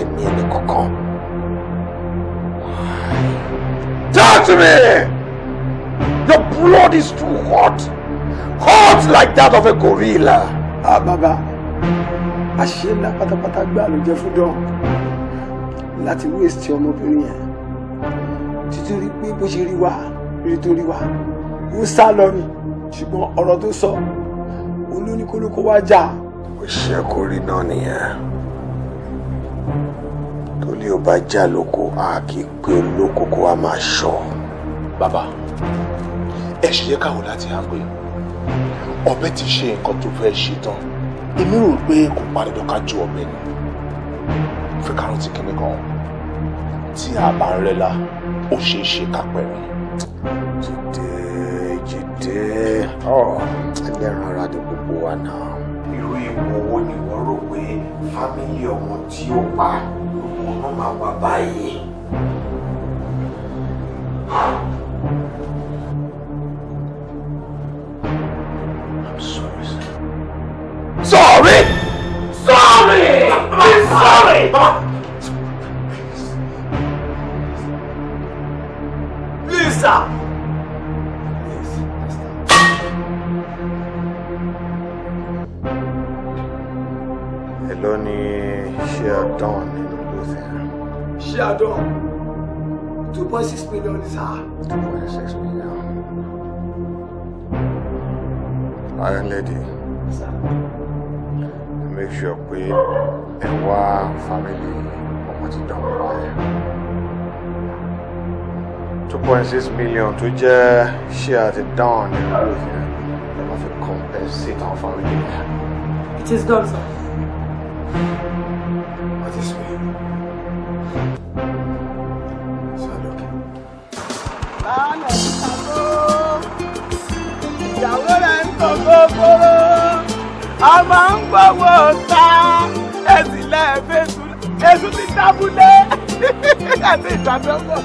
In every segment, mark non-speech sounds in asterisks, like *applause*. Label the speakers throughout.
Speaker 1: ẹ̀mí ẹni kankan. Talk to me! Your blood is too hot. Hot like that of a gorilla. Ah, bàbá, àṣé ńlá pátápátá gbà ló jẹ́ fún
Speaker 2: dán láti wéèsì ọmọbìnrin yẹn títí rí pé bó ṣe rí wa rí tó rí wa ó sá lọ ni ṣùgbọ́n ọ̀rọ̀ tó sọ
Speaker 1: olóníkólókó wá jà. ó ṣe kórìí náà nìyẹn
Speaker 3: bá já lóko a kì í pé olóko kó a máa ṣọ. bàbá ẹ ṣe yẹ káwọn láti hàn pé ti ṣe nǹkan tó fẹ́ ṣe tán èmi rò pé kò parí dọ́ka ju ọbẹ̀ ni fi ti kìnnì kan tí a bá ń rẹ́lá ó ṣeé ṣe kápẹ́rin. jìdẹ́ jìdẹ́ ẹlẹ́ran
Speaker 1: ara ni gbogbo wa náà. irú ìwọ wo ni wọ́n rò pé fámìlì ọmọ tí ó pa ao papai. family ọmọ ti dàgbà wáyé. two point six million tó jẹ́ ṣé àti down nínú
Speaker 4: ìlú yẹn ẹ máa compensate
Speaker 1: àwọn family
Speaker 5: it is done sir. What
Speaker 4: is me. Sadok. Báyọ̀ ìṣàkó, ìyàwó
Speaker 1: rẹ̀ lẹ́ẹ̀fẹ́ èṣù ti dábúlé *laughs* àti ìtàdọ́gbọ̀.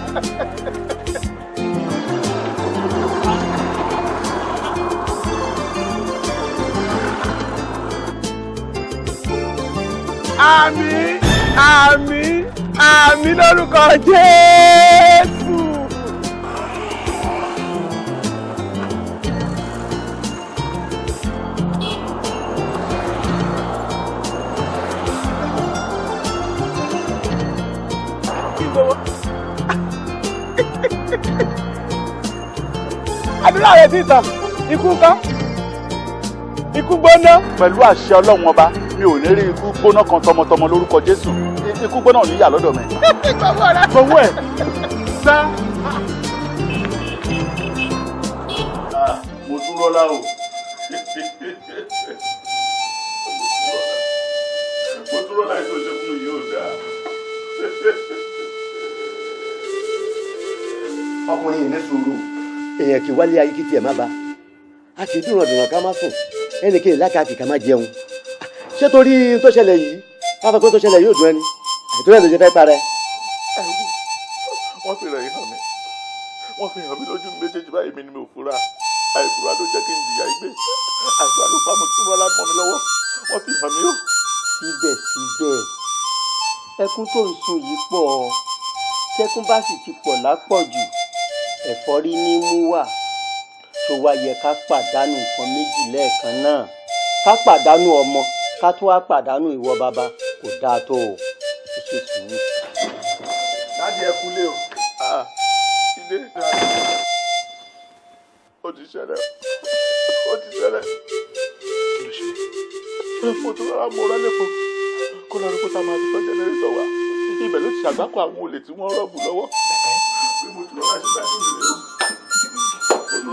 Speaker 1: àmín àmín àmín lórúkọ Jésù.
Speaker 3: àdúrà rẹ ti tàn ikú ń kán ikú gbóná. pẹ̀lú àṣẹ ọlọ́run ọba mi ò ní rí ikú gbóná kan tọmọtọmọ lórúkọ jésù ikú gbóná ò ní yà lọ́dọ̀ mi. gbowó ẹ
Speaker 4: sá. mo dúró láwò
Speaker 3: mo dúró láì tó ṣe fún mi yóò
Speaker 4: dáa.
Speaker 2: ọkùnrin yìí ní sùúrù èèyàn kì í wálé ayé kí tiẹ̀ má ba a kì í dùnràn dùnràn ká má sùn ẹnì kejì lákàkì ká má jẹun ṣé torí tó ṣẹlẹ̀ yìí káfọ́ pé tó ṣẹlẹ̀ yóò dùn ẹni
Speaker 6: àìtúrẹ́ ló ṣe fẹ́ parẹ́.
Speaker 3: wọ́n fi rẹ̀ yìí hàn mí wọ́n fi hàn mí lójú méjèèjì báyìí mi ni mi ò fura àìfura ló jẹ́ kí n jìyà igbe àìfura
Speaker 2: ló pamọ́ tún rọ́lá mọ́ mi lọ́wọ́ wọ́n fi hàn mí o. síbẹ̀síbẹ̀ ẹkún tó ń sun yìí pọ̀ ṣẹ́kún bá sì ti pọ̀ lápọ̀jù ẹ̀fọ́rí ní mú wá tó wá yẹ ká pàdánù nǹkan méjì lẹ́ẹ̀kan náà ká pàdánù ọmọ ká tún wá pàdánù ìwọ bàbá kò dáa tó o ó
Speaker 3: ṣe sùúrù. dáàdi ẹ kúlé o ah, ah. ilé ìdájọ́ ó ti ṣẹlẹ̀ ó ti ṣẹlẹ̀ mo tún rárá mo rán lẹ́kọ̀ọ́ kó lọ́ọ́ rí kó tá a máa fi tán jẹ́nẹ́rétọ̀ wá ibẹ̀ ló ti ṣàgbákò àwọn olè tí wọ́n rọ̀bù lọ́wọ́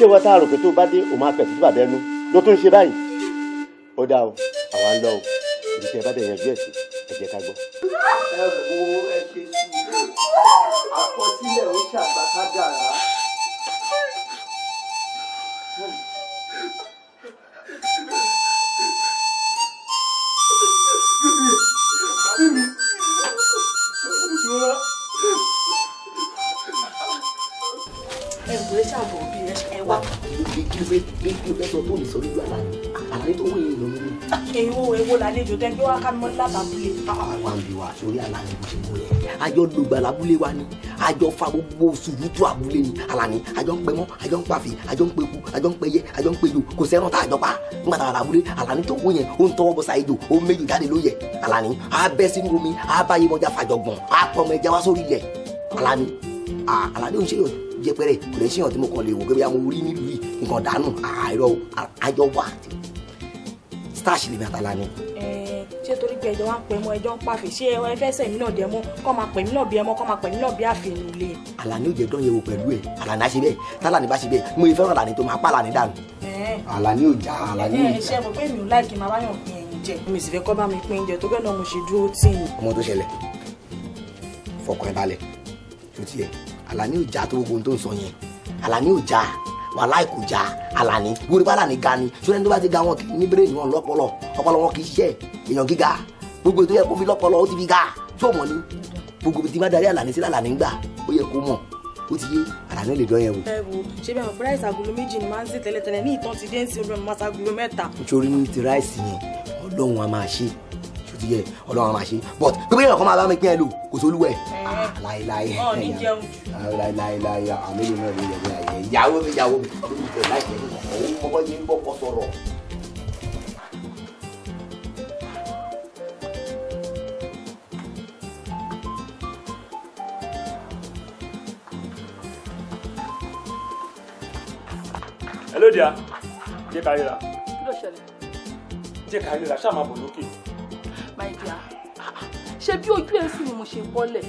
Speaker 2: ṣé wọ́n tá a rò pé tó bá dé òun máa pẹ̀tù bàbá ẹnu ló tún ṣe báyìí ó dáa o àwa ń lọ o ibi ẹ bá dẹ̀ yanjú ẹ̀ sí ká gbọ́. ẹ wo ẹ ṣe sùúrù àkọsílẹ̀ ó ṣàgbàkádàrá. kí ló fẹ́ kí ló fẹ́
Speaker 7: sọ tó
Speaker 2: àjọ lògbà lábúlé wa ni àjọ fa gbogbo sùúrùtù àbúlé ni àlàní àjọ ń pẹ àjọ ń pàfẹ àjọ ń pẹkú àjọ ń pẹyẹ àjọ ń pẹjọ kò sẹ́ràn tá àjọ pa nígbà tá àlàbúlé tó wó ó ń tọwọ́ bọ ṣàìjò ó méjì jáde ló yẹ àlàní á sínú omi á mọ́jà fàjọgbọ̀n á pọ̀ mọ́ wá sórí ilẹ̀ àlàní àlàní ò ń ṣe yọ̀ọ́ yẹpẹrẹ kò lè ṣe hàn tí mo kàn lè wò gẹ́gẹ́ bí àwọn orí nílùú yìí nǹkan dànù àìrọ àjọ wà starch lè mẹ́tàlá ni.
Speaker 7: ṣé torí pé ẹjọ́ wa ń pè mọ́ ẹjọ́ ń pàfẹ́ ṣé ẹ fẹ́ sẹ̀mí náà dẹ̀ mọ́ kọ́ máa pè mí náà bí ẹ mọ́ máa pè mí náà bí àfẹ́ lè.
Speaker 2: Àlàní ò jẹ́ dán yẹ̀wò pẹ̀lú ẹ̀ Àlàní á ṣe tálàní bá ṣe bẹ́ẹ̀ mo lè fẹ́ràn Àlàní tó máa pa Àlàní dànù. ẹ Alani ò já tó gbogbo ohun tó ń sọ yẹn Alani ò já wàhálà kò já Alani wúri bá Alani ga ni sórí ẹni tó bá ti ga wọn kì í ní bírèèdì wọn lọ́pọlọ ọpọlọ wọn kì í ṣiṣẹ́ èèyàn gíga gbogbo ètò yẹ kó fi lọ́pọlọ ó ti fi ga tí ò mọ̀ ni gbogbo tí má darí Alani sí Alani gbà ó yẹ kó mọ̀ ó ti yé Alani lè dán yẹn wò.
Speaker 7: ṣé bí àwọn fúráì ìsàgùlù méjì ni máa ń ṣe tẹ́lẹ̀tẹ́lẹ̀ ní ìtàn ti dé ń sin
Speaker 2: omi ọmọ yẹ ọlọ́run máa ṣe but pípé yẹn kọ́ máa bá mi pín ẹ lò kò sólúwẹ eh. ah, ah, láéláé láéláé ah, àmì ìlú náà ló yẹ ní ayẹ ìyàwó mi ìyàwó mi lórí ìfẹ́ láìpẹ́ òun kọkọ yìí ń bọ kọ sọ̀rọ̀.
Speaker 6: hello dear jẹ́ ká ríra.
Speaker 4: kí ló
Speaker 7: ṣẹlẹ̀.
Speaker 6: jẹ́ ká ríra ṣáà máa bọ̀ lókè
Speaker 7: my dear ṣe bí ojú èsì ni mo ṣe bọ́lẹ̀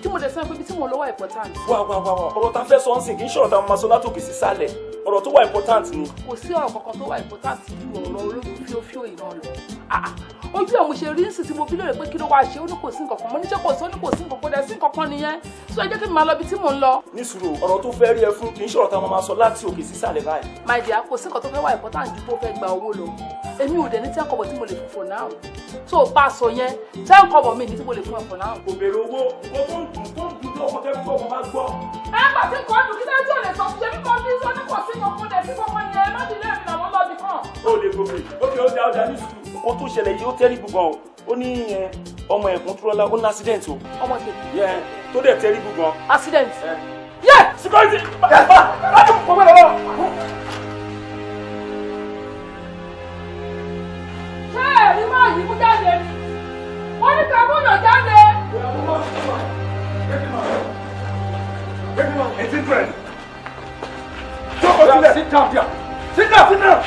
Speaker 7: tí mo dẹ̀ sọ pé ibi tí mo lọ wà important.
Speaker 6: wà wà wà wà ọ̀rọ̀ tá a fẹ́ sọ ọ́n sìn kì í ṣọ̀rọ̀ tá a máa sọ látòkè sí sálẹ̀ ọ̀rọ̀ tó wà important ni.
Speaker 7: kò sí ọ̀rọ̀ kankan tó wà important ju ọ̀rọ̀ olóògùn fíofíò ìran lọ. *laughs* ojú ẹ̀ mo ṣe rí nsì tí mo fi lóore pé kí ló wáá ṣe ó ní kò sí nǹkankan mo ní ṣe kò sí ó ní kò sí nǹkankan dẹ̀ sí nìyẹn so ẹ jẹ́ kí n máa lọ ibi tí mò ń lọ.
Speaker 2: ní ọ̀rọ̀ tó fẹ́ rí ẹ fún kì í ṣọ̀rọ̀ táwọn máa sọ láti òkè sí sàlẹ̀ báyìí.
Speaker 7: my dear kò sí nǹkan tó fẹ́ wá ẹ̀kọ́ tá à ń ju bó fẹ́ gba owó lọ èmi ò dẹ̀ ní ten kọ́bọ̀ tí mo lè fún for now tó o bá sọ yẹn ten kọ́bọ̀ mi ní tí mo lè fún ẹ for now. owó owó ń dùn tó ń dùn tó kó tẹ́bí
Speaker 6: tó kó bá gbọ́. ẹ
Speaker 7: gbà tí kò dùn kí sẹ́ńtì ò lè sọ fún yẹn kò bí sọ kò sí kankan dẹ̀ sí kankan yẹn lọ́dún ilé mi làwọn lọ́dún kan.
Speaker 6: ó lè gbogbo òkè ó da ọjà ní sùúrù. ohun tó ṣẹlẹ̀ yìí ó tẹ́rí gbùgbọ́n ó ní ọmọ ẹ̀kún túrọ́lá ó ní accident o. ọmọ ìṣe. tó dẹ̀ tẹ́rí gbùgbọ́n. accident. yẹ security. yàtọ̀ láti kó gbọ́dọ̀ lọ.
Speaker 7: ṣé jáde? wọ́n ní ká gbọ́dọ̀
Speaker 1: It's different. Talk about Sit down Sit down. Sit down.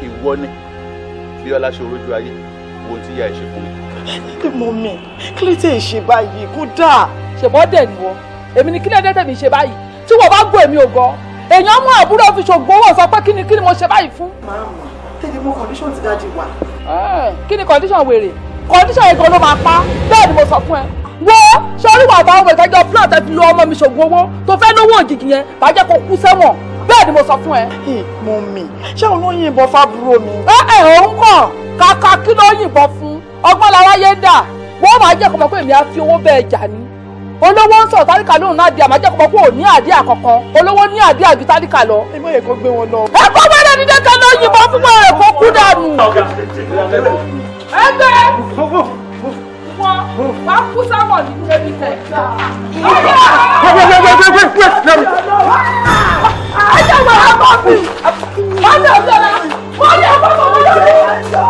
Speaker 3: Ìwọ ni bí ọlá ṣe rojú ayé wo ti ya ìṣe fún
Speaker 4: mi.
Speaker 7: Mo mi, kí ló tẹ̀ ṣe báyìí? Kódà. Ṣèbọ́ dẹ̀ ni wọ́n. Èmi ni kí lẹ́dẹ̀ tẹ̀mí ṣe báyìí. Tí wọ́n bá gbọ́ èmi ò gọ́. Èèyàn mú àbúrò fi ṣògbówó sọ pé kí ni kí ni mo ṣe báyìí fún. Máàmù tẹ́lẹ̀ mọ condition wa. Eh, kí ni condition wèrè condition yẹn gan ló máa pa bẹ́ẹ̀ ni mo sọ fún ẹ wo sọrí wà táwọn ọmọ ìtọ́jú plan tẹ fi lu ọmọ mi ṣògùn owó tó fẹ́ lówó òjijì yẹn bàjẹ́ kó kú sẹ́wọ̀n bẹ́ẹ̀ ni mo sọ fún ẹ. mo mì ṣé òun ló yìnbọn fábúrò mi. ẹ ẹ òun kàn kàkà kí ló yìnbọn fún ọgbọ́n làwọn ayé ń dà wọ́n máa jẹ́ kó pé èmi á fi owó bẹ́ẹ̀ jà ni olówó ń sọ̀rọ̀ tálíkà lóhùn náà di àmájẹ́ kọ̀ọ̀kan kó o ní àdíà kankan olówó ní àdíà ju tálíkà lọ. ẹ má yẹ kó gbé wọn lọ. ẹ kó wẹ́rẹ́ dídé kan lọ yìnbọn fún wọn ẹ̀ kó kú dànù. ẹgbẹ́ wọn bá kú sáwọn nínú ẹbí tẹ̀. ẹ jẹ́ wọ́n á bọ́ sí i. wọ́n ní ọ̀sẹ̀ náà
Speaker 4: wọ́n ní ọ̀sẹ̀ náà.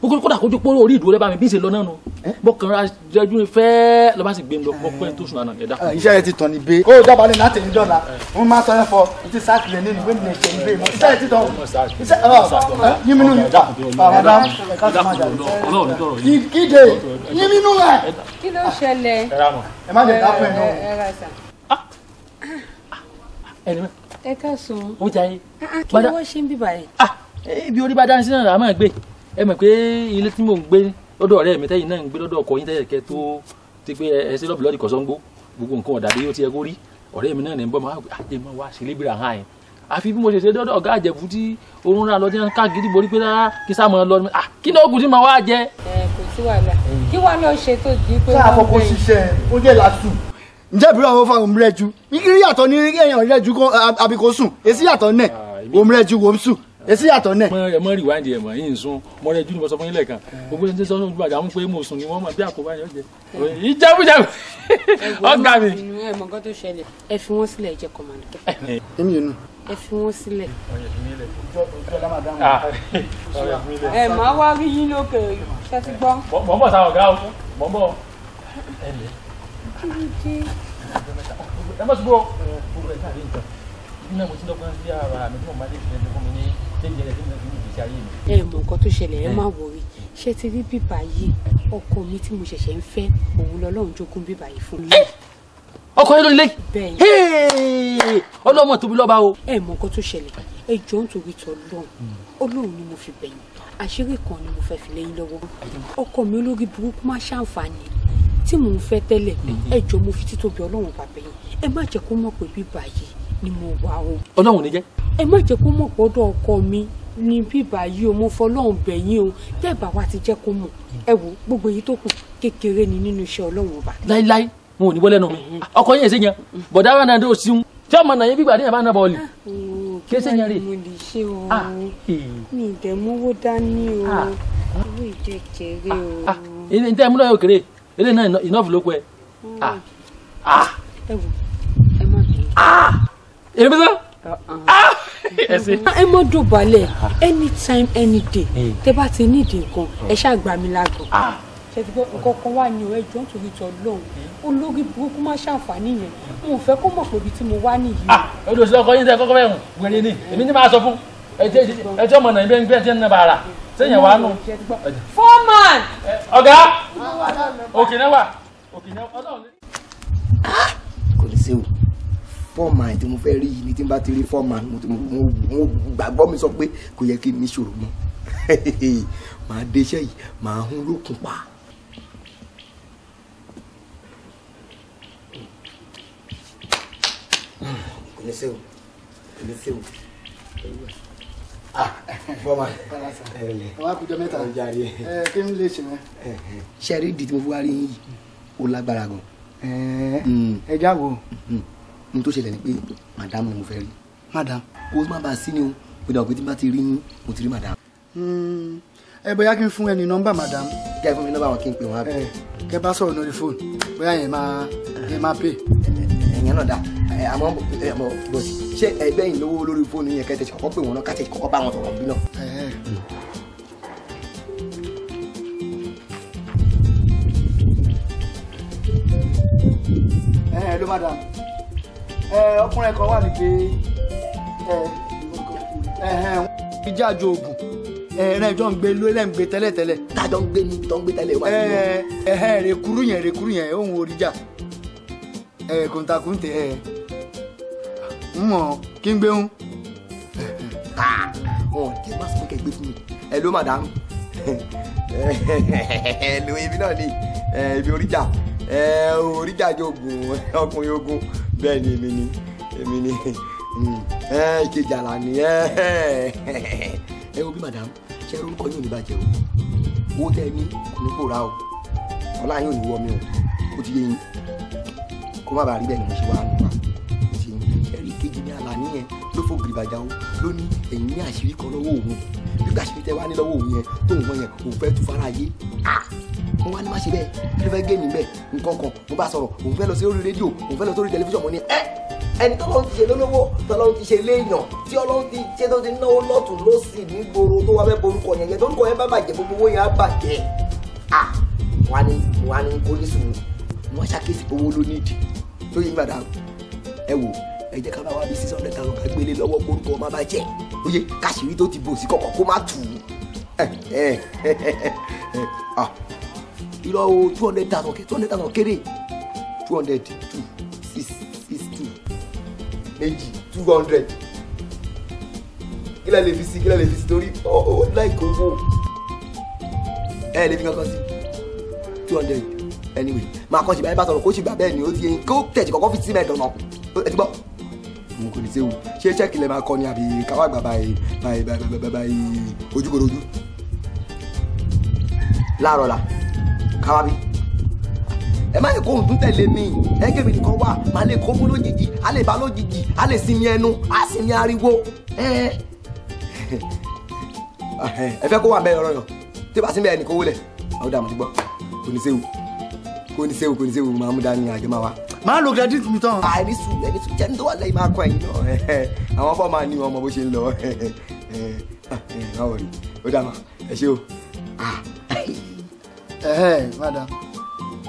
Speaker 6: gbogbo kódà kójú pé orí ìdúró lẹ́bàá mi bí ṣe lọ náà nu bọ́kàn ra jẹjú ni fẹ́ lọ́ba sì gbé mi lọ pọ́pẹ́ tó sùn àná ẹ̀dá. iṣẹ́ rẹ ti tàn ní bẹ́ẹ̀. kó o dábàá lè láti ẹ̀yìn dọ́là wọ́n máa sọ ẹ̀fọ́
Speaker 8: ti sáàkì lẹ̀ nínú wẹ́ẹ̀mì lẹ̀ ṣẹ̀yìn bẹ́ẹ̀ mọ́ iṣẹ́ rẹ ti tàn
Speaker 6: iṣẹ́ yíminú yìí bàbá
Speaker 8: kíde yíminú rẹ̀. kí ló ṣẹlẹ̀
Speaker 6: ẹ má jẹ dákun ẹ̀
Speaker 7: náà. ẹni mẹ́ ẹ ká sùn. ó jẹ́ ayé. kí ni wọ́n ṣe ń bíbà yìí.
Speaker 6: ibi orí bá dáná sí náà làá máa gbé ẹ mọ̀ pé ilé tí mò ń gbé lọ́dọ̀ ọ̀rẹ́ mi tẹ́yìn náà ń gbé lọ́dọ̀ ọkọ yín tẹ́yìn kẹ́ tó ti pé ẹ ṣe lọ́bì lọ́dì kọ̀sọ́ngbó gbogbo nǹkan ọ̀dà bí ó ti ẹ kórí ọ̀rẹ́ mi náà ní bọ́ máa àjẹ máa wá sí lébìrà hàn yín àfi bí mo ṣe ṣe dọ́dọ̀ ọ̀gá àjẹ̀bù tí oorun náà lọ tí ká gidi borí pé rárá kí sá máa lọ ni ah kí náà oògùn tí màá wá jẹ.
Speaker 5: ẹ kò sí wàhálà kí wàá lọ ṣe tó di pé. sáà fọkọ ṣiṣẹ́
Speaker 8: ó jẹ làásù ǹjẹ́ ìbílẹ̀ àwọn fáwọn òmùrẹ́jú ìkírí yàtọ̀ ní èèyàn rẹ́jú àbíkó
Speaker 6: sùn èsì ń ah, sùn èsì yàtọ̀ náà. mọ mọ rìwáìndì ẹ mọ yín sun mọ rẹ jù ní mo sọ fún yín lẹ́ẹ̀kan gbogbo ẹni tí sọ fún ìgbàdàn àwọn pé mo sùn ni wọn mọ bí àkóbá yẹn jẹ ìjẹkújẹkù
Speaker 7: ọgbà mi. ẹ mọ nǹkan tó ṣẹlẹ̀ ẹ fi wọn sílẹ̀ ẹ jẹ kọmọdé.
Speaker 6: èmi yẹn
Speaker 8: nù.
Speaker 7: ẹ fi wọn sílẹ̀.
Speaker 6: ẹ máa wá rí yín lókè ṣẹ́tí gbọ́. mọ̀ ń bọ̀ sáwọn ọ̀gá o mọ̀ ń bọ̀ ẹ ẹ mọ nǹkan tó ṣẹlẹ̀ ẹ má
Speaker 7: wọrí ṣé ti rí bíbá yìí ọkọ mi tí mo ṣẹ̀ṣẹ̀ ń fẹ́ òun lọ́lọ́run jogún bíbá yìí fún mi.
Speaker 6: ọkọ yín ló lé ọlọ́mọ tóbi lọ́ba
Speaker 7: o. ẹ mọ nǹkan tó ṣẹlẹ̀ ẹ jọ ń torí tọ lọ́hùn ọlọ́run ni mo fi bẹ̀yìn àṣírí kan ni mo fẹ́ fi lẹ́yìn lọ́wọ́ ọkọ mi olórí burúkú má ṣàǹfààní tí mò ń fẹ́ tẹ́lẹ̀ ẹ jọ mo fi títóbi ọlọ́run bàbá yìí ẹ má jẹ́ kó mọ̀ pé bíbá yìí ni mo wà o. ọlọ́run ní jẹ́. ẹ má jẹ́ kó mọ̀ gbọ́dọ̀ ọkọ mi ní bíbá yìí o mo fọlọ́run bẹ̀ yín o tẹ́ ẹ bá wa ti jẹ́ kó mọ̀ ẹ wo gbogbo èyí tó kù kékeré ni nínú iṣẹ́ ọlọ́run ọba. láíláí
Speaker 6: mo ò ní bọ́lẹ́nu mi ọkọ yẹn ṣe yẹn bọ̀dá wà náà dó síun tí ọmọ nàyẹn bí gbàdéyàn bá ná bọ́ọ̀lì ah, kése yẹn
Speaker 7: o ah, mi ìdẹ̀mówó dání o ah,
Speaker 5: owó ìjẹkẹrẹ
Speaker 6: o. ilé ní tẹ́ ẹ múlò yóò kéré ilé náà enough ló pẹ́ ẹ wò èmi ah! ah!
Speaker 7: sọ *laughs* ah, ẹ mọ dùbọ̀lẹ̀ anytime any day tẹ bá ti nídìí nǹkan ẹ ṣáà gbà mí lágọ̀ọ́. ṣètìgbọ́ nǹkan kan wà ní ọ̀rẹ́ jọ́ nítorí tọ́ lóhùn olórí burúkú má ṣàǹfààní yẹn mo fẹ́ kó mọ̀ pé ibi tí mo wá nìyí.
Speaker 6: odò sí ọkọ yín tẹ kọkọ bẹ̀rù wẹrẹ ni èmi ní máa sọ fún ẹjọ́ mọ̀nà ìgbẹ́ ń gbé ẹjẹ́ nínú bàrà sẹ́yìn wàá nù. foreman.
Speaker 4: ọ̀gá òkè náà wà òkè náà
Speaker 6: ọlọ́run.
Speaker 2: kò ní fọ́ọ̀mà tí mo fẹ́ rí yìí ni tí n bá ti rí fọ́ọ̀mà mo gbàgbọ́ mi sọ pé kò yẹ kí n níṣòro mọ́ *laughs* màá déṣẹ́ yìí màá hún lókun pa. kò ní sẹ́wọ̀ kò ní sẹ́wọ̀ bọ́mà ah, ẹ̀ẹ́lẹ̀ wọ́n á kújọ mẹ́ta ẹ̀ẹ́
Speaker 8: kí n lè ṣe mẹ́.
Speaker 2: ṣe rí ìdí tí mo fi wá rí yìí ó lágbára gan. ẹ̀ẹ́ ẹja wo ní tó ṣẹlẹ̀ ni pé madam ni mo fẹ́ rí madam kó má bàa sí ni o mo dàgbà pé tí n bá ti rí yín mo ti rí madam.
Speaker 8: Hmm. ẹ bóyá kí n fún ẹ ní nọ́mbà madam.
Speaker 2: kí ẹ fún mi nọ́mbà wọn kí n pè wọn abẹ. kẹ bá sọ̀rọ̀ lórí fóònù bóyá yẹn máa yẹn máa pè. ẹ̀yẹn náà dà àmọ́ àmọ́ bọ̀sì ṣé ẹgbẹ́ yìí lówó lórí fóònù yẹn kẹ́tẹ́ kọ́kọ́ pè wọ́n náà kátẹ́ kọ́kọ́ bá wọn sọ̀rọ̀ bí náà.
Speaker 8: ẹ ẹ ló má dáa ọkùnrin kan wà ní pé ìjájú oògùn ẹ̀rẹ́ ìjọ ń gbé ló ẹ̀ ń gbé tẹ́lẹ̀tẹ́lẹ̀. tájọ ń gbé ní tó ń gbé tẹ́lẹ̀ wá. ẹ̀hẹ́ rèkúrú yẹn Rekuru yẹn òun orí jà
Speaker 2: kòńtàkùntè ẹ̀
Speaker 8: ń mọ̀ kí n gbé ń.
Speaker 2: ọ̀ kí n bá sọ pé kẹ́ gbé fún mi ẹ ló mà dánú ẹ lo ibi náà ni ibi oríjà oríjà jogun ọkùnrin ogun bẹ́ẹ̀ ni èmi ni èmi ni hmm. ìkejì àlà ni ẹ wo bí madam ṣe orúkọ yóò ní bàjẹ́ o owó tẹ́ ní ní kò rà o ọlá yóò ní wọ mi o ó ti yé yín kó má bàa rí bẹ́ẹ̀ ni mo ṣe wá nípa ó ti yé yín ẹ̀rí ìkejì ní àlà nìyẹn ló fò gìrìbàjà o ló ní ẹ̀yìn ní àṣírí kan lọ́wọ́ òun gbígbà àṣírí tẹ́ wá ní lọ́wọ́ òun yẹn tóun wọ́n yẹn òun fẹ́ tún fara yé ah! mo wá ní má ṣe bẹ́ẹ̀ kí ló fẹ́ gé mi bẹ́ẹ̀ nǹkan kan mo bá sọ̀rọ̀ òun fẹ́ lọ sí orí rédíò òun fẹ́ lọ sórí tẹlifíṣàn mo ní ẹ́ ẹni tọ́lọ́run ti ṣe lólówó tọ́lọ́run ti ṣe léèyàn tí ọlọ́run ti ṣe tó ti náwó lọ́tún lọ́sì nígboro tó wá fẹ́ borúkọ yẹn yẹn torúkọ yẹn bá bàjẹ́ gbogbo owó yẹn á bàjẹ́ à wà ní wà ní kó ní sùn wọ́n ṣàkíyèsí owó ló nídìí tó yí gbàdá ẹ wò ẹ jẹ́ ká bá wá bí six hundred thousand ká gbélé lọ́wọ́ borúkọ ọmọ bàjẹ́ oye káṣírí tó ti bò sí kọ̀kọ̀ kó má tù ú ẹ ẹ ẹ ẹ ah irọ́ o two hundred thousand two hundred thousand kéré two hundred two six six two méjì two hundred kílẹ̀ lè fi sí kílẹ̀ lè fi sí torí ó láìkó owó ẹ lè fi kankan sí two hundred anyway màá kàn ṣe báyìí bá sọ̀rọ̀ kó ṣì gbà bẹ́ẹ̀ ni ó ti yẹn kó tẹ̀sí kọ́kọ́ fi sí mẹ́ẹ̀dọ́nà ẹ ti gbọ́ mo kò ní séwu ṣé ṣẹ́ẹ̀kì lè máa kọ ni àbí káwá gbà báyìí báyìí báyìí báyìí ojúkòròjú láàárọ̀ la káwá bí ẹ má yẹ kó ohun tún tẹ̀lé mi ẹ kébì nìkan wà má lè kó mú lójijì á lè bá lójijì á lè sinmi ẹnu á sinmi ariwo ẹ ẹ fẹ́ kó wà bẹ́ẹ̀ ọ̀rọ̀ yàn tí bá sinmi ẹnì kó wọlé àwọn dààmú ti gbọ́ kò ní séwu kò ní séwu kò ní séwu máa mú dání àjọ máa wá. máa lo gradit mi tán. àìní sùn ẹni sùn jẹ́ nítorí àlẹ́ yìí máa kọ́ ẹ̀yìn náà àwọn bọ́ọ̀ máa ní ọmọ bó ṣe ń lọ báwo ni ó dà mọ́ ẹ ṣé o. Hey, madam.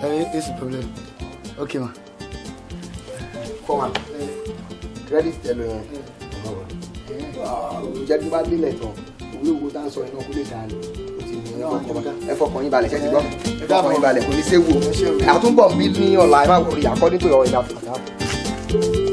Speaker 2: Hey, it's a problem. Okay, ma. Come on. Credit tẹ̀lé wọn. just kí n bá délẹ̀ tán, olówó tá ń sọ iná kúlé dáa lò. Ẹ fọkàn yín balẹ̀ ṣẹ́ni gbọ́. Ẹ fọkàn yín balẹ̀ kò ní séwu. Àtúbọ̀ mi ní ọ̀la ẹ má wọrí àkọ́dé pé ọ̀ ìdá fún mi.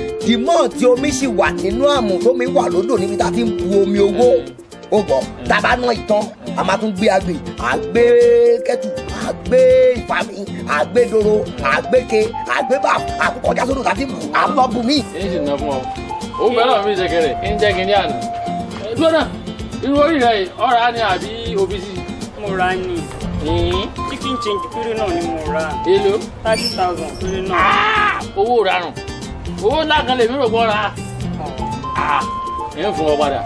Speaker 2: Di tí omi sì wà nínú àmù tómi wà lódò níbi tá a ti ń bu omi owó ó bọ̀ tábà náà ìtàn a máa tún gbé agbè àgbé kẹ́tù àgbé ìfàmì àgbé doro àgbé ke àgbé bá
Speaker 6: àkọjá sódò tá a ti bù à ń lọ bù mí. èyí sì ná fún ọ ó bẹ̀rẹ̀ mi ṣẹ̀kẹ̀rẹ̀ ń jẹ́ kínní àná dúró náà irú orí rẹ̀ ọ̀rá ni àbí òbí sí. mo ra ni chicken change péré náà ni mo ra. èlò. thirty thousand péré náà. Ah! owó rarùn owó ńlá kan lèmi rò gbọ́ra ah. ah, ẹ̀ ń fún padà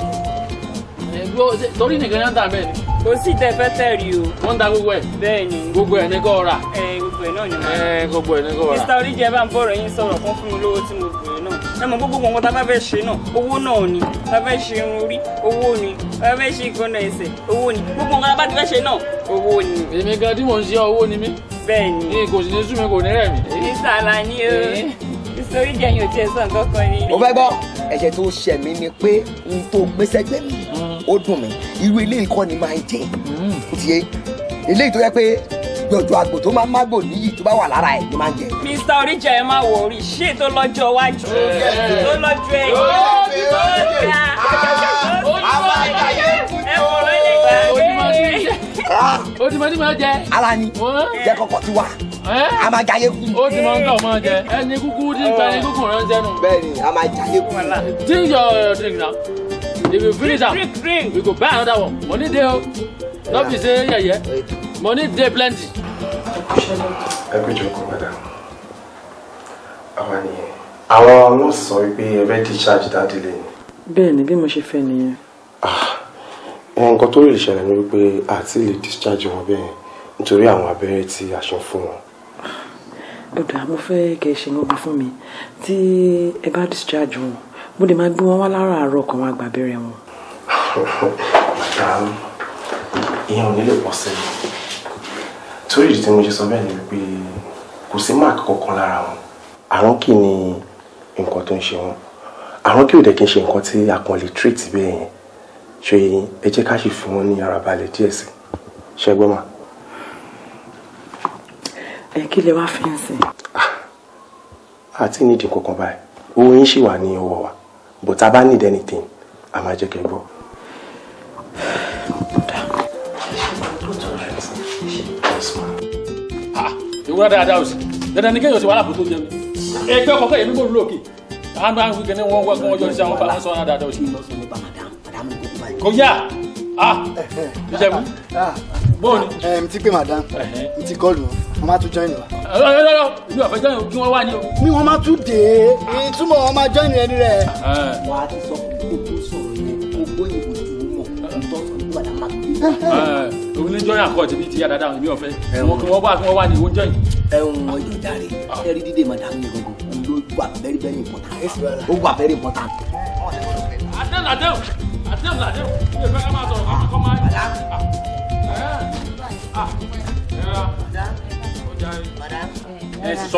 Speaker 6: torí nìkan náà ń tà bẹ́ẹ̀ ni. kò sí tẹfẹ́ tẹ̀rí o. wọ́n ń ta gbogbo ẹ̀. bẹ́ẹ̀ ni. gbogbo ẹ̀ ní kò rà. ẹ
Speaker 5: gbogbo ẹ̀ ní kò rà. mr oríjì ẹ bá ń bọ̀rọ̀ yín sọ̀rọ̀ fún fún mi lówó tí mo bèrè náà. ẹ mọ gbogbo nǹkan tá a bá fẹ́ ṣe náà owó náà ni tá a fẹ́ ṣe irun orí owó ni tá a fẹ́ ṣe ìgbọ́nà ẹsẹ̀ owó ni gbogbo nǹkan tá a bá ti fẹ́ ṣe náà
Speaker 6: owó ni. èmi gan tí mò ń ṣe owó ni mí. bẹ́ẹ̀ kò sì ní sú mi kò ní rẹ̀ mí. mr alani
Speaker 4: o
Speaker 5: nítorí jẹ́ yín ò tiẹ̀ sọ nǹkan kan
Speaker 6: mo fẹ́ gbọ́ ẹ̀jẹ̀ tó ṣẹ̀ mí ni pé
Speaker 2: n tó gbèsè gbé mi ó dùn mí irú eléyìí kọ́ ni máa jẹ́ ó ti yé pé gbọ̀dọ̀ àgbò tó máa ń mágbò níyì tó bá wà lára ẹ̀ ló máa ń jẹ.
Speaker 6: mr oríjà ẹ máa wọ orí ṣé tó lọ́jọ́ iwájú tó lọ́jọ́ ẹ̀yìn tó ga tó ga ẹ mọ̀
Speaker 4: lọ́lẹ̀ gbàgbé
Speaker 6: o *laughs* ti mọ ní ma jẹ. ara ni jẹ kọkọ ti wa a ma jayé kú. o ti mọ n tọ mọ jẹ ẹni kúkú ti gba ẹni kúkú rẹ sẹnu. bẹ́ẹ̀ni a ma jayé kú. drink your drink now if you finish am we go buy another one money dey o
Speaker 4: no be say yeye
Speaker 6: money dey plenty. ẹ kú ìjókòó padà
Speaker 3: àwọn nìyẹn àwọn ló sọ pé ẹ fẹ́ discharge dáadé lẹ́yìn. bẹ́ẹ̀ni bí
Speaker 7: mo ṣe fẹ́ nìyẹn. ah
Speaker 3: nǹkan tó lè ṣẹlẹ̀ ni wípé a lè discharge wọn bẹ́ẹ̀ nítorí àwọn abẹ́rẹ́ tí a ṣe fún wọn.
Speaker 7: ọ̀dà mo fẹ́ kẹ́ ẹ ṣe nǹkan fún mi tí ẹ bá discharge wọn mo lè máa gbé wọn wá láràárọ̀ kan wá gba abẹ́rẹ́ wọn.
Speaker 3: madam ìyẹn ò nílò pọ̀ sí mi torí ìdí tí mo ṣe sọ bẹ́ẹ̀ ni wípé kò sí máàkì kankan lára wọn àwọn kì í ní nǹkan tó ń ṣe wọn àwọn kì í ò dẹ̀ kí ń ṣe nǹkan tí a kàn lè treat bẹ́ẹ̀ yẹn ṣe ẹ jẹ́ ká sì fi wọ́n ní ara balẹ̀ díẹ̀ sí ṣe gbọ́ mà.
Speaker 7: ẹ kí lè wá fẹ́ǹsì.
Speaker 3: àti ah, nídìí kankan báyìí owó yín ṣì wà ní ọwọ́ wa but tá a bá need anything
Speaker 6: a máa jẹ́ kẹ́ gbọ́. Ah, ìwúrọ̀ dáadáa ò sí dandan ní kéèyàn ti wàhálà kó tó jẹun ẹgbẹ́ ọkọ̀ kẹ́yẹ̀ mímọ́ lókè àwọn àwọn ìgbẹ́ni wọn wọ́n yọ sí àwọn balance wọn dáadáa ò sí kò yá ah *laughs* ìjẹ̀bú bóòni.
Speaker 8: ẹ mi ti pè madam mi ti kọlù wọn máa tún join wa. lọ́lọ́lọ́ mi ò fẹ́ join o kí wọ́n wá ní o. mi wọn máa tún dé ìtumọ̀ wọn máa join ẹni rẹ.
Speaker 6: wà á ti sọ gbogbo sọ̀rọ̀ yẹn gbogbo ìbò tó mọ̀ ọ̀tọ̀ ìbò àdàmà. òun ní join àkọ́ ti bí ti yá dáadáa mi ò fẹ́ wọn kí wọ́n wá kí wọ́n wá ní o join. ẹ ń wọ ìjọ jáde ah. ẹ rí dídé madam
Speaker 2: mi gbogbo ló wà very very important ó wà very important.
Speaker 6: àdéhùn àdéhùn àdéhùn ẹ sì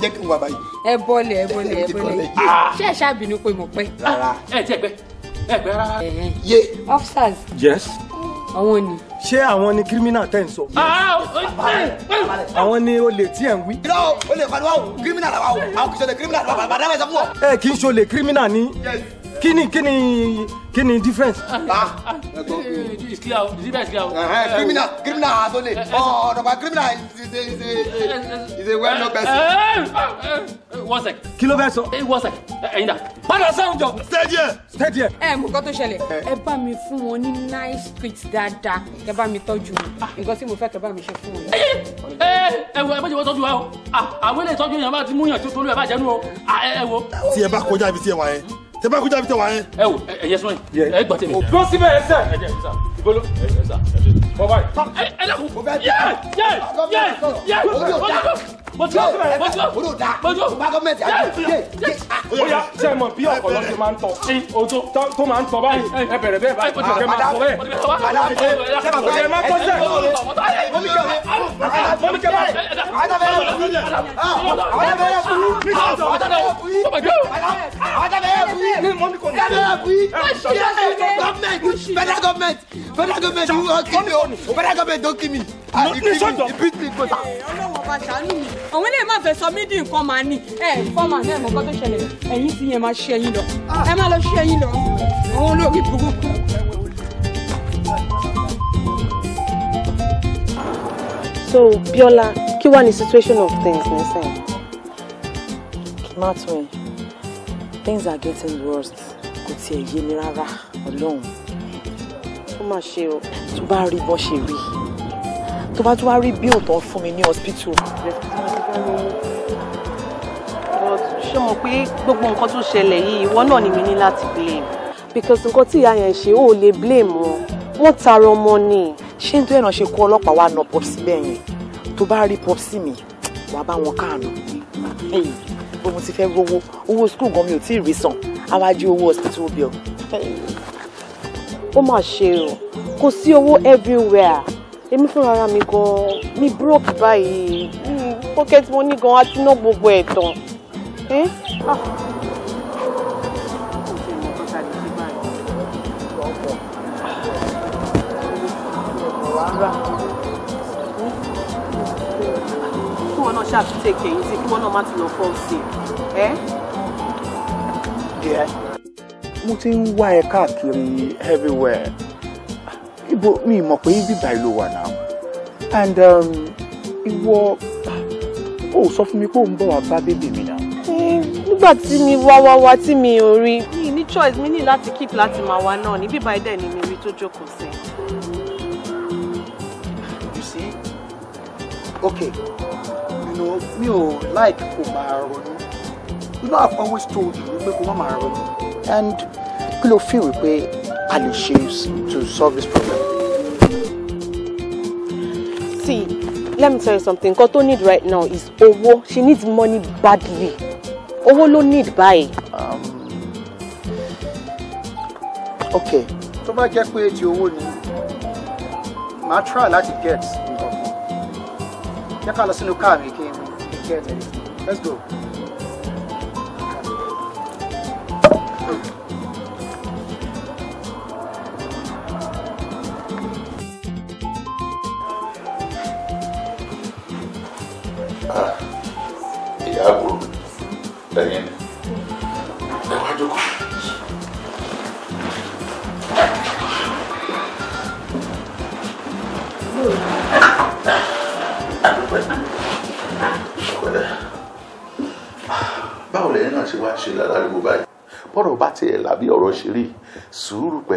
Speaker 6: kí n wà báyìí.
Speaker 7: ẹ bọ́lẹ̀ ẹ bọ́lẹ̀ ẹ bọ́lẹ̀ ṣé ẹ ṣàbínú pé mo pẹ́. ẹ jẹ́ pẹ́
Speaker 6: ẹ pẹ́ rárá. ye officers.
Speaker 2: yes àwọn ni. ṣé àwọn ni kírímínà tẹ̀ ń sọ.
Speaker 6: Ah, ah, ah, oh, eh,
Speaker 2: eh. àwọn ni olè tí ẹ̀ ń wí. ìlọ olè kan ni wàá wò
Speaker 6: kírímínà àwọn kìí ṣe kírímínà làwọn bàbá dáhùn ẹ̀ sọ fún ọ.
Speaker 2: ẹ kì í ṣe olè kírímínà ni kíni kíni kíni difference. ah,
Speaker 6: ah eh, eh, eh, Is clear o the difference clear o. criminal criminal
Speaker 2: asole oh no but criminal is a is a is a well known person.
Speaker 6: one sec. kí ló bẹ sọ. one sec ẹyin dà. padà sẹ́wọ̀n jọ. steady ẹ̀. steady ẹ̀. ẹ mú nǹkan tó ṣẹlẹ̀
Speaker 7: ẹ bá mi fún wọn ní nice treat dáadáa kẹ bá mi tọ́jú ah. nǹkan
Speaker 6: tí mo fẹ́ kẹ bá mi ṣe fún wọn. ẹ ẹ wo ẹ bá ṣe wọ́n tọ́jú wa o ah, àwọn ilé ìtọ́jú yẹn bá ti mú yàn tó tolú ẹ bá jẹ́nu o ẹ wo. tí ẹ bá kọjá ibi tí ẹ wà yẹn tẹ bá kú jábí tẹ wá yẹn. ẹ wo ẹ yẹ sọ yìí ẹ gbọ́ tèmi. o gbọ́ síbẹ̀ ẹ sẹ́. ẹ jẹ́ mi sá gbolo. bọ́ báyìí. ẹ ẹ lẹ́kùn. mo fẹ́ di. yẹ yẹ yẹ yẹ mojú ọkùnrin
Speaker 1: mojú ọkùnrin mojú fẹ́dàgọ́ bẹ dùn ọkì mi o fẹ́dàgọ́ bẹ dùn ọkì mi. ní sọ́jọ́ ọlọ́wọ́
Speaker 7: bá ṣàánú mi. àwọn eléyìí máa fẹ́ sọ mí di nǹkan màá ní ẹ fọ́ọ̀mà náà mọ̀ọ́kọ́ tó ṣẹlẹ̀ ẹ̀yìn ti yẹn máa ṣe ẹ̀yìn lọ ẹ máa lọ ṣe ẹ̀yìn lọ àwọn olórí burúkú. so Biola kí wàá ní situation of things nísìnyí. kìmá things are getting worse kò tiẹ̀ yé mi rárá ọlọ́run má ṣe o tó bá rí bó ṣe rí tó bá tún wá rí bí òótọ́ fún mi ní hospital. ṣé mo pé gbogbo nǹkan tó ṣẹlẹ̀ yìí ìwọ náà ni mi ní láti blame. because nǹkan tí ìyá yẹn ṣe ò lè blame wọn wọn tara ọmọ ni. ṣé n tó yẹn náà ṣe kó ọlọ́pàá wá nà pọ́psì bẹ́ẹ̀ yẹn tó bá rí pọ́psì mi wàá bá wọn káàánú. bó mo ti fẹ́ rówó owó skul gan mi ò tí ì rí san àwájú owó hospital bill ó mà ṣe o kò sí owó everywhere èmi fúnra ara mi gan mi broke báyìí hmm, pocket money gan á ti ná gbogbo ẹ̀ tán. Eh? Ah. kí wọn náà ṣàtúntẹ̀ kẹ̀yìn sí kí wọn náà má ti lọ fọ́ọ̀sì
Speaker 3: mo ti ń wá ẹ káàkiri everywhere ibo mi mọ̀ pé bíbá ìlú wà náà and um, ìwọ ò sọ fún mi pé ò ń wá bá bébì mi náà.
Speaker 7: Eh, nígbà tí mi wá wá wá tí mi ò rí ní choice mi ní láti keep láti máa wá náà ní bíbá ẹ̀dẹ̀ ni mi rí tó jókòó sí.
Speaker 8: you see okay you know mi ò like kò máa ronú you know I've always told you pé kò má máa ronú and kí ló fi wípé
Speaker 2: a lè ṣe to solve this problem.
Speaker 7: see let me tell you something nǹkan tó need right now is owó she needs money badly owó ló need buy. Um,
Speaker 8: ok tó bá jẹ́ pé ti owó ni màá try láti get nǹkan jẹ́ ká lọ sínú káà mi kí n get it let's go.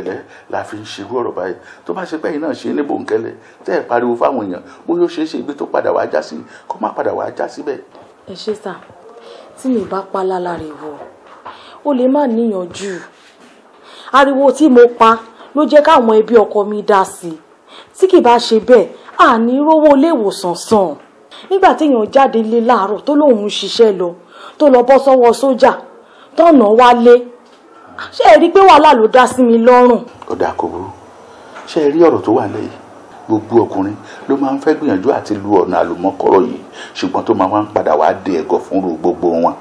Speaker 3: pẹ̀lẹ́ la fi ń ṣerú ọ̀rọ̀ báyìí tó bá ṣe pé ẹ̀yin náà ṣe é ní bòńkẹ́lẹ́ tẹ́ ẹ̀ pariwo fáwọn èèyàn bóyá ó ṣeé ṣe ibi tó padà wàá já sí kó má padà wàá já síbẹ̀.
Speaker 7: ẹ ṣe sà tí mi bá pa lálàrèwọ o lè má níyànjú ariwo tí mo pa ló jẹ́ káwọn ẹbí ọkọ mi dá sí i tí kì bá ṣe bẹ́ẹ̀ àní rówó ilé ìwòsàn sàn nígbà téèyàn jáde lé láàárọ̀ tó lóun ń ṣiṣẹ́ lọ tó lọ bọ́ sọ́wọ́ sójà tọ̀nà wálé ṣé ẹ rí i pé wàhálà ló dá sí
Speaker 5: mi lọ́rùn.
Speaker 3: ó dáa kò burú ṣé ẹ rí ọ̀rọ̀ tó wà lẹ́yìn gbogbo ọkùnrin ló máa ń fẹ́ gbìyànjú àti lu ọ̀nà àlùmọ́kọ́rọ̀ yìí ṣùgbọ́n tó máa wá ń padà wá dé ẹ̀gọ́ fúnru gbogbo wọn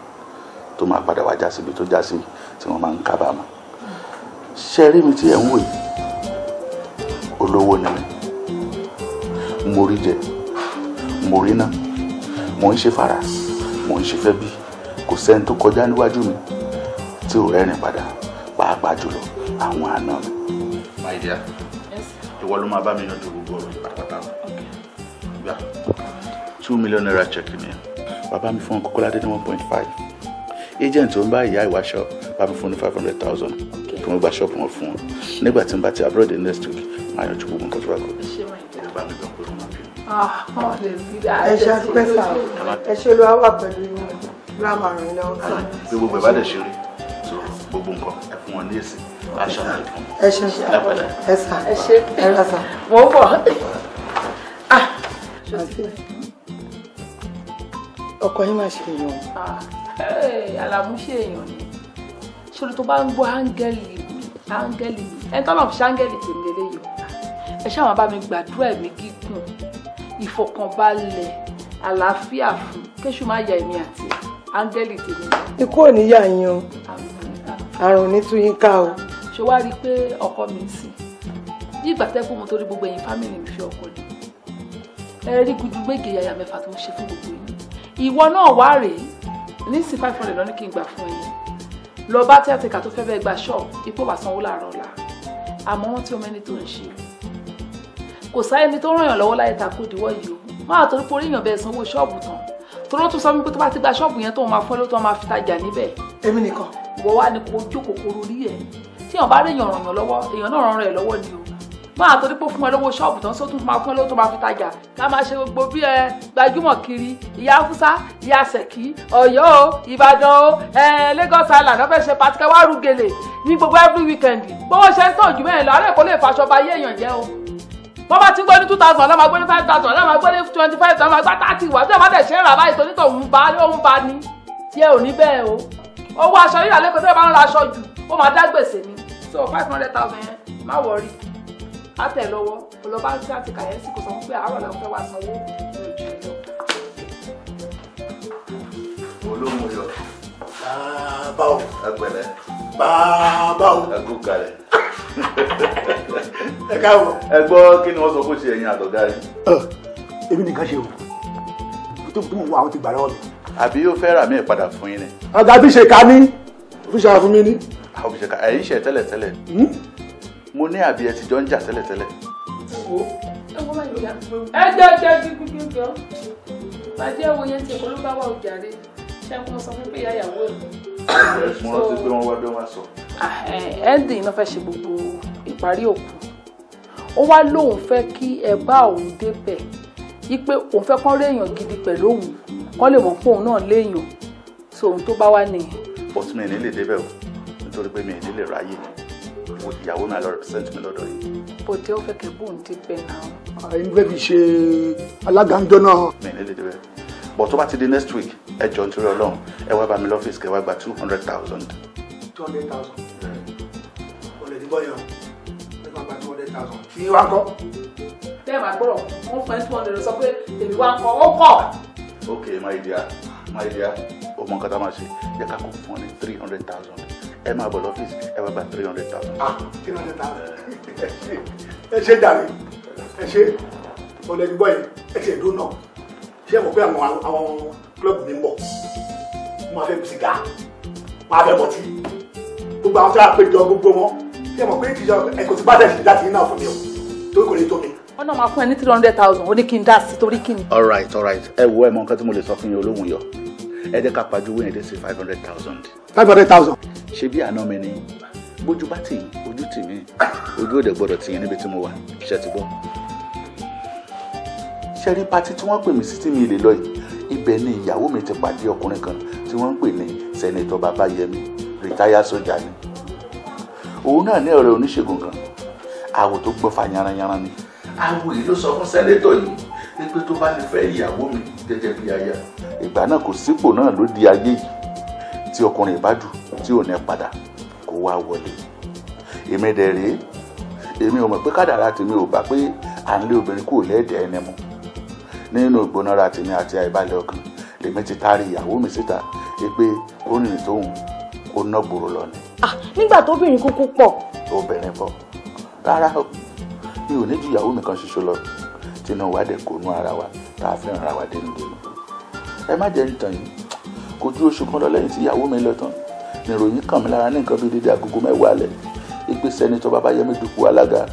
Speaker 3: tó máa padà wá já síbi tó já sí tí wọ́n máa ń kábàámọ̀ ṣe rí mi tí ẹ̀ ń wò yìí olówó ni mi mo rí jẹ mo rí ná mo ń ṣe fara mo ń ṣe fẹ́ bí kò sẹ́ni tó kọjá níwájú mi tí ò rẹ́rìn padà pàápàá jùlọ àwọn àna mi. my dear ìwọ ló máa bá mi yanjú gbogbo ọ̀rọ̀ yìí pátápátá gbà two million naira check ni bàbá mi fún Kọ́kọ́ládé ní one point five agent tó ń bá ìyá ìwà shop bá mi fún ní five hundred thousand tó ń gba shop wọn fún wọn nígbà tí n bá ti abroad next week máa yanjú gbogbo nǹkan tó bá kọ.
Speaker 7: ẹ ṣe àpẹẹsà ah, ẹ ṣe ló wà pẹ̀lú ìlú àmàrin náà. gbogbo ẹ̀ bá dẹ̀
Speaker 3: ṣe rí gbogbo nǹkan ẹ fún wọn ní èsì aṣọ náà fún ẹ ṣe ẹ pẹ̀lẹ́
Speaker 7: ẹ sà ẹ ṣe ẹ ah ọkọ yín máa ṣe èèyàn alámúṣe ah. èèyàn ni ṣòro tó bá ń gbọ́ áńgẹ́lì áńgẹ́lì ẹ tọ́lọ̀ fi ṣáńgẹ́lì tèmi lélẹ́yìí ẹ ṣáwọn bá mi gbàdúrà ẹ̀mí gígùn ìfọ̀kànbalẹ̀ àlàáfíà fún kéṣù má yà èmi àti áńgẹ́lì tèmi. ikú ò ní yín o. àmì àrùn ní túyínká o. ṣé wàá rí i pé ọkọ mi ń sìn bí ìgbà tẹ́kùn mo torí gbogbo ẹ̀yin fámìlì mi fi ọkọ dé ẹ rí gudu méje yàyà mẹ́fà tó ń ṣe fún gbogbo yín ìwọ náà wá rèé ní sí five hundred lọ́ní kí n gbà fún ẹ̀yin lọ bá tí àtẹ̀kà tó fẹ́ bẹ́ẹ̀ gba ṣọ́ọ̀bù ipò wà sanwó láàárọ̀ ọ̀la àmọ́ wọ́n tí ọmọ ẹni tó ń ṣe kò sáyé ẹni tó ràn yàn lọ́wọ́ láyé ta kó diwọ́ yìí o máa torí pé oríyàn bẹ́ẹ̀ sanwó ṣọ́ọ̀bù tán tó lọ́ tún sọ tó bá ti gba ṣọ́ọ̀bù yẹn tó máa fọ́ ló tó máa fi tajà níbẹ̀. èmi nìkan wọ́n wá ní kó jókòó koro rí ẹ̀ tí èèyàn bá rí èèyàn ràn yàn lọ́wọ́ èèyàn náà ràn rẹ̀ lọ́wọ́ ni o máa torí pé fún ẹ lọ́wọ́ ṣọ́ọ̀bù tán sótún máa fún ẹ lọ́wọ́ tó máa fi tajà ká máa ṣe gbogbo bí ẹ gbajúmọ̀ kiri ìyá haúsá ìyá sẹ̀kí ọ̀yọ́ o ìbàdàn o Lagos Island ọ̀fẹ́ ṣe pàtíkà wá rú gèlè ní gbogbo every weekend bówó
Speaker 6: ṣe ń tàn jù mẹ́rin lọ àárẹ̀ kò lè faṣọ ba ayé èèyàn jẹ́ o wọ́n bá ti ń gbé ní two thousand lọ́mọ gbé ní five thousand lọ́mọ gbé ní twenty five thousand lọ́mọ gbá thirty wà tí ọmọdé ṣe ń rà báyìí tonítọ̀ òun bá ní òun bá ní tí
Speaker 7: ẹ ò ní bẹ́ẹ̀ o owó aṣọ rírà lẹ́kọ̀ọ́ tẹ́lẹ̀ bá ń ra aṣọ jù ó máa dá gbèsè ni so five hundred thousand yẹn má wọrí àtẹ̀ lọ́wọ́ ọlọ́ba ń sáà ti kàyẹ́sì kò sọ pé àárọ̀ làwọn fẹ́ wá sanwó
Speaker 3: olóhùn yọ. bàbá o. ẹgbẹ̀lẹ́. bàbá o. ẹgbẹ́ kalẹ̀. ẹ káàbọ̀. ẹ gbọ́ kí ni wọ́n sọ kó ṣe ẹ̀yin àtọ̀gá yìí. èmi nìkan ṣe o
Speaker 2: tó bùn wọ àwọn ti gbà lọ́wọ́ mi
Speaker 3: àbí yóò fẹ́ rà mí ìpadà fún yín ni. ọ̀gá bí ṣe ká ní òfin ṣàrà fún mi ní. àwọn òfin ṣe ká ẹ̀yìn ṣe tẹ́lẹ̀ tẹ́lẹ̀ hmm? mo ní àbí ẹ ti jọ ń jà tẹ́lẹ̀ tẹ́lẹ̀.
Speaker 7: ẹ jẹ́ jẹ́ jí gbígbí jọ bàjẹ́ wo yẹn ti olú bá wà ọjà rẹ ṣé wọ́n sọ fún pé ìyá ìyàwó ẹ̀.
Speaker 4: mo
Speaker 3: rántí pé wọ́n wá bí wọ́n sọ.
Speaker 7: ẹ́ndì iná fẹ́ ṣe gbogbo ìparí òkú ó wá lóun fẹ́ kí ẹ bá òun débẹ̀ yí pé òun fẹ́ kán réèyàn gidi pẹ̀lú òun kán lè mọ̀ pé òun náà léèyàn so
Speaker 8: ohun tó bá wà nìyẹn.
Speaker 3: but mi ní lè débẹ̀ o nítorí pé mi ní lè ráyè ìyàwó mi àlọ́ represent mi lọ́dọ̀ yìí.
Speaker 8: bòtẹ́ ó fẹ́ kẹ́ bóun ti bẹ̀ náà. ẹni fẹ́ fi ṣe alága ń dọ́nà.
Speaker 3: mi ní lè débẹ̀ but tó bá ti di next week ẹ jọ nítorí ọlọ́run ẹ wá bá mi lọ́fíìsì kẹ́ wá gba two hundred thousand.
Speaker 8: two hundred thousand ọ̀lẹ́dì
Speaker 3: bọ́yọ̀ ẹ máa gba two hundred thousand. fi wá kọ́.
Speaker 8: bẹ́ẹ̀ máa gbọ́dọ̀ wọ́n fẹ́ two
Speaker 7: hundred sọ pé èmi wá kọ́ ó kọ̀
Speaker 3: ok my dear my dear o mọ nǹkan tá a máa ṣe yẹ ká kó fún ọ ní three hundred thousand ẹ máa bọ̀ lọ́fíìsì ẹ máa gba three hundred thousand.
Speaker 8: ah three hundred thousand ẹ ṣe jàre ẹ ṣe ọlẹ́ni bọ́yì ẹ ti ẹ̀dùn náà ṣé ẹ mọ̀ pé àwọn àwọn kílọ̀bù mi ń bọ̀ wọ́n fẹ́ sìgá wọ́n á fẹ́ mọtí gbogbo àwọn tí wọ́n á pè jọ gbogbo wọn ṣé ẹ mọ̀ pé ìjọba ẹ̀kọ́ ti bá dẹ̀ sí láti iná fún mi o torí kò lè tó mi
Speaker 7: wọn náà máa fún ẹ ní three hundred thousand ó ní kí n dá sí torí kí ni.
Speaker 3: all right all right ẹ wo ẹ mọ nǹkan tí mo lè sọ fún yín olóhùn yọ ẹ jẹ́ ká pàjù owó dé sí five hundred thousand. five hundred thousand. ṣé bí àná mi ni bójú bá tì yín ojú tì mí ojú òde gbọ́dọ̀ tì yín níbi tí mo wà ṣe ti gbọ́. ṣe rí patí tí wọ́n pè mí sí tí mi lè lọ yìí ibẹ̀ ni ìyàwó mi ti pàdé ọkùnrin kan tí wọ́n ń pè ní sẹ́nitọ́ babayẹmi rìtáyà sójà ni òun náà ní ọ̀rẹ́ oníṣègùn kan àwò tó gbọ́ fa yaranyaran ni awo yìí ló sọ fún sẹ́nétọ̀ yìí wípé tó bá lè fẹ́ ìyàwó mi gẹ́gẹ́ bí aya ìgbà náà kò sípò náà ló di ayé yìí tí ọkùnrin ìbádù tí ò ní padà kó wá wọlé èmi dẹ̀ rèé èmi ò mọ̀ pé kádàrá tèmi ò bá pé à ń lé obìnrin kúrò lẹ́ẹ̀dẹ̀ ẹni mu nínú ìgbónára tèmi àti àìbalẹ̀ ọkàn lèmi ti taari ìyàwó mi síta pé ó rìn tóun ó ná gbòòrò lọ ni. Ah,
Speaker 7: nígbà tóbìnrin kúkú pọ̀.
Speaker 3: obìnrin pọ̀ rárá o mi ò ní ju ìyàwó mi kan ṣoṣo lọ tínú wa dẹ̀ kó nú ara wa tá a fẹ́ràn ara wa dénúdénú ẹ má jẹ́ nìtàn yìí kò ju oṣù kan lọ lẹ́yìn tí ìyàwó mi lọ tán nìròyìn kàn mí lára ní nǹkan bíi dédé agogo mẹ́wàá alẹ́ ìpè sẹ́nitọ́ Babáyẹmí dupò alága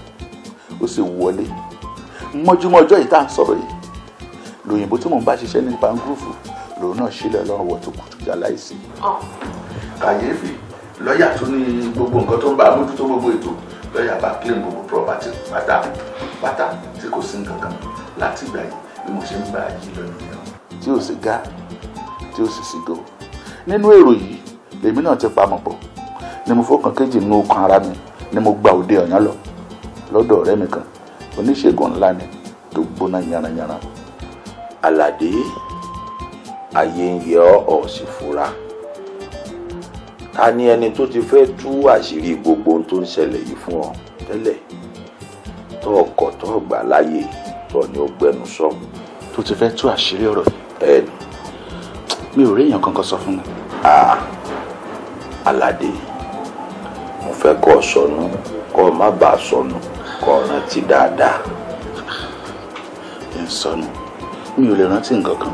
Speaker 3: ó sì wọlé mọ́júmọ́ ọjọ́ yìí tá à ń sọ̀rọ̀ yìí lòyìnbó tí mò ń bá ṣiṣẹ́ ní pangrufu lòun náà sílẹ̀ lọ́wọ́ tó kùtùjà láìsí kàyéfì lọ́ọ̀yà tó ní gbogbo nǹkan tó ń bá mójútó gbogbo ètò lọ́yà bá claim gbogbo property pátá pátá tí kò sí nǹkan kan láti ìgbà yìí bí mo ṣe ń bá yí lọ nìyẹn. tí ò sí ga tí ò sì sí go nínú èrò yìí lèmi náà ti pamọ́ pọ̀ ni mo fọkàn kejì nínú kan ara mi ni mo gba òde ọ̀yán lọ lọ́dọ̀ ọ̀rẹ́ mi kan oníṣègùn ńlá ni tó gbóná yanranyanran. Àlàdé ayé ń yọ ọ̀ sí fura ta ni ẹni tó ti fẹ́ tú àṣírí gbogbo ohun tó ń ṣẹlẹ̀ yìí fún ọ tẹ́lẹ̀ tó ọkọ̀ tó gbà láàyè tó ni ó gbẹnu sọ. tó ti fẹ́ tú àṣírí ọ̀rọ̀ ẹnu. mi ò rí èèyàn kankan sọ fún mi. aládé mo fẹ́ kọ́ ọ sọnù kọ́ ọ má bàa sọnù kọ́ ọ rántí dáadáa. ẹ sọnù mi ò lè rántí nǹkan kan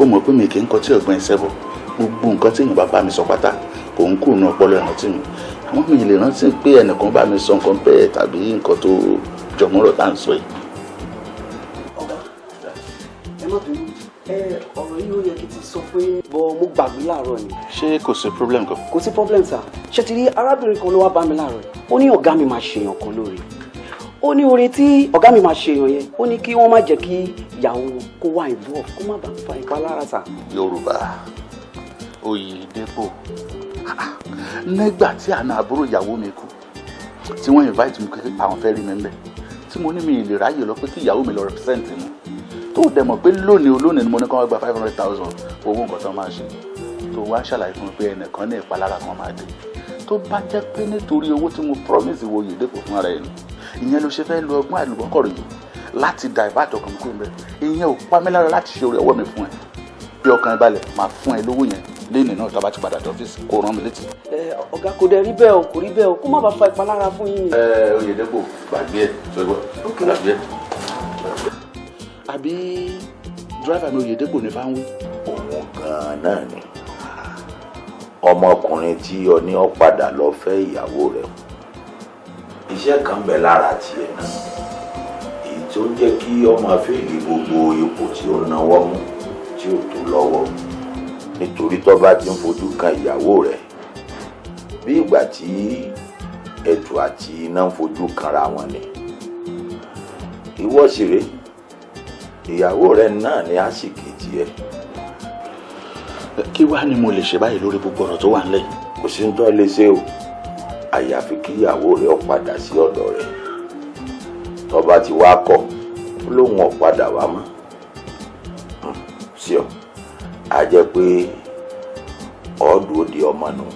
Speaker 3: ó mọ̀ pé mi kì í kọtí ọ̀gbọ́n ìṣẹ́bọ̀ gbogbo nǹkan tí èèyàn bá mi sọ pátá kò ń kúrò ní ọpọlọ ìrántí mi àwọn mi lè rántí pé ẹnìkan bá mi sọ nǹkan bẹ́ẹ̀ tàbí nǹkan tó jọmọ́rọ̀ tá à ń sọ yìí.
Speaker 2: ọ̀gá ẹ má bínú ọ̀rọ̀ yìí ó yẹ kí n ti sọ pé. bọ mo gbàgbé láàárọ̀ ni.
Speaker 3: ṣé kò sí problem kan.
Speaker 2: kò sí problem sir ṣe ti rí arábìnrin kan ló wá bá mi láàárọ̀ ó ní
Speaker 7: ọ̀gá mi máa ṣèyàn kan lóore ó ní oore tí ọ̀gá mi máa ṣèyàn yẹn ó ní kí wọ́n má jẹ́ kí
Speaker 2: ìyàwó kó wá involve kó má bàa fa ìpalára
Speaker 3: sà. yorùbá oyè dépò nígbà tí àna àbúrò ìyàwó mi kú tí wọ́n invite mi pé àwọn fẹ́ rí mi ńbẹ̀ tí mo ní mi lè ráyè lọ pé kí ìyàwó mi lọ represent mi tó dẹ̀ mọ̀ pé lónìí olónìí ni mo ní kí wọ́n gba five hundred thousand owó nǹkan tó máa ṣe tó wá ṣàlàyé fún mi pé ẹnìkan ní ìpalára kan máa dé tó bá jẹ́ pé nítorí owó tí mo promise wo yìí dépò fún ara ẹni ìyẹn ló ṣe fẹ́ lo ọgbọ́n àlùbọ́kọ̀rọ̀ yìí láti divert ọkàn mi kúrò mẹ́rin ìyẹn ò pa láti ṣe orí ọwọ́ mi fún ẹ bí ọkàn balẹ̀ máa fún ẹ lówó yẹn lẹ́yìn náà tàbá ti padà dé ọ́fíìsì kó rán mi létí.
Speaker 7: ọ̀gá kò dẹ̀ rí bẹ́ẹ̀ o kò rí bẹ́ẹ̀ o kó má bàa fa ìpalára fún
Speaker 3: yín. ẹ ẹ Oyèdépò gbàgbé ẹ sọgbọ gbàgbé ẹ. àbí dírẹ́fà mi Oyèdépò ní bá ń wí. òun gan-an náà ni ọmọkùnrin tí ọ ní ọ padà lọ fẹ́ ìyàwó rẹ̀ iṣẹ́ kan bẹ̀ lára tiẹ̀ náà èyí tó ń jẹ́ kí ọmọ afẹ́ ìlú gbogbo ipò tí ó náwó mú tí ò tó lọ́wọ́ nítorí tó bá ti ń fojú kan ìyàwó rẹ̀ bí ìgbà tí ẹ̀tù àti iná ń fojú kanra wọn ni ìwọ sì ìyàwó rẹ̀ náà ni a sì kejì ẹ. kí wàá ni mo lè ṣe báyìí lórí gbogbo ọ̀rọ̀ tó wà nílẹ̀. kò sí ní tó lè o àyàfi kí ìyàwó rẹ̀ ó padà sí ọ̀dọ̀ rẹ̀ tó ti wá kọ̀ lóun ó padà wá mọ́ sí ọ á jẹ́ pé ọ̀ọ́dù ó di ọmọ nù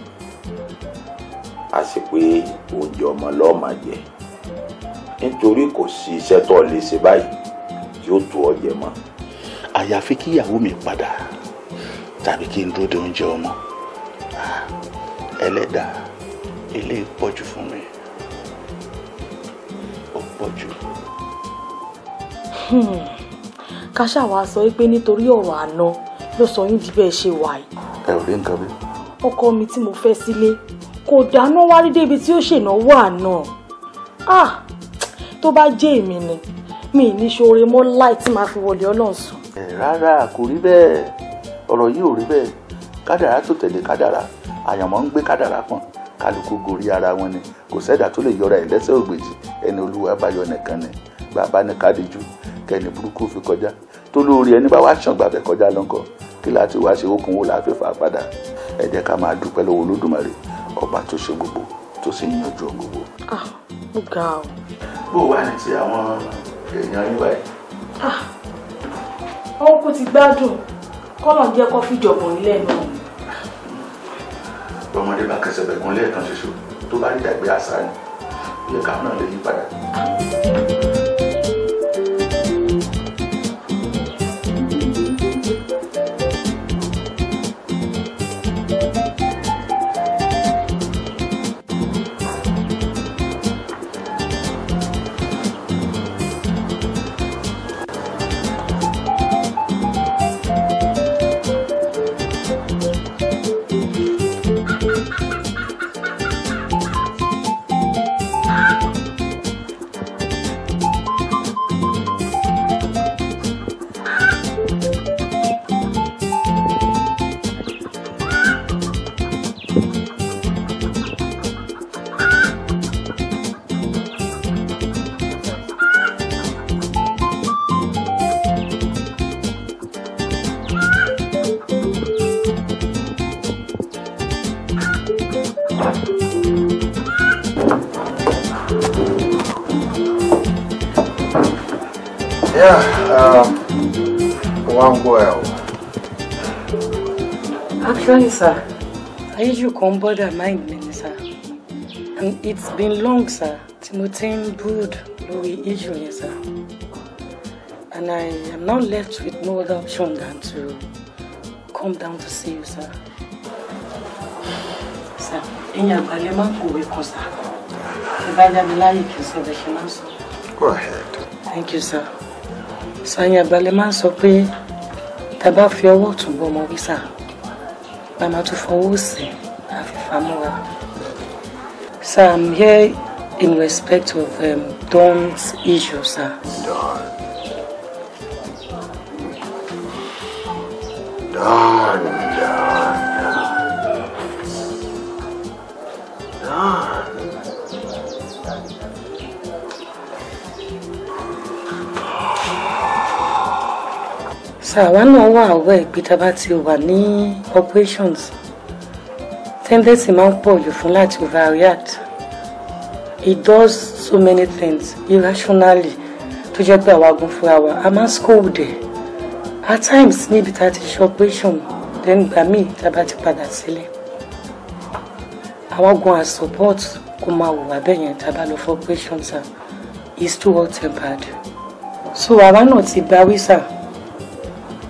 Speaker 3: á sì pé oúnjẹ ọmọ lọ́ọ́ máa jẹ nítorí kò sí iṣẹ́ tó lè ṣe báyìí tí ó tó ọ jẹ mọ́. àyàfi kí ìyàwó mi padà tàbí kí n dúró de oúnjẹ ọmọ ẹlẹ́dàá ilé pọ̀jù fún mi ó pọ̀jù.
Speaker 4: Hmm
Speaker 7: ká ṣàwá sọ pé nítorí ọ̀rọ̀ àná ló sọ yín di bẹ́ẹ̀ ṣe wà yìí. ẹ ò rí nǹkan bí. ọkọ mi tí mo fẹ́ sílé kò dáná wárí débi tí ó ṣènáwó àná ah tó bá jẹ́ èmi ni mi ì ní ṣoore mọ́ láì tí màá fi wọlé ọlọ́run sùn.
Speaker 3: ẹ rárá kò rí bẹ́ẹ̀ ọ̀rọ̀ yìí ò rí bẹ́ẹ̀ kádàrá tó tẹ̀lé kádàrá àyànmọ́ ń gbé kádàrá pọ̀n kálukú gorí ara wọn ni kò sẹ́dà tó lè yọra ẹ̀ lẹ́sẹ̀ ògbèjì ẹni olúwa bá yọ nìkan ni bàbá ní kádìjú kẹ́ni burúkú fi kọjá tó lórí ẹni bá wá ṣàǹgbà bẹ kọjá lọ́nkọ kí láti wá ṣe okùn wò láàfin fà padà ẹ jẹ́ ká máa dúpẹ́ lọ́wọ́ olódùmarè ọba tó ṣe gbogbo tó sì yanjú gbogbo. mo ah, ga o. bó wà ní ti àwọn èèyàn yín báyìí. ah
Speaker 7: kò ti gbádùn kọ́nà jẹ́ kó fìjọ̀bọ̀n nílẹ̀ náà. ọmọdé bá kẹsẹ̀ bẹ̀gùn lẹ́ẹ̀kan ṣoṣo tó bá rí dàgbé àṣà ni yẹ káwọn náà lè yí padà.
Speaker 5: kan bother bọ́dà mind mi sir and it's been long sir tí mo ti ń brood lórí issue sir and I am now left with no other option than to come down to see you sir. sir in your máa ń kọ̀wé kan sir ẹ bá dá mi láàyè kí n sọ go ahead. thank you sir. sọ ẹ̀yin àgbàlẹ̀ máa ń sọ pé tá a bá fi ọwọ́ ọ̀tún bọ́ ọmọ wí sir bá a máa tún fọwọ́ Amora. Sir, I'm here in respect of um, Don's issue, sir.
Speaker 4: Don. Don, Don, Don. Don.
Speaker 5: Sir, àwa náà wà ọ̀wẹ́ ìpítàbá ti wà ní operations tendency máa ń pọ̀ jù fún láti overreact it does so many things irrationally tó jẹ́ pé àwa gan fúnra wa a máa ń scold at times níbi tá a ti ṣe operation then gbà míì tá a bá ti padà sílé àwọn gan as support kó máa hùwà bẹ́ẹ̀ yẹn tá a bá lọ for operation sir is too well tempered so àwa náà ti bá wí sir.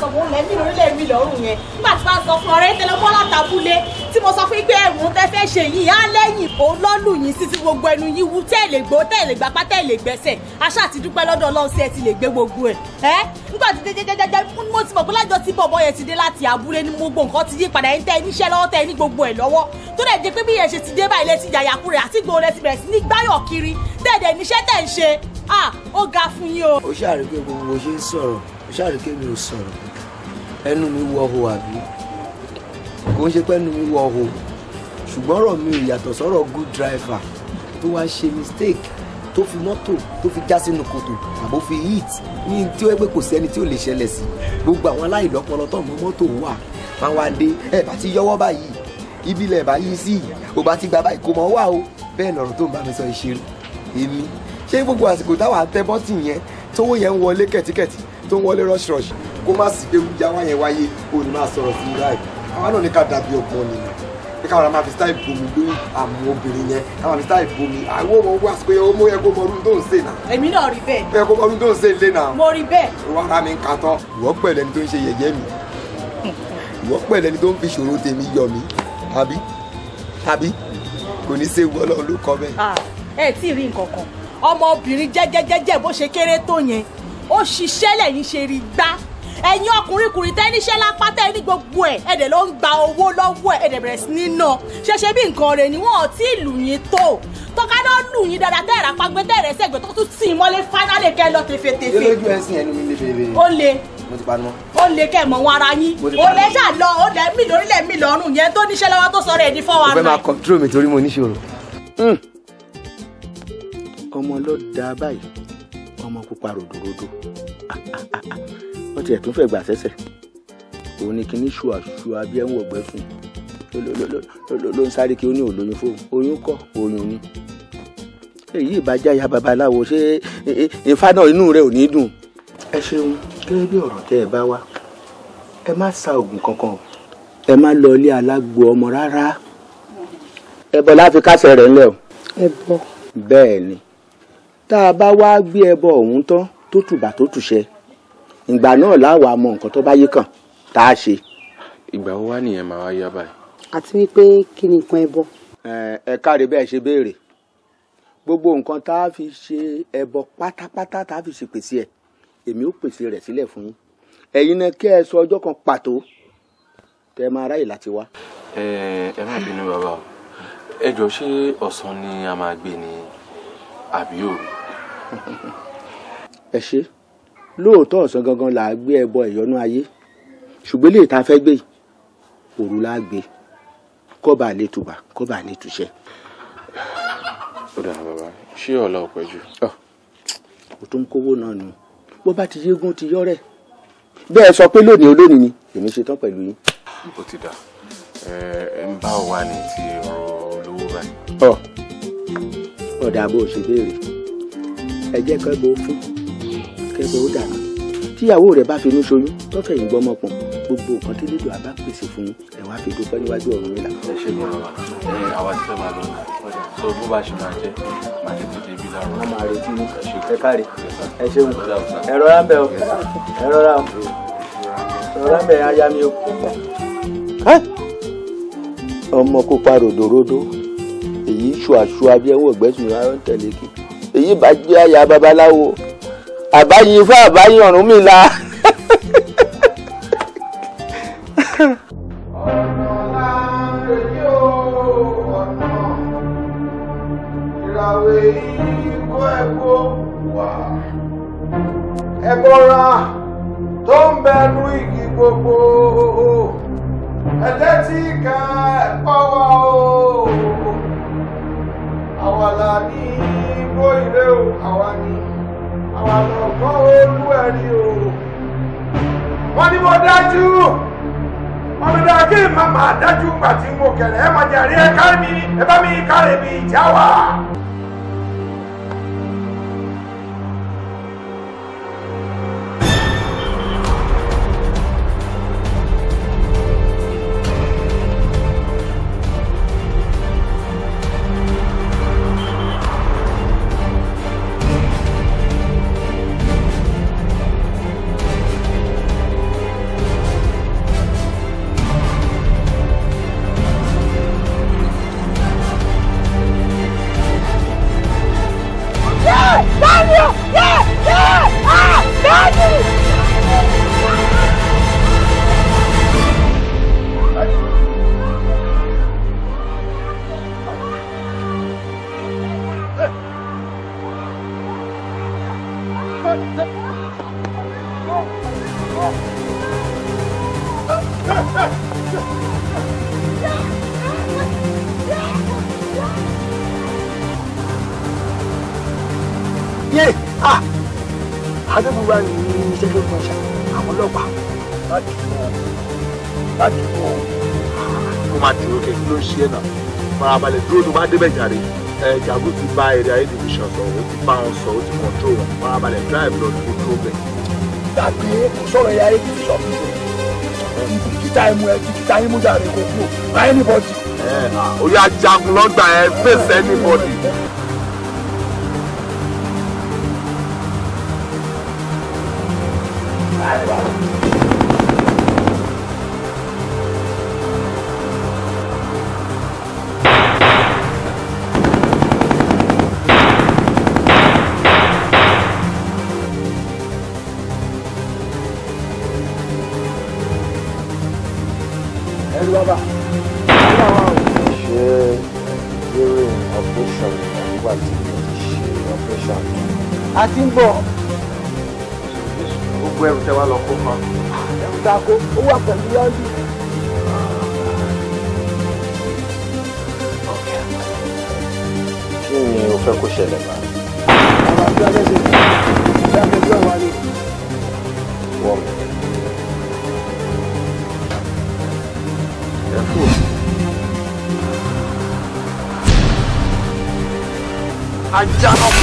Speaker 7: sọ fún olè mi lórílẹ̀ mi lọ́rùn yẹn nígbà tí wọ́n sọ fún ọ̀rẹ́ tẹlẹmọ́ látàbúlé tí mo sọ fún pé ẹ̀wọ̀n tẹ fẹ́ ṣe yìí á lẹ́yìn ó lọ́lù yín sí ti gbogbo ẹnu yín wú tẹ́ lè gbó tẹ́ lè gbapá tẹ́ lè gbẹ́sẹ̀ aṣáà ti dúpẹ́ lọ́dọ̀ Ọlọ́run sí ẹ ti lè gbé gbogbo ẹ̀ ẹ́ nígbà tí jẹjẹjẹjẹ mo ti mọ̀ pé lájọ tí bọ̀bọ̀ yẹn ti dé láti abúlé ní gbogbo nǹkan ti yí padà yín tẹ́ níṣẹ́ lọ́wọ́ tẹ́ ní gbogbo ẹ̀ lọ́wọ́ tó dẹ̀ jẹ́ pé bí yẹn ṣe ti dé báyìí lẹ́sí yàyàkúrẹ́ àti gbòòrò lẹ́sí bẹ̀rẹ̀ sí ní gbáyọ̀ kiri tẹ́ẹ̀dẹ̀ níṣẹ́ tẹ̀ ń ṣe ó ga fún yín o.
Speaker 2: ó ṣàrí pé gbogbo bó ṣe ń sọ̀rọ̀ ó ṣàrí pé mi ò sọ̀rọ̀ ẹnu mi wọ ọhò àbí kò ń ṣe pé ẹnu mi wọ ọhò ṣùgbọ́n ọ̀rọ̀ mi ò yàtọ̀ sọ́rọ̀ good driver tó wá ṣe mistake tó fi mọ́tò tó fi já sínú kòtò àbó fi hit ní tí ó pé kò sẹ́ni tí ò lè ṣẹlẹ̀ sí gbogbo àwọn aláìlọ́pọlọ tó mọ mọ́tò wà máa wá dé ẹ̀ bá ti yọwọ́ báyìí ibi ilẹ̀ bá yí sí ò bá ti gba báyìí kò mọ̀ wá o bẹ́ẹ̀ lọ̀rọ̀ tó ń bá mi sọ ìṣeré èmi ṣé gbogbo àsìkò táwa tẹ bọ́tì yẹn tówó yẹn ń wọlé kẹ̀tíkẹ̀tí tó ń wọlé rush rush kó má sì pé wújá wáyẹn wáyé kó ní máa sọ̀rọ̀ sí ra ẹ̀ àwa náà ní ká dàbí ọgbọ́n nínú pé káwọn máa fi style bomi lórí àmú obìnrin yẹn káwọn fi style bomi àwọn ọmọ wa pé ọmọ yẹ kó mọdún tó ń ṣe nà.
Speaker 9: èmi náà rí bẹ́ẹ̀.
Speaker 2: yẹ kó mọdún tó ń ṣe lé nà. mo
Speaker 9: rí bẹ́ẹ̀. ìwọ
Speaker 2: mi ń ka tán ìwọ pẹ̀lẹ́ ni tó ń ṣe yẹ̀yẹ́ mi ìwọ pẹ̀lẹ́ ni tó ń fi ṣòro tèmi yọ mi àbí àbí kò ní ṣe wọlé olùkọ́ bẹ́ẹ̀.
Speaker 7: ẹ tí rí nǹkan kan ọmọbìnrin jẹ́jẹ́jẹ́jẹ́ bó ṣe kéré tó yẹn ó ṣiṣẹ́ lẹ́yìn ṣe rí gbá ẹ̀yin ọkùnrin kùnrin tẹ́ níṣẹ́ lápá tẹ́ ní gbogbo ẹ̀ ẹ̀dẹ̀ ló ń gba owó lọ́wọ́ ẹ̀ ẹ̀dẹ̀ bẹ̀rẹ̀ sí ní nà ṣẹṣẹ bí nǹkan rẹ̀ ni wọ́n ò tí ì lù yín tó tọ́ka náà lù yín dáadáa tẹ́ ẹ̀rà pagbẹ́ tẹ́ ẹ̀rẹ́sẹ̀ gbẹ́ tó tún tì í mọ́lé fánálì kẹ́ lọ tẹ̀fẹ̀tẹ̀fẹ̀. lójú
Speaker 2: ẹsìn ẹnu mi níbi ìbéèrè. ó le mo ti panu mọ.
Speaker 7: ó lè kẹ́ mọ̀ wọn ara yín ó lè ṣà lọ ó lè mí lórílẹ̀ mí lọ́rùn yẹn tó níṣẹ́ lọ́wọ́ tó sọ̀rọ̀ ẹ̀ ní fọ́ wa náà. mo
Speaker 8: fẹ́ máa
Speaker 2: kọ́ńtúrò mi torí mo níṣòro.
Speaker 8: Hmm. ọmọ ló dáa
Speaker 3: báyìí
Speaker 2: ọmọ pupa ròdòròdò ah, ah, ah, tiẹ̀ tún fẹ́ gbà sẹ́sẹ̀
Speaker 3: òun ni kinní ṣùà ṣùà bí ẹ̀ ń wọ̀gbẹ́ fún ló ń sáré kí ó ní òlóyún fóun oyún kọ́ oyún ni èyí ìbájáya babaláwo ṣé ifá náà inú rẹ ò ní dùn. ẹ ṣeun gẹ́gẹ́ bí ọ̀rọ̀ tẹ́ ẹ bá wá ẹ má sa oògùn kankan ẹ má lọ ilé alágbo ọmọ rárá
Speaker 2: ẹ bọ láfi kásẹ̀ rẹ̀ ńlẹ̀ o.
Speaker 3: ẹ bọ. bẹ́ẹ̀ ni tá a bá wá gbé ẹbọ ọ̀hún tán tó tùbà tó tùṣẹ ìgbà náà láwàá mọ nǹkan tó bá yé kàn tá a ṣe. ìgbà wo wá nìyẹn máa wá yá báyìí. àti wípé kí ni nǹkan ẹbọ. ẹ káre bẹ́ẹ̀ ṣe béèrè gbogbo nǹkan tá a fi ṣe ẹbọ pátápátá tá a fi ṣe pèsè ẹ èmi ó pèsè rẹ̀ sílẹ̀ fún yín ẹ̀yin náà kẹ́ ẹ
Speaker 2: sọ ọjọ́ kan pàtó tẹ máa ráyè láti wá.
Speaker 3: ẹ ẹ má bínú bàbá o ẹ jọ ṣé ọ̀sán ni a máa gbé ni àbí òru. ẹ ṣe lóòótọ́ ọ̀sán gangan là á gbé ẹbọ ẹ̀yọ́nú ayé ṣùgbọ́n lè ta fẹ́ gbé òru la gbé kọ́ba lè tùbà kọ́ba lè túṣẹ́. ó dàrú bàbá ṣé ọ̀la ò pẹ́ jù. Ah, ó tún kówó náà nù bó bá ti yégún ti yọ́rẹ̀ bẹ́ẹ̀ sọ pé
Speaker 8: lónìí
Speaker 2: olónìí ni èmi ṣetán pẹ̀lú yín. ó ti dà ẹ ń bá wa ní ti ọ̀rọ̀ olówó báyìí. ọ̀dà bó o ṣe béèrè ẹ jẹ́ kẹ́ bó fún fẹ́ bẹ ó dànù tíyàwó rẹ̀ bá finú ṣoyún tọ́fẹ̀ yìí gbọ́mọ pọ̀n gbogbo nǹkan tí lédò àbá pèsè fún yín ẹ̀ wá fi níwájú ọ̀run nílà. ẹ ṣe mọ ẹ
Speaker 6: àwa ti fẹ́ máa lọ so bó bá ṣe máa jẹ máa tètè dé
Speaker 3: ibi láàárọ̀. máa retí ní
Speaker 6: ẹ káre ẹ ṣeun ẹ rọra ń o ẹ rọra o rọra ń aya mi o.
Speaker 3: ọmọ kó pa ròdòròdò èyí ṣùàṣùà bí ẹwọ́n ọ̀gbẹ́sùn rárá ń tẹ̀lé kí èyí bá jẹ́ aya babaláwo àbáyé ifá àbáyé ọ̀rúnmìlà
Speaker 1: kami karibi jawa
Speaker 3: farabalẹ̀ dúró tó bá débẹ̀ jàre ẹ ti bá area aid division sọ ó ti bá wọn sọ ó ti control wọn farabalẹ̀ drive lọ sí control bẹ̀. dàbí sọ̀rọ̀ ya aid division mi kìkìtà ẹ̀mú ẹ kìkìtà yín mú jàre kò kú báyìí ní bọ́dì. ó
Speaker 1: yá jagun lọ́gbà ẹ fèsì anybody.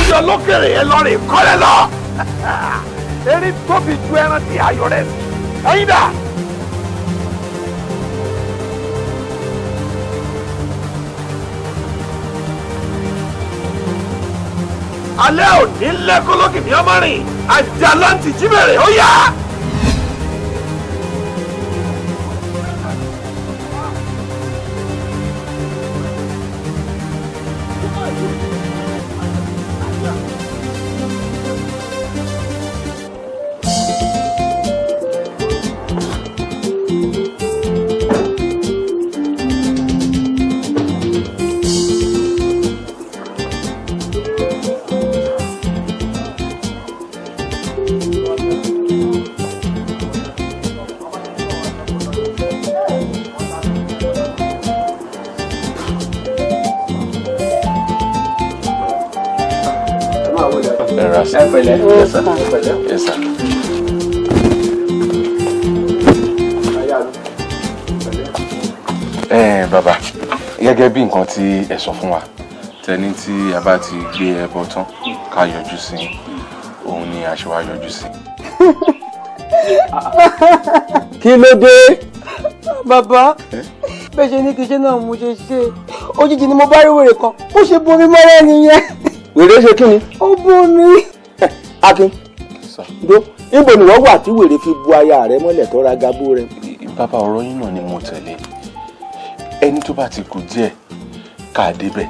Speaker 1: tí olókèrè yẹn lọ rè kọ́lé lọ erin tóbi ju ẹran tí ayọ̀ rẹ̀ ẹ̀yin dà. alẹ́ òní lẹ́kọ́ lókè ní ọmọ rìn àjàlá ti jí bẹ̀rẹ̀ ó yá.
Speaker 3: ẹ sọ fún wa tẹni tí a bá ti gbé ẹbọ tán ká yọjú sí òun ni àṣewá yọjú sí.
Speaker 4: *laughs*
Speaker 3: kí ló dé
Speaker 7: bàbá bẹ́ẹ̀ ṣe ní kí náà mo ṣe ṣe
Speaker 3: òjijì ni mo bá rí wèrè kan ó ṣe bomi mọ́rẹ́ nìyẹn. wèrè ṣe kí ni. ó bomi. *laughs* akin do ibo ni wọ́n wà tí wèrè fi bu aya rẹ mọ́lẹ̀ tó ra gabo rẹ. bàbá ọ̀rọ̀ yín náà ni mo tẹ̀lé ẹni tó bá ti kù díẹ̀ ká a débẹ̀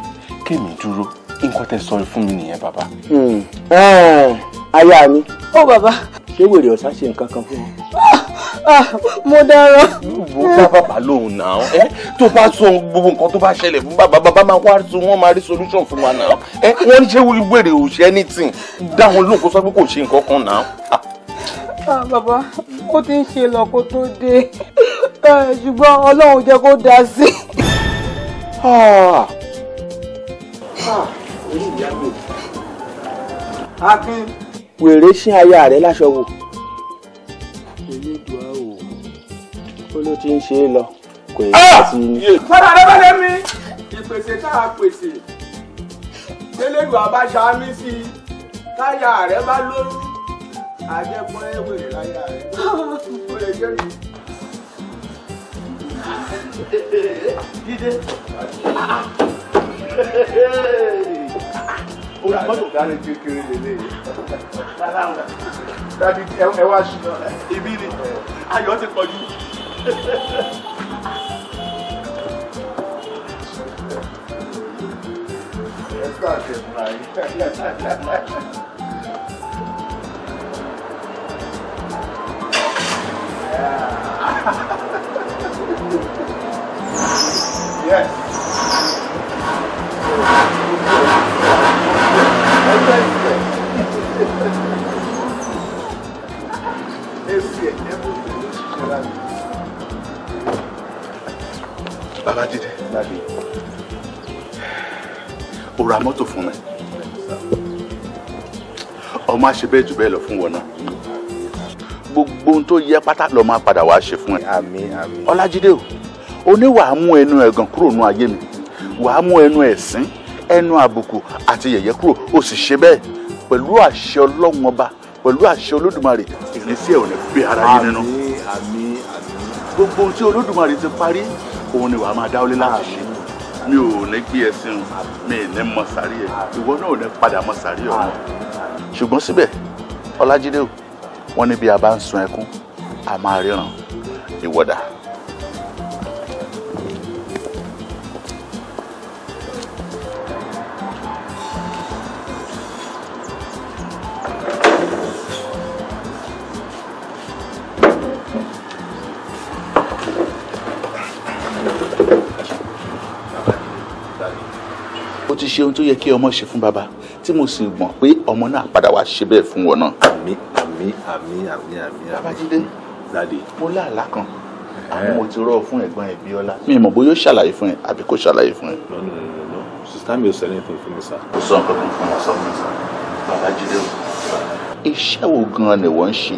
Speaker 3: kémi dúró nǹkan tẹ́ sọ fún mi nìyẹn bàbá. Hmm. Eh, aya mi. ó bàbá. ṣé wèrè ọ̀sán ṣe nǹkan kan fún ọ. Ah, ah, mo dára. wo bá bàbá lòun náà ẹ eh, tó bá sọ gbogbo nǹkan tó bá ṣẹlẹ̀ fún bàbá bàbá máa wá tún wọ́n máa rí solution fún wa náà ẹ eh, wọ́n ṣé wèrè ò ṣe anything dáhùn lóhùn kó sọ pé kò ṣe nǹkan kan náà.
Speaker 7: Ah. bàbá ó ti ń ṣe lọ kó tó dé ṣùgbọ́n ọlọ́run jẹ́ kó dá sí i. Ah.
Speaker 3: Ah. akin wèrè ṣín aya rẹ láṣọ wò.
Speaker 6: onídùá o ó ló ti ń ṣe é lọ kò yẹ ah! kí sí i. sọ́dọ̀ adébẹ́lẹ́ mi
Speaker 1: ìpèsè tá a pèsè tẹ́lẹ̀dù àbáṣà mi sí i táyà rẹ bá lóyún àjẹpọ̀ ẹ̀ wèrè láyà rẹ ó lè jẹ́rìí
Speaker 3: dídé olùmọ́tòkárì kékeré lélẹ̀ dadi ẹ wá ṣùgbọ́n ibi ni ayọ̀ ti pọ̀
Speaker 8: jù.
Speaker 1: ẹ sáàtì ẹ̀ múra yìí.
Speaker 5: Yeah. Yes.
Speaker 3: Baba Jídé. O ra mọ́tò fún mi. Ọmọ àṣebẹ́ jù bẹ́ẹ̀ lọ fún wọn náà. Gbogbo ohun tó yẹ pátá lọ máa padà wá ṣe fún ẹ. Àmín àmín. Ọlájídé o ó ní wàá mú ẹnu ẹ̀gàn kúrò nú ayé mi wàá mú ẹnu ẹ̀sín ẹnu àbùkù àti yẹ̀yẹ́ kúrò ó sì ṣe bẹ́ẹ̀ pẹ̀lú àṣẹ ọlọ́run ọba pẹ̀lú àṣẹ olódùmarè ìrísí ẹ̀ ò ní gbé ara yín nínú gbogbo ohun tí olódùmarè ti parí òun ni wàá máa dáwọ́lé láti ṣe mi ò ní gbé ẹsìn mi ní mọ̀sárì ẹ̀ ìwọ náà ò ní padà mọ̀sárì ọ̀ ṣùgbọ́n síbẹ̀ ọlájídé o wọ́n ní bí ń sun ẹkún a máa ríran ìwọ́dà. E ṣe ohun tó yẹ kí ọmọ ṣe fún baba tí mo sì mọ̀ pé ọmọ náà padà wá ṣe bẹ́ẹ̀ fún wọn náà. àmì àmì àmì àmì àmì àmì. babájídé dade mo láàlá kan àmọ́ mo ti rọ̀ fún ẹ̀gbọ́n ẹ̀ bíọ́lá mi mọ̀ bóyá ó ṣàlàyé fún ẹ àbí kò ṣàlàyé fún ẹ. no no no no sista mi ò sọ anything fún mi sá. kò sọ nǹkan kan fún mi mi sá babájídé o. iṣẹ́ wo gan-an ni wọ́n ń ṣe.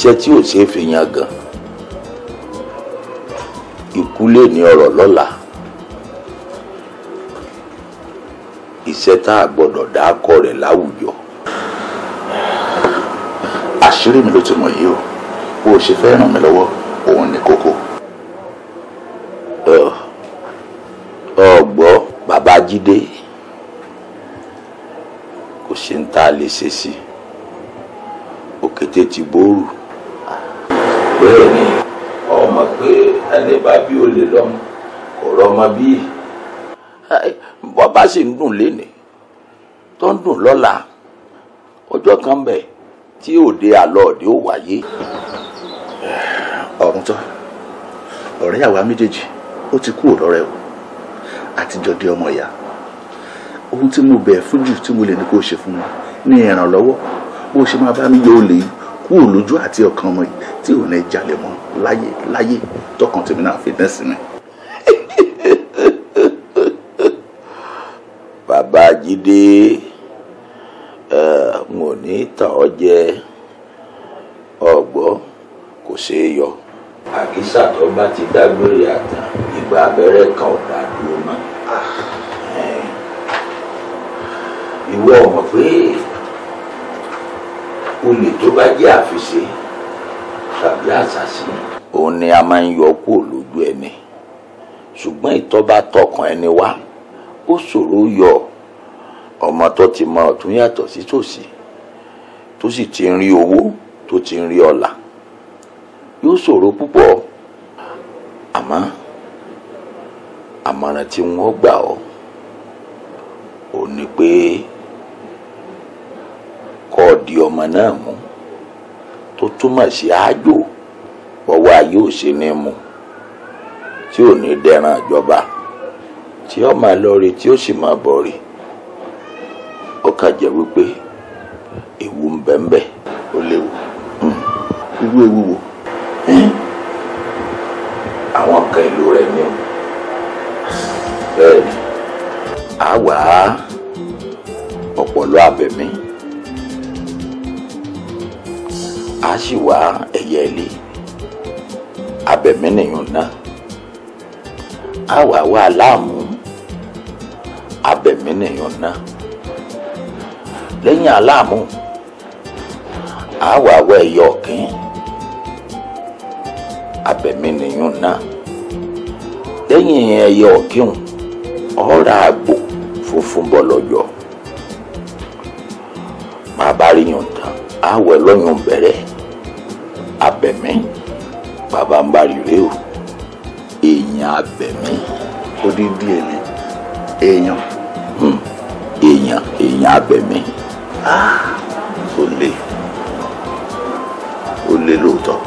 Speaker 3: iṣẹ́ tí ò ṣeé fi yan gan ikú lè ní ọ̀rọ̀ lọ́la iṣẹ́ tá a gbọ́dọ̀ dákọ rẹ̀ láwùjọ. àṣírí mi ló ti mọ̀ yìí o bó o ṣe fẹ́ ràn mí lọ́wọ́ òun ni kókó. ọ̀gbọ́ bàbá jídé kò ṣe ń tá lè ṣe sí òkété ti bóòrù. bẹ́ẹ̀ ni ọmọ pé ẹni bá bí o lè lọ́mọ kò ma bí. bọ́bá sì ń dùn lénìí tó ń dùn lọ́la ọjọ́ kan bẹ̀ tí òde àlọ́ ó wáyé. ọ̀run tán ọ̀rẹ́ àwa méjèèjì ó ti kú o ọmọ ìyá ohun tí mo bẹ̀ tí mo lè ní kó ṣe fún mi ní ìrànlọ́wọ́ bó ṣe máa bá mi yọ kúrò lójú àti ọkàn ọmọ yìí tí ò ní jalè mọ́ láyé láyé tọkàn tèmi náà fi dẹ́sí mi. *laughs* bàbá jídé n ò ní tà ọ́ jẹ ọ̀gbọ́ kò ṣeé yọ. àkísà tó bá ti dágbére àtàn ìgbà abẹ́rẹ́ kan ò dá dúró mọ́. Ah, ìwọ ọmọ pé olè tó bá jẹ́ àfìsè tàbí àṣàṣì. òun ni a máa ń yọ kúrò lójú ẹni ṣùgbọ́n ìtọ́ba tọkàn ẹni wá ó ṣòro yọ ọmọ tó ti mọ ọ̀tún yàtọ̀ sí tòsí tó sì ti ń rí owó tó ti rí ọlà yóò ṣòro púpọ̀ àmọ́ àmọ̀ràn tí wọ́n gbà ọ́ ò ní pé kọ́ ọ di ọmọ náà mú tó túmọ̀ sí àjò ọwọ́ ayé ò ṣe mu tí ò ní dẹran ìjọba tí ó máa lọ rí tí ó sì máa bọ̀ rí ó kà jẹ́ wípé ewu ń bẹ ń bẹ ó léwu hmm. irú ewu wo àwọn kan ìlú rẹ̀ ni o bẹ́ẹ̀ ni àwa ọpọlọ abẹ̀mí. a sì wá ẹyẹ ilé abẹ̀mí alamu, náà a wà wá aláàmú abẹ̀mí náà lẹ́yìn aláàmú a wà wá ẹyẹ náà ẹyẹ àgbò funfun tán abẹ̀mí bàbá ń bá rire o èèyàn abẹ̀mí odidi èmi èèyàn hmm. èèyàn èèyàn abẹ̀mí ah! ó lé ó lé lóòótọ́.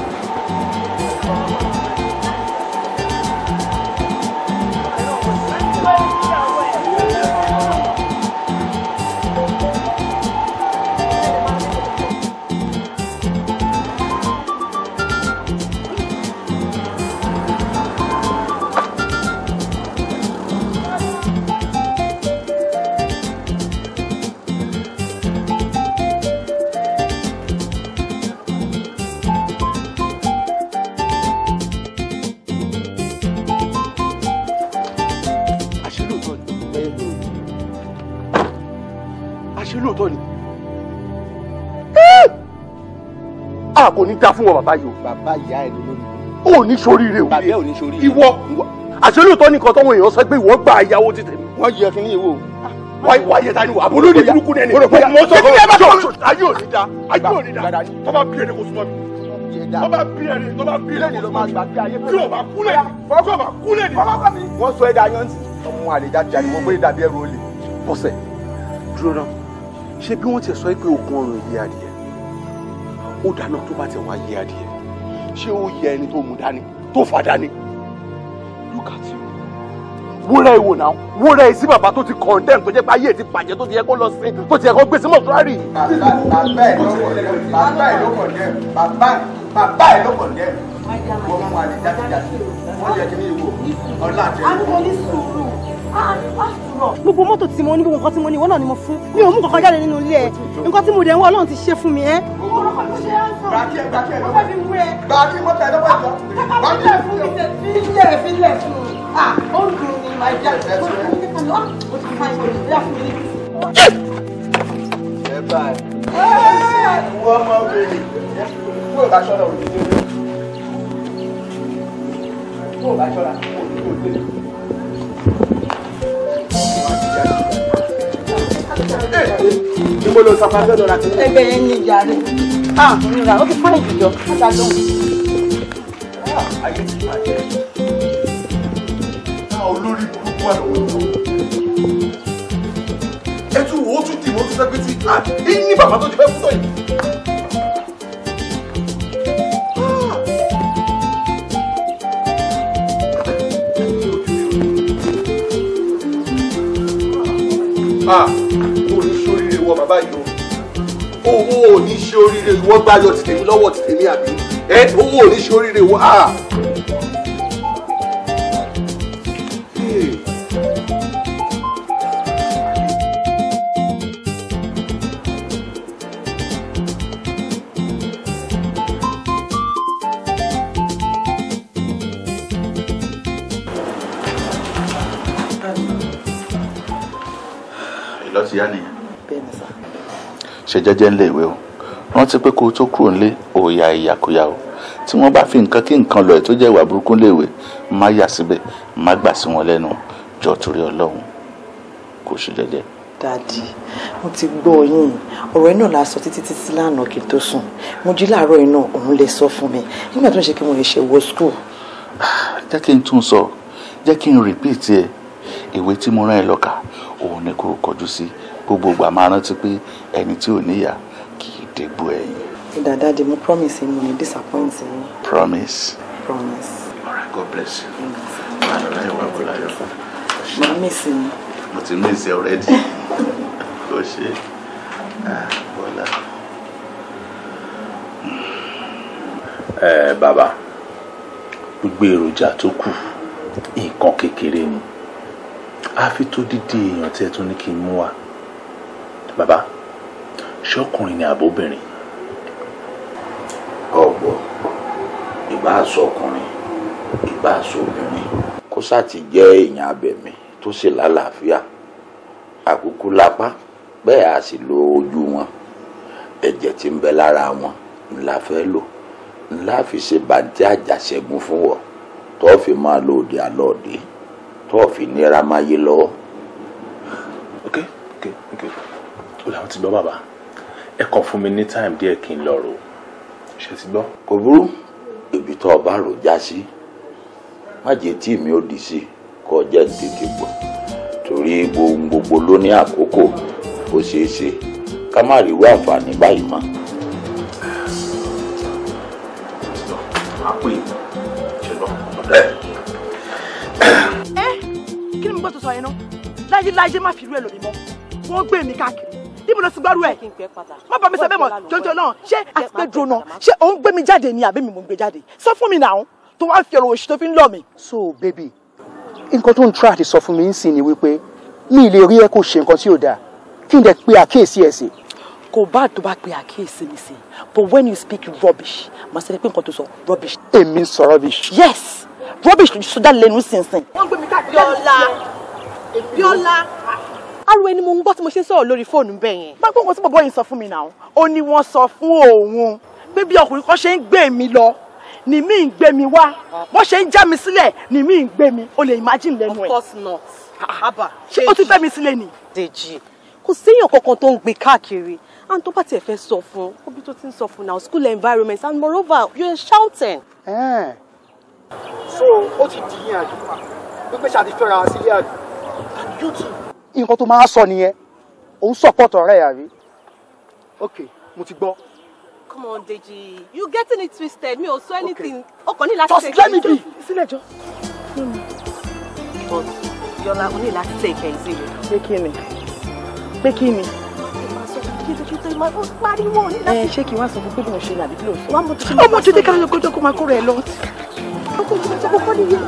Speaker 3: a ah, kò ní dá fún wọn bàbá yìí o. bàbá ìyá ẹ lórí. ó ní soríire o. bàbá ẹ ò ní soríire. ìwọ àṣelóòtọ́ nìkan tọ́wọ́ èèyàn sọ pé ìwọ gba ìyàwó ti tẹ̀lé. wọ́n yẹ kí ni ìwọ. wáyé ah, wáyé ta ni wà á bolo ní burúkú nẹni.
Speaker 1: mo sọ fún ọ ayé ò ní da ayé ò ní da tọ́ba bí ẹni kò súnmọ́ mi. tọ́ba bí ẹni tọ́ba bí ẹni kò súnmọ́ mi. kí
Speaker 3: ṣé bí wọ́n ti sọ pé okun ọrùn ìyá adìyẹ ó dáná tó bá tẹ̀ wá yé adìẹ ṣé ó yẹ ẹni tó mú dání tó fà dání look at you wúrẹ́ ìwò náà wúrẹ́ ìsí bàbá tó ti condemn tó jẹ́ pé ayé ti bàjẹ́ tó ti yẹ kó lọ sí tó ti yẹ kó gbé sí mọ́túrárì. bàbá ẹ̀ ló
Speaker 2: condemn bàbá ẹ̀ ló condemn bàbá ẹ̀ ló condemn wọ́n mú àlè jáde-jáde wọ́n yẹ kí ní ìwò ọ̀la àti ẹ̀rọ
Speaker 7: gbogbo mọ́tò tí mo ní gbogbo nǹkan tí mo ní ìwọ náà ni mo fún mi ò mú kankan jáde nínú ilé ẹ nǹkan tí mo dẹ̀ ń wá ọlọ́run ti ṣe fún mi ẹ́
Speaker 1: gbàkí ẹ gbàkí ẹ lọ́wọ́ gbàkí mọ́tà ẹ lọ́wọ́ ìjọ. gbàkí ẹ fún mi tẹ fílẹ̀ fílẹ̀ fún un. ah ó ń
Speaker 2: dùn
Speaker 7: ní màá jẹ́ àgbẹ̀ tó rẹ̀. ó ti fa ìwé ìgbéyà níbo ló sọ fún abẹ́ọ̀dọ̀ láti. ẹgbẹ́ yẹn ní ìyá rẹ̀ ah nira ó ti fún ìjọ adájọ́.
Speaker 4: Ah, ayé ti bàjẹ́
Speaker 3: náà ah, olórí burúkú àlọ́ ètò wo tún dì wọ́n tún sẹ́pẹ́tì ah, ní bàbá tó ti fẹ́ fún tọ́yìn.
Speaker 4: ah
Speaker 2: owó ò ní ṣe oríire ìwọ gbáyọ tètè mi lọ́wọ́ àbí owó ò ní ṣe oríire wọ ah!
Speaker 3: ṣe jẹ́jẹ́ ńlẹ̀ ìwé o rántí pé kó o tó kúrò ńlé òòyà ìyàkúyà o tí wọ́n bá fi nǹkan kí nǹkan lọ ẹ̀ tó jẹ́ ìwà burúkú ńlẹ̀ ìwé má yà síbẹ̀ má gbà sí wọn lẹ́nu jọ torí ọlọ́run kó ṣe jẹ́jẹ́.
Speaker 5: dadi mo ti gbọ́
Speaker 7: yín ọ̀rọ̀ ẹ náà la sọ títí títí lánàá kí n tó sùn mo jí láàárọ̀ iná òun lè sọ fún mi nígbà tó ń ṣe kí mo lè ṣe wọ school.
Speaker 3: Ah, jẹ́ kí n tún sọ jẹ́ kí n repeat ẹ ìwé tí mo rán ẹ lọ kà òun ni kò kọjú sí gbogbo ìgbà máa rántí pé ẹni tí ò níyà kì í dégbò ẹ̀yìn.
Speaker 7: dàdá di mo promise mo ní disappoint
Speaker 5: yín. promise. promise.
Speaker 3: Alright, god bless you. wàhálà láyọ̀ wà kó láyọ̀.
Speaker 5: màá mèsì ni.
Speaker 3: mo ti mèsì already kò ṣe ah, bọ́lá. ẹ eh, bàbá gbogbo èròjà tó kù nǹkan kékeré ni àfi tó dídí èèyàn tí ẹ tún ní kí n mú wa bàbá ṣọkùnrin ni àbóbìnrin. ọ̀gbọ́ ìbá àṣọkùnrin ìbá àṣọbìnrin kó sáà ti jẹ́ èèyàn abẹ̀mí tó sì lálàáfíà àkúkú lápá bẹ́ẹ̀ a sì lo ojú wọn ẹ̀jẹ̀ tí ń bẹ lára wọn ńlá fẹ́ lò ńlá fi ṣe bàǹtí àjàṣẹ́gun fún wọn tó fi máa lo òde tó fi nira máyé lọ́wọ́. ok ok ok làwọn ti gbọ́ bàbá ẹ kàn fún mi ní time díẹ̀ kí n lọ rò ṣe ti gbọ́. kò burú ibi tó o bá rò já sí má tí mi ò di sí kó tètè gbogbo ló àkókò ó
Speaker 7: sọ yẹn náà láyéláyé má fi irú ẹ lòmí mọ́ wọ́n gbé mi káàkiri níbo ló ti gbárù ẹ̀ má bàa sọ bẹ́ẹ̀ mọ́ jọjọ náà ṣé àtìpé dúró náà ṣé òun gbé mi jáde ni àbí mi
Speaker 2: mò ń gbé jáde sọ fún mi náà tó wá fi ọ̀rọ̀ òṣì tó fi ń lọ mi. so baby
Speaker 8: nǹkan tó ń tra àti sọ fún mi ń sìn ni wípé mi ì lè rí ẹ kó ṣe nǹkan tí ò dáa kí n dẹ̀ pe àkíyèsí ẹ̀ sí
Speaker 7: kò bá tó bá pe àkíyèsí mi sí but when you speak rubbish mà á sọ pé nǹkan tó sọ rubbish. èmi sọ rubbish. yes rubbish ló sọdá lẹ́nu sínsìn. wọ́n gbé mi káàkiri Bíọ́lá ariwo ẹni mo ń gbọ́ tí mo ṣe ń sọ̀rọ̀ lórí fóònù bẹ́ẹ̀ yẹn. pápá nǹkan tí bọ̀bọ́ yìí sọ fún mi náà ó ní wọ́n sọ fún òun pé bí ọkùnrin kan ṣe ń gbé mi lọ ni mí ń gbé mi wá bó ṣe ń já mi sílẹ̀ ni mí ń gbé mi o lè imagine lẹ́nu ẹ̀. of course not. haba ṣé o ti fẹ́ mi sílẹ̀ ni. Dèjì kò séèyàn kankan tó ń gbé káàkiri and tó bá tiẹ̀ fẹ́ sọ fún obi tó ti ń sọ fún now school environment and moreover you
Speaker 8: shouting. so ó ti dì í yín àjò pípẹ́ ṣàti fẹ́ra nǹkan tó máa sọ nìyẹn òun support ọ̀rẹ́ ẹ̀ ok mo ti gbọ́.
Speaker 7: come on Deji you getting it twisted mi ò sọ anything ọkàn ní láti ṣe kí n tó sílẹ̀ jọ. but yọlá o ní láti ṣe ìkẹ́ ìṣẹ̀lẹ̀. pé kí ni pé kí ni. ẹ ṣé kí wọ́n sọ fún pé mo ṣe nàbí kí ló sọ. ọmọ tó dé ká lọ kó máa kó rẹ lọ. ọkọ ìjọba kọ́ nìyẹn.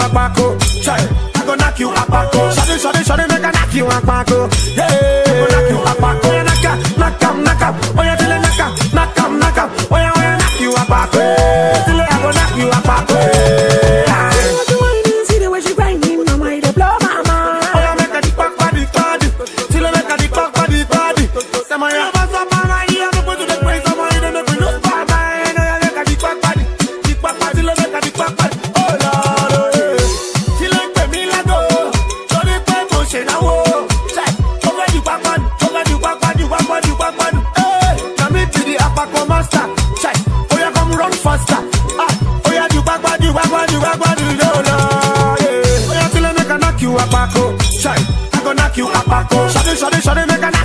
Speaker 1: apako. Sorry, I go knock you apako. Sorry, sorry, make I knock you apako. Yeah, I go knock you Knock up, knock up, knock up. Oh yeah.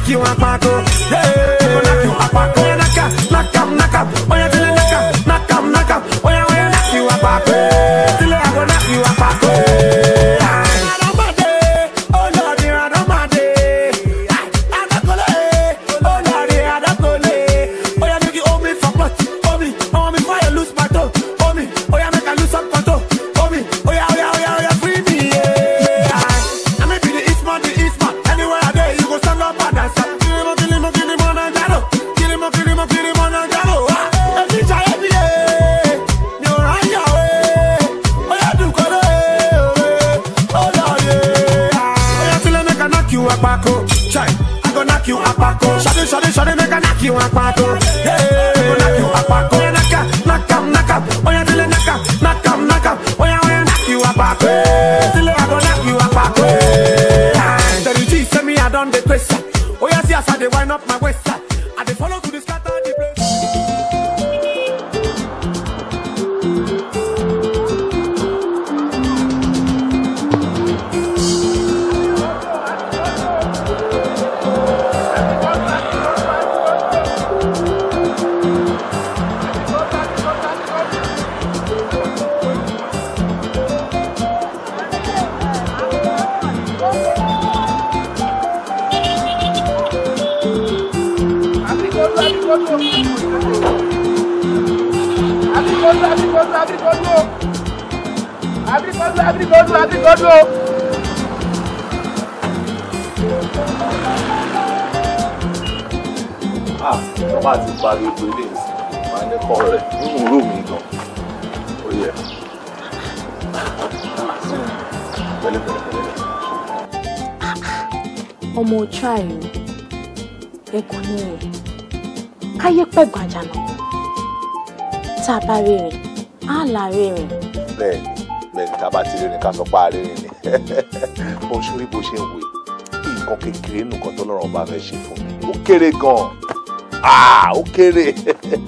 Speaker 1: que um apagão
Speaker 3: ká sọ pa àrírí ni *laughs* bó ṣe rí bó ṣe wè kí nǹkan kékeré nìkan tó lọ́rùn bá fẹ́ ṣe fún mi ó kéré gan-an ah, ó kéré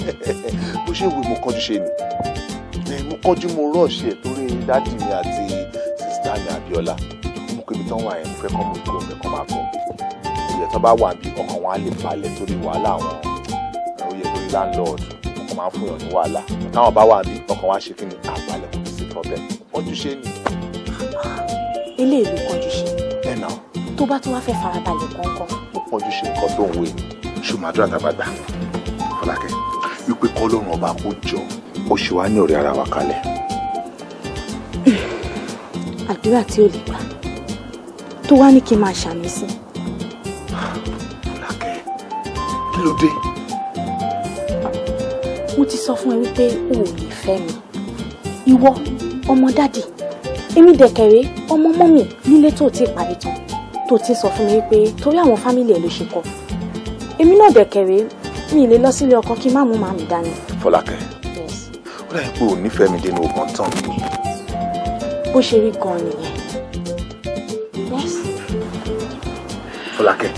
Speaker 3: *laughs* bó ṣe wè mo kánjú ṣe ni eh, mo kánjú mo rọ́ọ̀ṣì ẹ̀ torí dádì mi àti sísítà mi Abíọ́lá mo kébi tán wà yẹn mo fẹ́ kọ́ mo kó mi kọ́ máa kọ́ ìyẹ̀ tán bá wà bí ọkàn wọn á lè balẹ̀ torí wàhálà wọn ó yẹ torí láńlọ́ọ̀dù ọkàn máa fún yàn ní wàhálà táwọn bá wà bí ọkàn wọn á ṣe kí ni
Speaker 7: tó bá tún wá fẹ́ farabalẹ̀ kankan.
Speaker 3: ó pọ̀ ju ṣe nǹkan tó ń wé ṣùgbọ́n àdàgbàgbà fọlákẹ́ wípé kọ́lọ́run ọba kò jọ ó ṣe wá ní ọ̀rẹ́ ara wa kalẹ̀.
Speaker 7: àdúrà tí ò lè gbà tó wá ní kí n máa ṣàmì sí.
Speaker 2: fọlákẹ́ kí ló dé.
Speaker 7: mo ti sọ fún ẹ wípé o ò lè fẹ́ mi ìwọ ọmọ dádì èmi dẹ̀kẹ̀rẹ́ ọmọ mọ́mì nílé tó ti parí tó tó ti sọ fún mi wípé torí àwọn fámìlì ẹ̀ ló ṣe kọ èmi náà dẹ̀kẹ̀rẹ́ mi ì lè lọ sílé ọkọ kí n má mú màmí dání.
Speaker 3: fọlákẹ́ ó dàbí pé ò nífẹ̀ẹ́ mi dénú ogun
Speaker 2: tán mi.
Speaker 7: bó ṣe rí gan-an nìyẹn. fọlákẹ́.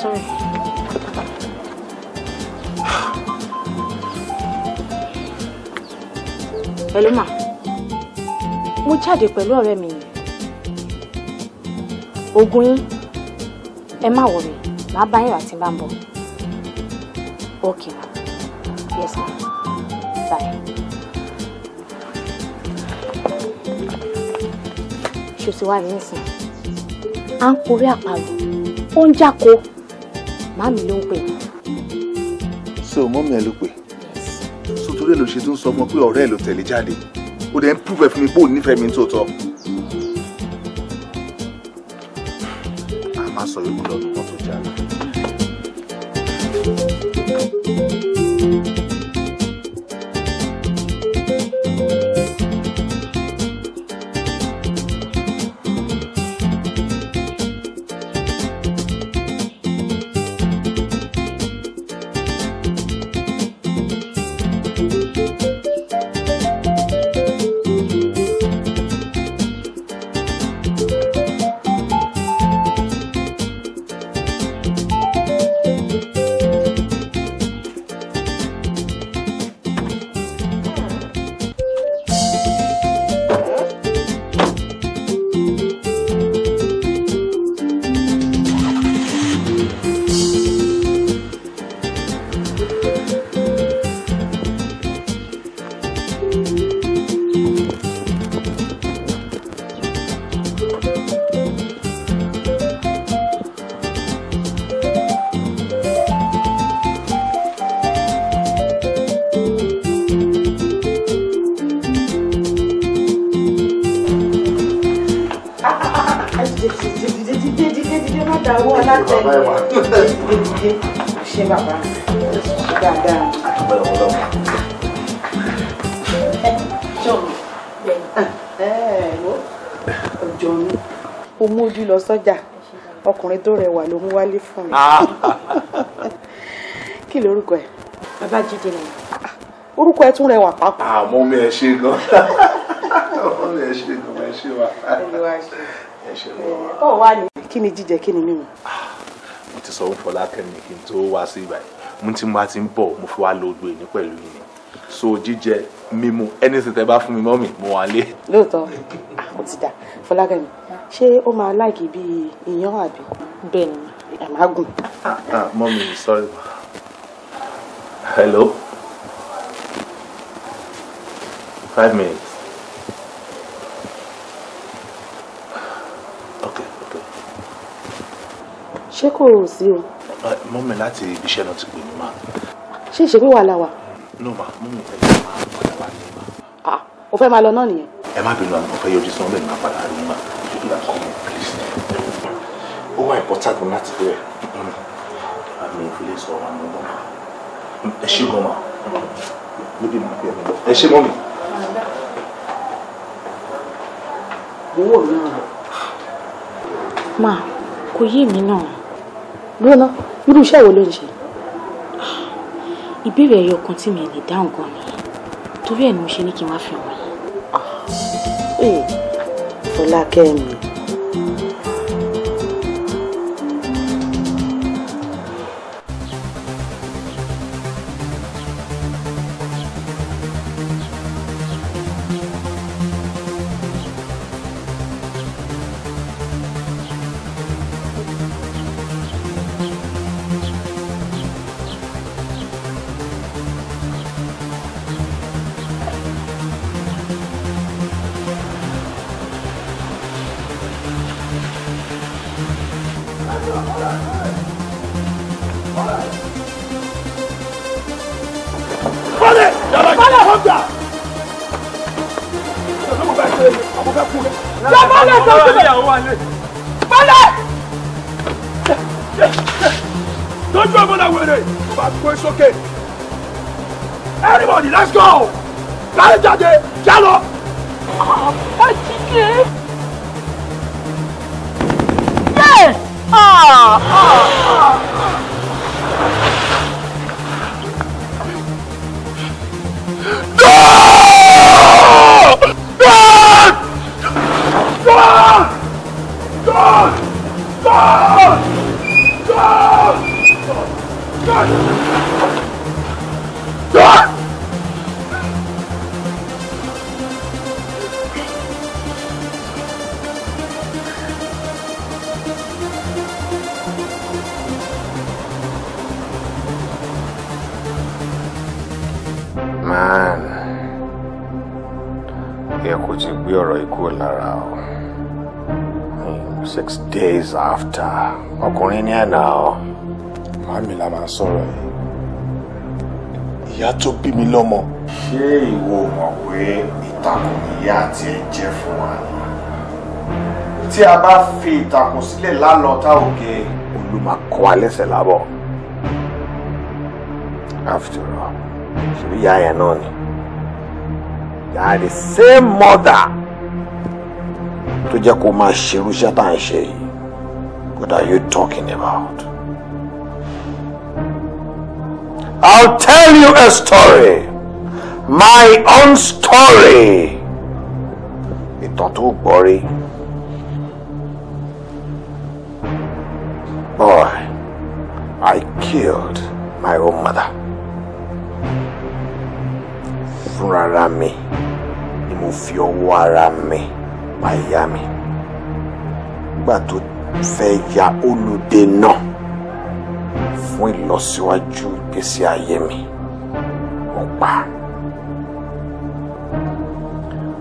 Speaker 7: sorry. hello ma mo jáde pẹ̀lú ọ̀rẹ́ mi oògùn yín ẹ má wọrí màá bá yín rà bá ń bọ̀ okay yes ma bye. ṣe ti wá ní nísìn à ń porí àparò ó ń jáko màmí ló ń pè mí.
Speaker 3: so mọ́mí ẹ ló pè so torí ẹ ló ṣe tó ń sọ ọmọ pé ọ̀rẹ́ ẹ ló tẹ̀lé jáde ó dẹ̀ ń púpẹ̀ fún mi pé òun nífẹ̀ẹ́ mi tó tọ́. todo el
Speaker 7: ọkùnrin tó rẹwà ló mú wálé fún mi ah. kí lorúkọ ẹ Babájídé ni orúkọ ẹ tún rẹwà
Speaker 3: pàápàá. àmọ́ ah, mi ẹ ṣe gan ọmọ *laughs* mi ẹ ṣe gan ẹ ṣe wa ẹ ṣe
Speaker 7: wa. ọ wá ní kí ni jíjẹ kí ni mímu. Ah,
Speaker 3: mo ti sọ fún Fọlákẹ́mi kí n tó wá sí ibà yìí mo ti máa ti ń bọ̀ mo fi wá lo odò èní pẹ̀lú yìí so jíjẹ mímu anything tẹ bá fún mi mọ́mì mo wà lé.
Speaker 7: lóòótọ́ ah, ó ti dà fọlákẹ́mi ṣé ó máa láìkì bí iyán àbí bẹ́ẹ̀ ni ẹ̀mágùn.
Speaker 3: Ah, mọ́mì sorry hello five minutes.
Speaker 7: ṣé kò sí o.
Speaker 3: Ah, mọ́mì láti ibiṣẹ́ náà ti pè mí máa. ṣé ìṣègùn wà no ma mú mi fẹ́ máa ń padà wá ní ma.
Speaker 7: ah o fẹ́ máa lọ náà nìyẹn.
Speaker 3: ẹ má bínú àmọ́ fẹ́ yọjú sí wọn bẹ́ẹ̀ máa padà rí ma if you come on please. ó wà important gan láti bẹ̀rẹ̀ àmì ìfilé sọ̀rọ̀ àmì ọmọ ẹ ṣe gan ma níbi màá fi ẹ̀mí lọ ẹ ṣe mọ́ mi. owó mi náà
Speaker 7: máa kò yé mi náà lóná irú iṣẹ́ wo ló ń ṣe ìbéèrè ẹyọ kan tí mi lè dáhùn gan nìyẹn torí ẹ̀ ni mo ṣe ní kí n wá fi hàn yín. Ah. Oh. ọlá kẹ́mi
Speaker 1: àkọsílẹ̀ lálọ́ta òkè olùmọ̀kọ́ lábọ̀.
Speaker 2: after all ṣèlú ìyá yẹn náà ni they are the same mother tó jẹ́ kó máa ṣerú iṣẹ́ tá à ń
Speaker 1: ṣe yìí what are you talking about? I'll tell you a story my own story ìtàn tó gbọ́ rí.
Speaker 3: ìyá olùdènà fún ìlọsíwájú ìgbésí ayé mi
Speaker 2: mo pa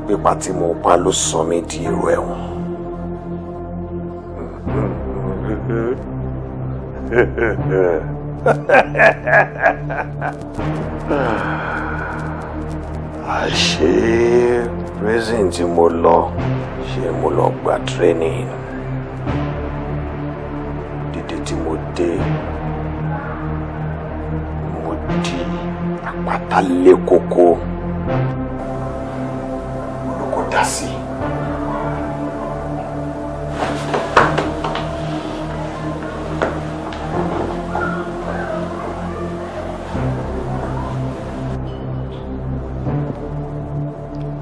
Speaker 1: pípa tí mo pa ló sọ mí di èrò ẹ̀wọ̀n. *laughs* àṣé
Speaker 3: prison tí mo lọ ṣe mo lọ gba training tí mo dé mo di àpáta lé koko
Speaker 4: olóko dá sí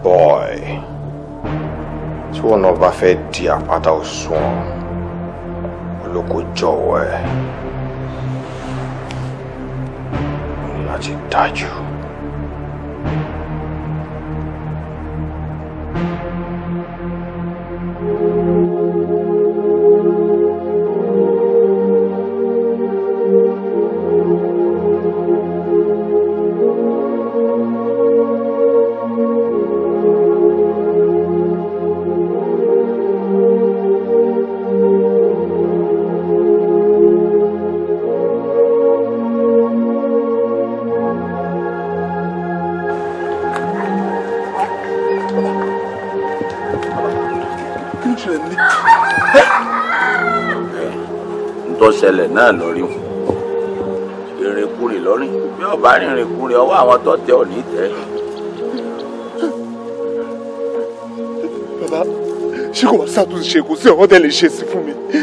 Speaker 1: boy tí wọn náà bá fẹ́ di àpáta òṣùwọ̀n kó jọ̀wọ́ ẹ̀
Speaker 6: láti dájú.
Speaker 3: náà lórí wọn ìrìnkúrìn lọ́rìn bí ọba rìnrìnkúrìn ọwọ́ àwọn tó tẹ ò ní tẹ. bàbá ṣé kò wá ṣàtúnṣe kò sí ọ̀rọ̀ lè ṣe sí fún mi ẹ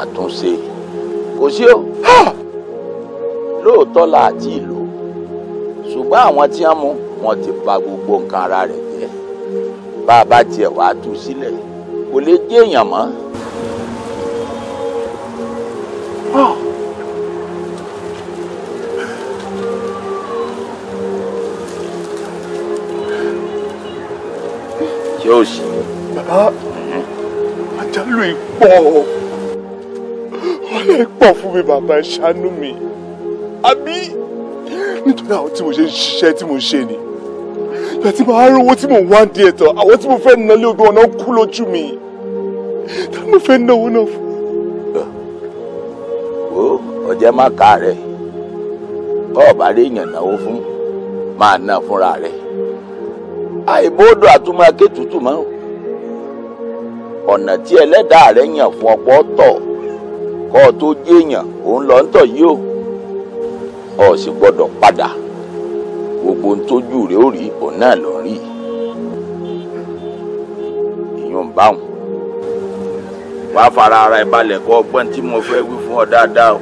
Speaker 3: àtúnṣe kò sí o lóòótọ́ la àti ìlú ṣùgbọ́n àwọn tí wọ́n mú wọn ti pa gbogbo nǹkan ara rẹ̀ jẹ́ bá a bá tiẹ̀ wàá tú sílẹ̀ kò lè jẹ́ èèyàn mọ́. ìfẹ́ òsì ni. bàbá àjálù ìpọ̀ ọ̀lẹ́ ìpọ̀ fún mi bàbá ẹ ṣàánú mi àbí nítorí àwọn tí mo ṣe ń ṣiṣẹ́ tí mo ṣe ni ìgbà tí mo á rówó tí mo wá ń di ẹ̀tọ́ àwọn tí mo fẹ́ ná lé ogbó ọ̀nà kú lójú mi
Speaker 1: tá mo fẹ́ náwó náà fún.
Speaker 3: wo ọjẹ́ má ka rẹ̀ bọ́ọ̀ bá rí èèyàn náwó fún máa ná fúnra rẹ àìbódò àtúmọ̀ akétutù mọ́ ọ̀nà tí ẹlẹ́dàá rẹ̀ yàn fún ọ̀pọ̀ tọ̀ kọ́ ọ tó jéèyàn òun lọ ń tọ̀ yìí o ọ̀ sì gbọ́dọ̀ padà gbogbo ń tójú rẹ̀ ó rí òun náà ló rí ìyún báwọn wàá fara ara ẹ balẹ̀ kọ́ ọgbọ́n tí mo fẹ́ wí fún ọ dáadáa o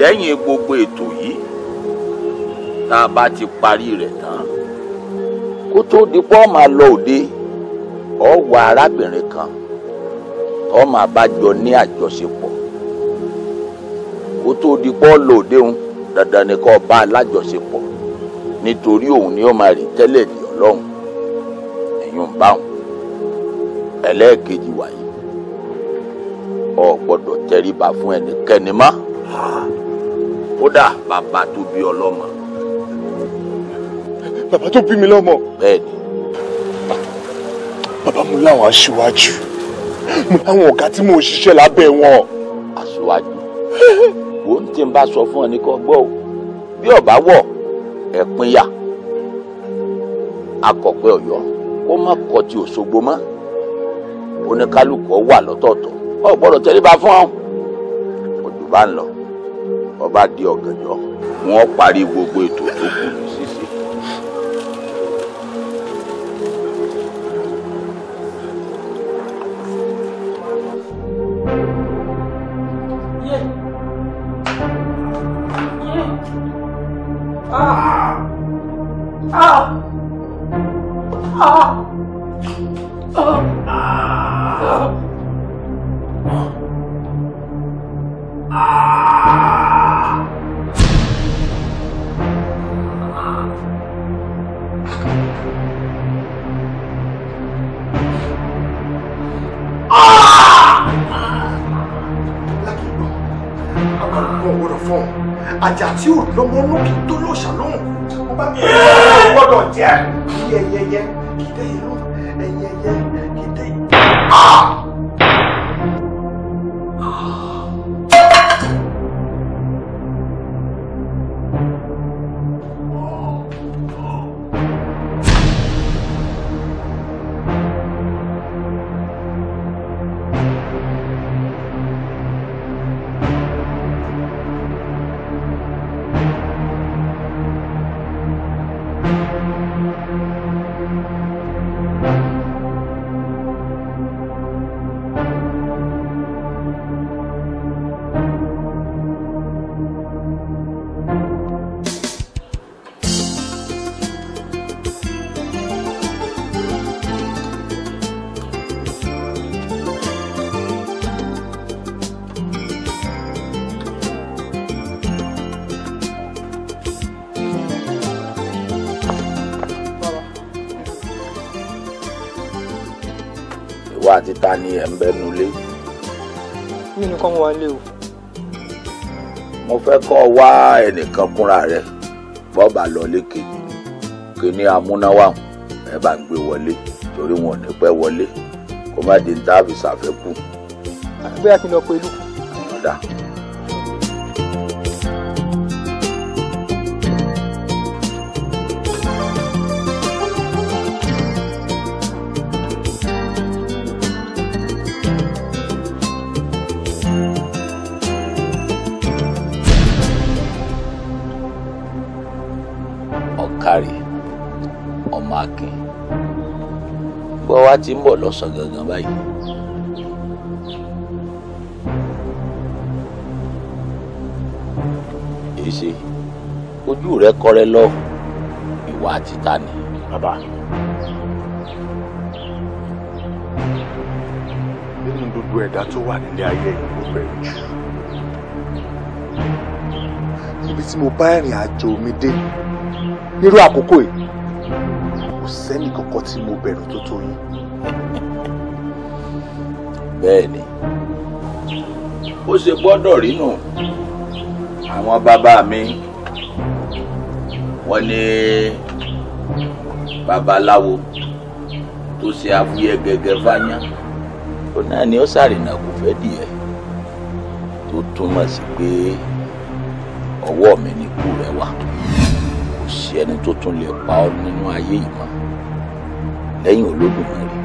Speaker 3: lẹ́yìn gbogbo ètò yìí tá a bá ti parí rẹ̀ tán kó tó di pọ́ máa lọ òde ọ wà arábìnrin kan tọ́ máa bá jọ ní àjọṣepọ̀ kó tó di pọ́ lọ òde òun dandan ni kó bá a lájọṣepọ̀ nítorí òun ni ó máa rí tẹ́lẹ̀ ní ọlọ́run ẹ̀yìn ń bá wọn ẹlẹ́ẹ̀kejì wáyé ọ gbọ́dọ̀ tẹríba fún ẹnikẹ́ni mọ́ kódà bàbá tó bí ọlọ́mọ
Speaker 1: bàbá tó bí mi lọ́mọ. bẹ́ẹ̀ni. bàbá
Speaker 3: mo láwọn aṣíwájú mo láwọn ọ̀gá tí mo ṣiṣẹ́ lábẹ́ wọn. aṣíwájú wo ń tí n bá sọ fún ẹ ní gbọ́ o bí ọba wọ̀ ẹ̀ pínyà akọ̀pẹ́ ọ̀yọ́ kó má kọ ti Òṣogbo mọ́ oníkálukú wà lọ́tọ̀ọ̀tọ̀ ọ gbọ́dọ̀ tẹríba fún ọ òjò bá ń lọ ọba di ọ̀gànjọ́ wọn parí gbogbo ètò tó kù
Speaker 4: Ah! Ah! Ah! ah. ah.
Speaker 8: àjà tí ò lọ́mọ lókè tó lọ́ṣà lọ́hùn
Speaker 1: mo bá mi gbọ́dọ̀ jẹ́ kí ẹyẹyẹ kí dẹ́yẹ lọ́hùn ẹyẹyẹ kí dẹ́yẹ.
Speaker 3: ń bẹ nulé.
Speaker 8: mi ni kọ́ ń wálé o.
Speaker 3: mo fẹ́ kọ́ wá ẹnìkan kúnra rẹ bọ́ọ̀bà lọlé kejì kíní amúnáwá ẹ bá ń gbé wọlé torí wọn ò ní pẹ́ wọlé kó má di ní táàbì ṣàfẹ́kù.
Speaker 8: àbí àkìlọ̀ pẹ̀lú.
Speaker 3: ọ̀dà. wa ti ń bọ̀ lọ́sàn gangan báyìí. èsì ojú rẹ kọrẹ lọ ìwà àti ta ni. bàbá nínú gbogbo ẹ̀dá tó wà nílé ayé ìlú bẹ̀rẹ̀ jù ibi tí mo bá ìrìn àjò mi dé nírú àkókò yìí kò sẹ́nì kankan tí mo bẹ̀rù tó tó yín bẹ́ẹ̀ ni ó ṣe gbọ́dọ̀ rínú àwọn bàbá mi wọ́n ní babaláwo tó ṣe afúyẹ́ gẹ́gẹ́ fáyà ó náà ni ó ṣàrìnà kò fẹ́ dìé tó túmọ̀ sí pé ọwọ́ mi ni ikú rẹ wà kò sí ẹni tó tún lè pa ọ́ nínú ayé yìí mọ́ lẹ́yìn Olódùmarè.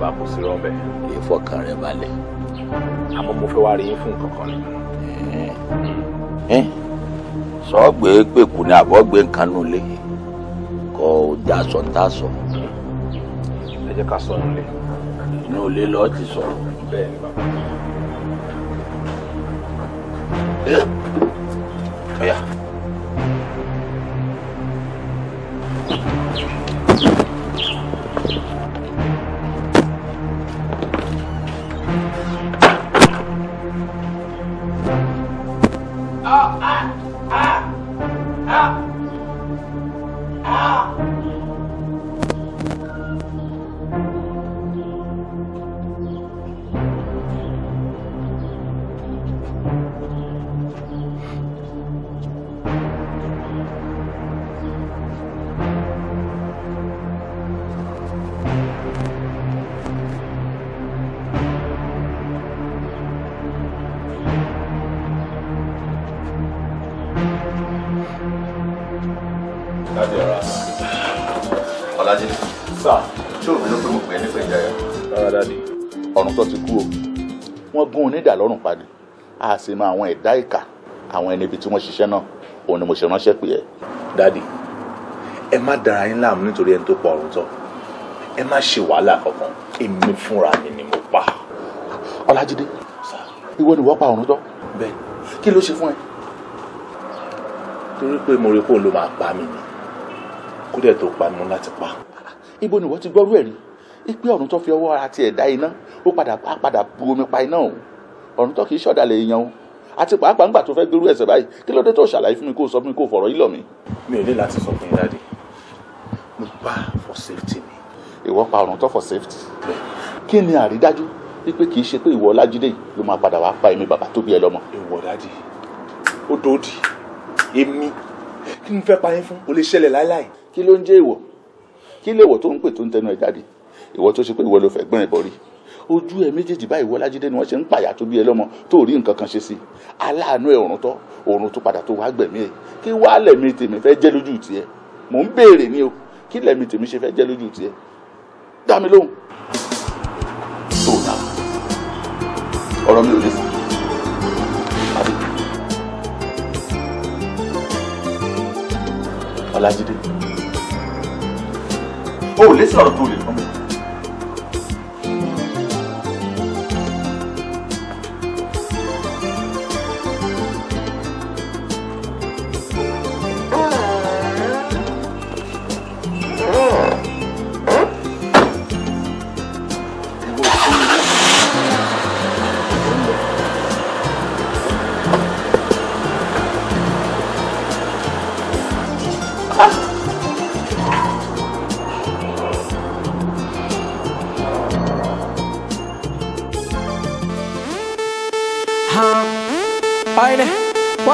Speaker 3: náà bá kó sí rọ́ọ̀bẹ̀ lè fọkàn rẹ̀ balẹ̀ mo fẹ́ wá rí yín fún nǹkan ni. sọ́ọ̀gbé pèkú ni àbọ̀gbé nǹkan nù lé kọ́ ọ já sọ tá sọ. ẹ jẹ́ ká sọ inú ilé lọ ti sọ. 아! onídàlọ́rùn padì a sì mọ àwọn ẹ̀dá ìkà àwọn ẹni ibi tí wọ́n ṣiṣẹ́ náà òun ni mo ṣe ránṣẹ́ pè ẹ́. dádì ẹ má dara yín láàmú nítorí ẹni tó pa ọ̀run tọ́ ẹ má ṣe wàhálà kankan èmi fúnra mi ni mo pa. ọlájídé ìwọ ni wọ́n pa ọ̀run tọ́ bẹ́ẹ̀ kí ló ṣe fún ẹ. torí pé mo rí kóun ló máa pa mí ni kó dẹ̀ tó pa mí láti pa. ibo ni wọ́n ti gbọ́rú ẹ̀ rí i pé ọ̀run tó fi ọwọ́ ara tiẹ̀ dá iná ó padà bu omi pa iná òun ọ̀run tó kì í ṣọ̀dàlẹ̀ èèyàn o àti pàápàá ńgbà tó fẹ́ gbérú ẹ̀sẹ̀ báyìí kí ló dé tó ṣàlàyé fún mi kó sọ fún mi kó fọ̀rọ̀ yìí lọ̀ mí. mi ò ní láti sọ fún yín dáadé mo bá for safety mi. ìwọ pa ọ̀run tó for safety. kí ni àrídájú wípé kì í ṣe pé ìwọ Ọlájídé ló máa padà wá pa èmi bàbá tó bí ẹ lọ́mọ. ìwọ dáadé ó dòdì èmi kí n fẹ́ pa yín fún kò lè ṣẹlẹ̀ láíláì. kí ló ń jẹ́ ìwọ kí lè wọ̀ tó ń pè tó ń tẹnu ẹ̀ jáde ìwọ tó ṣe pé ìwọ ló fẹ́ gbọ́n ẹ̀ bọ̀ rí ojú ẹ méjèèjì báyìí Wọlájídé ni wọ́n ṣe ń pàyà tó bí ẹ lọ́mọ tó rí nǹkan kan ṣe sí i aláàánú ẹ ọ̀run tọ́ ọ̀run tó padà tó wá gbẹ̀mí ẹ kí wá lẹ̀mí tèmi fẹ́ jẹ́ lójú tiẹ̀ mò ń béèrè ni o kí lẹ̀mí tèmi ṣe fẹ́ jẹ́ lójú tiẹ̀ dá mi lóhùn. tó o náà ọ̀rọ̀ mi ò lè sàn. Ọlájídé ó lè sọ̀rọ̀ tó lè fún mi.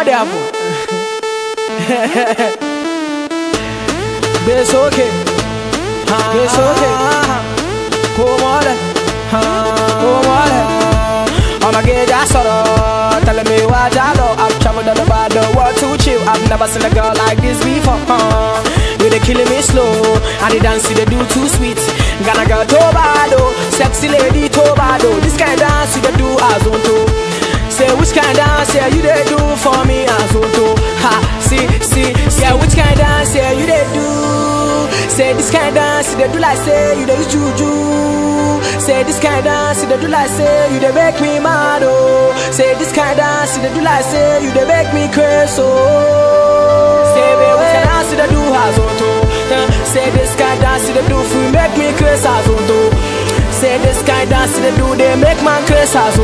Speaker 9: baada ya hapo besoke besoke komole komole omageja soro telling me what I know I've traveled all the the world to chill I've never seen a girl like this before uh, You they killing me slow And the dance you do too sweet Ghana girl Tobado Sexy lady Tobado This kind of dance you they do as one too Say which kind dance yeah, you they do for me and so Ha, see, see, yeah, which kind dance yeah, you they do. Say this kind dance they do like say you they use juju. Say this kind dance they do like say you they make me mad oh. Say this kind dance they do like say you they make me crazy oh.
Speaker 4: Say baby, which kind dance
Speaker 9: they do has so Say this kind dance they do for make me crazy as so Say this kind dance they do they make man crazy as so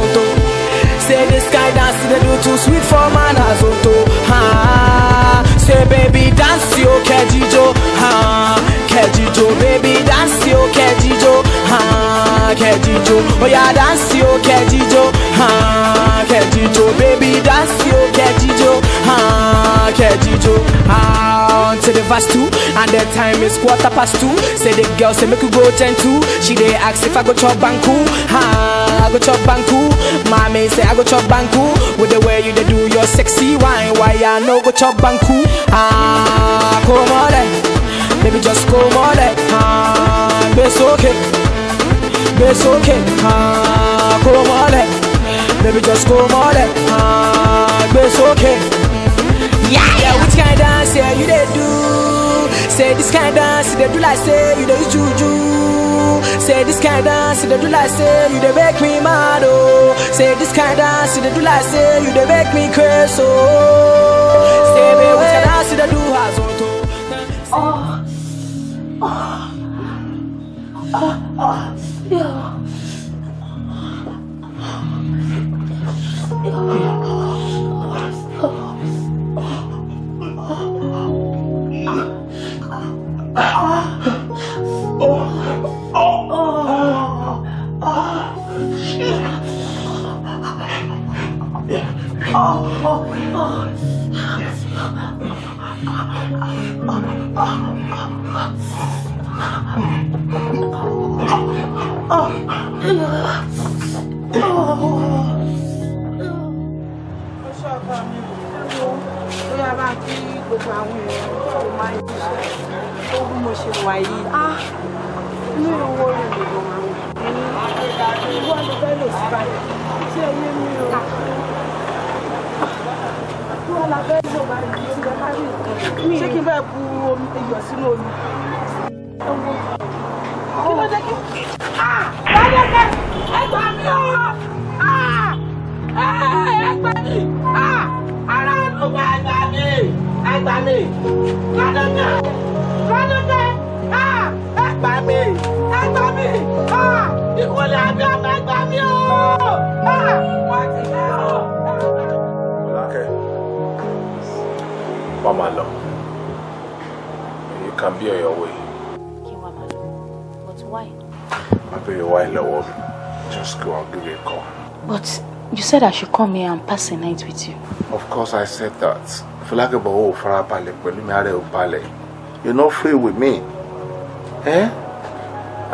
Speaker 9: Say this guy dance, they do too sweet for man as to ha. Say baby dance yo kejijo ha, kejijo baby dance yo kejijo ha, kejijo. Oh yeah dance yo kejijo ha, kejijo baby dance yo kejijo ha, kejijo. Ah, on to the verse two, and the time is quarter past two. Say the girl say make you go ten two. She dey ask if I go chop banku ha. I go chop banku. Mommy say I go chop banku. With the way you they do your sexy wine, why I no go chop banku? Ah, come on, eh. baby, just come on, eh. ah, it's okay, it's okay, ah, come on, eh. baby, just come on, eh. ah, it's okay. Yeah, yeah, which kind of dance yeah, you they do? Say this kind of dance they do like say you do juju. Say this kind of, dance, they do like say you they make me mad oh. Say this kind of, dance, they do like say you they make me crazy oh. Say me what kind dance they do has
Speaker 4: on to. Oh, oh, oh, Ah!
Speaker 7: gbogbo àwọn èèyàn tó máa ń yà tó bí mo ṣe wà yìí á ah!
Speaker 9: inú ìwọ rẹ̀ lè àwọn ìwọ ló fẹ́ lò sí báyìí tí ẹ mi o tí ah! wọn la fẹ́ lò báyìí tí ẹ bá
Speaker 7: nǹkan ṣé kí n bẹ́ẹ̀ bu omi iyọ̀ sínú omi. kí ló dé kí. Ah! báyọ̀ kẹ́ ẹ gbà mí o
Speaker 1: ẹ gbà mí ara ló máa gbà mí ẹgbà mi ládùúgbò ládùúgbò ẹgbà mi ẹgbà mi ìkúlẹ̀ àbí ọmọ ẹgbà mi o
Speaker 3: wọ́n ti dé o. Bùlákẹ́, You can be on your way. Kí But why? Má béèrè why lọ́wọ́ mi. Just go, I'll give you a call.
Speaker 5: But
Speaker 7: you said I should come here and pass the night with you.
Speaker 3: Of course I said that. Fọlákẹ́bọ̀ ò farabalẹ̀ pẹ̀lú mi ara ẹ̀ ò balẹ̀ you no free with me ẹ́ eh?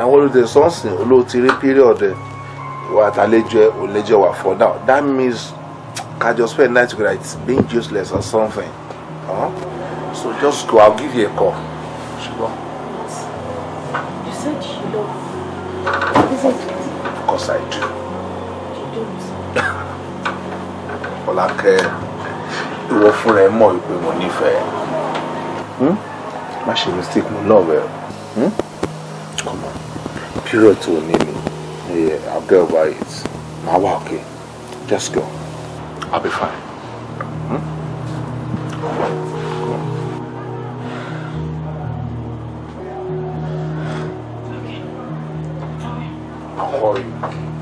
Speaker 3: àwọn olùdè sọ́ọ̀sì olóòtú rí period wà àtàlejò ẹ̀ ò lẹ́jọ́ wà for now that means ká just spend night together it's being useless or something huh? so just go I'll give you a call ṣùgbọ́n. you said you love me is it. I do. you don't. *coughs* Fọlákẹ́ ìwọ fúnra ẹ mọ̀ wípé mo nífẹ̀ẹ́ hmm? má ṣe mistake mo love ẹ hmm? come on period tó ní mi yeah I'll get over it màá wà okay
Speaker 5: just go I'll be fine. Hmm? you.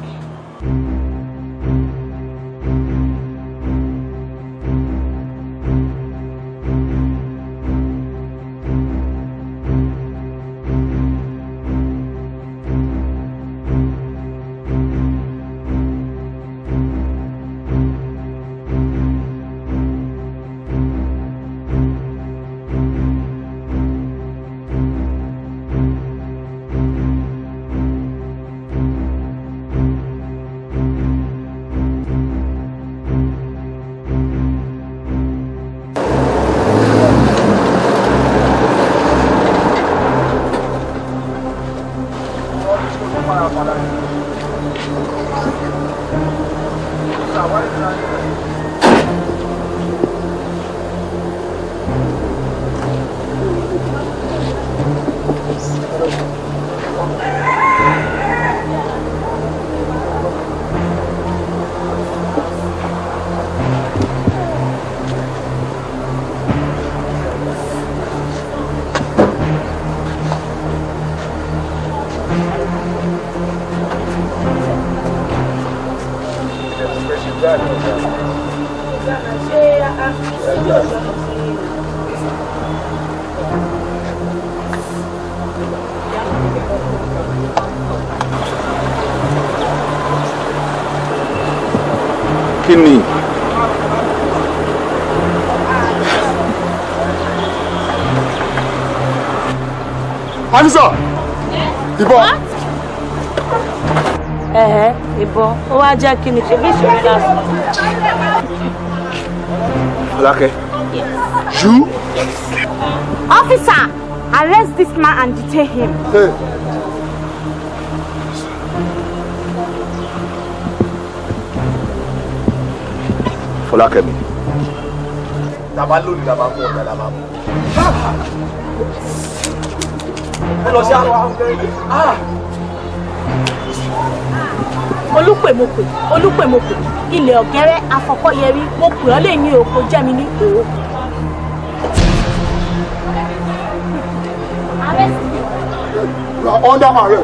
Speaker 3: anisa
Speaker 7: ibo. ẹ̀hẹ́ ibo. ó wá jẹ́ kí ni ṣe bí ìṣòro lásán.
Speaker 2: Fọlákẹ́. you.
Speaker 7: officer arrest this man and detain him. Hey.
Speaker 3: Fọlákẹ́mi.
Speaker 2: Tàbá lónìí ni máa mú ọ̀gá la máa ẹ lọ sí a.
Speaker 7: Ah. olùpè mo pè olùpè mo pè ilẹ̀ ọ̀gẹ́rẹ́ afọkọ́yẹrí mo pè ọ́ lè ní òkò jẹ́mi ní òwò.
Speaker 8: under my rep.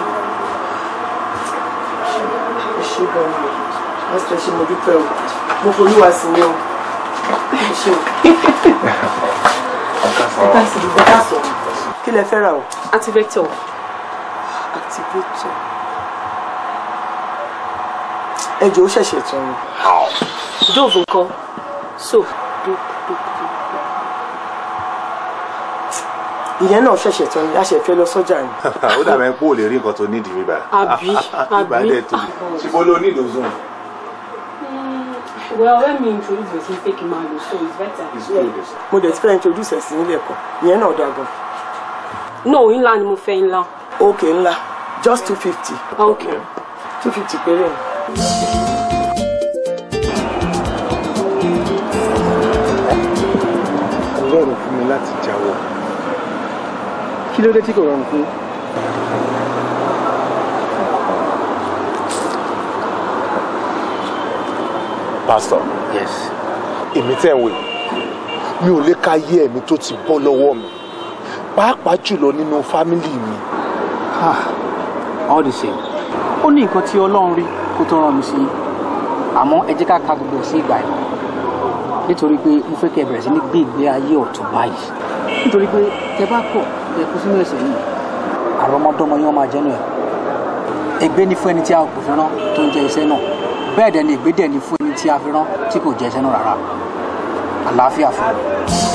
Speaker 9: ṣe gan o pásítọ̀ ṣe mo dúpẹ́ o mo forí wa sí ni o ṣe o. ọ̀ká sì ló bọ́ká sọ.
Speaker 7: kí lẹ fẹ́ ra o. activator. activator. ẹjọ́ ó ṣẹ̀ṣẹ̀ tán ni. nǹkan so.
Speaker 3: ìyẹn náà ṣẹ̀ṣẹ̀ tán ni láṣẹ fẹ́ lọ sọ́jà ni. *laughs* ó dàbẹ̀ ń pò lè rí nǹkan tó nídìí mi bá.
Speaker 4: àbí *laughs* àbí
Speaker 2: ṣùgbọ́n ló nílò zoom.
Speaker 4: Hmm, well
Speaker 5: let me introduce you pé kí n máa lò so it's better.
Speaker 2: mo dẹ̀ ti fẹ́ introduce ẹ̀ sí nílẹ̀ kan ìyẹn náà dá gan.
Speaker 7: no ńlá ni mo fẹ́ ńlá.
Speaker 2: ok ńlá just two fifty.
Speaker 7: ok two fifty péré.
Speaker 1: ọlọ́run fún mi láti jáwọ́
Speaker 6: kí ló dé tí kò rọrùn
Speaker 3: pastor. yes. èmi tẹ̀ wé mi ò lè ka ayé ẹ̀mí tó ti bọ́ lọ́wọ́ mi
Speaker 2: pàápàá jùlọ nínú fámìlì mi. all the same o ní nǹkan tí ọlọ́run rí kó tó rán mi sí àmọ́ ẹ jẹ́ ká ka gbogbo sí ìgbà ẹ̀
Speaker 7: nítorí pé mo fẹ́ kẹ́ bẹ̀rẹ̀ sí ní gbé ìgbé ayé ọ̀tún báyìí nítorí pé tẹ bá kọ̀ ẹ kú sínú ẹ̀ṣẹ̀ yìí. àwọn ọmọdọ́mọ yín wọ́n máa jẹ́nu ẹ̀
Speaker 2: ègbé ni fún ẹni tí a kò fi tó ń jẹ iṣẹ́ náà bẹ́ẹ̀ dẹ̀ ni ègbé dẹ̀ ni fún ẹni tí a fi tí kò
Speaker 6: jẹ iṣẹ́ náà rárá àlàáfíà fún un.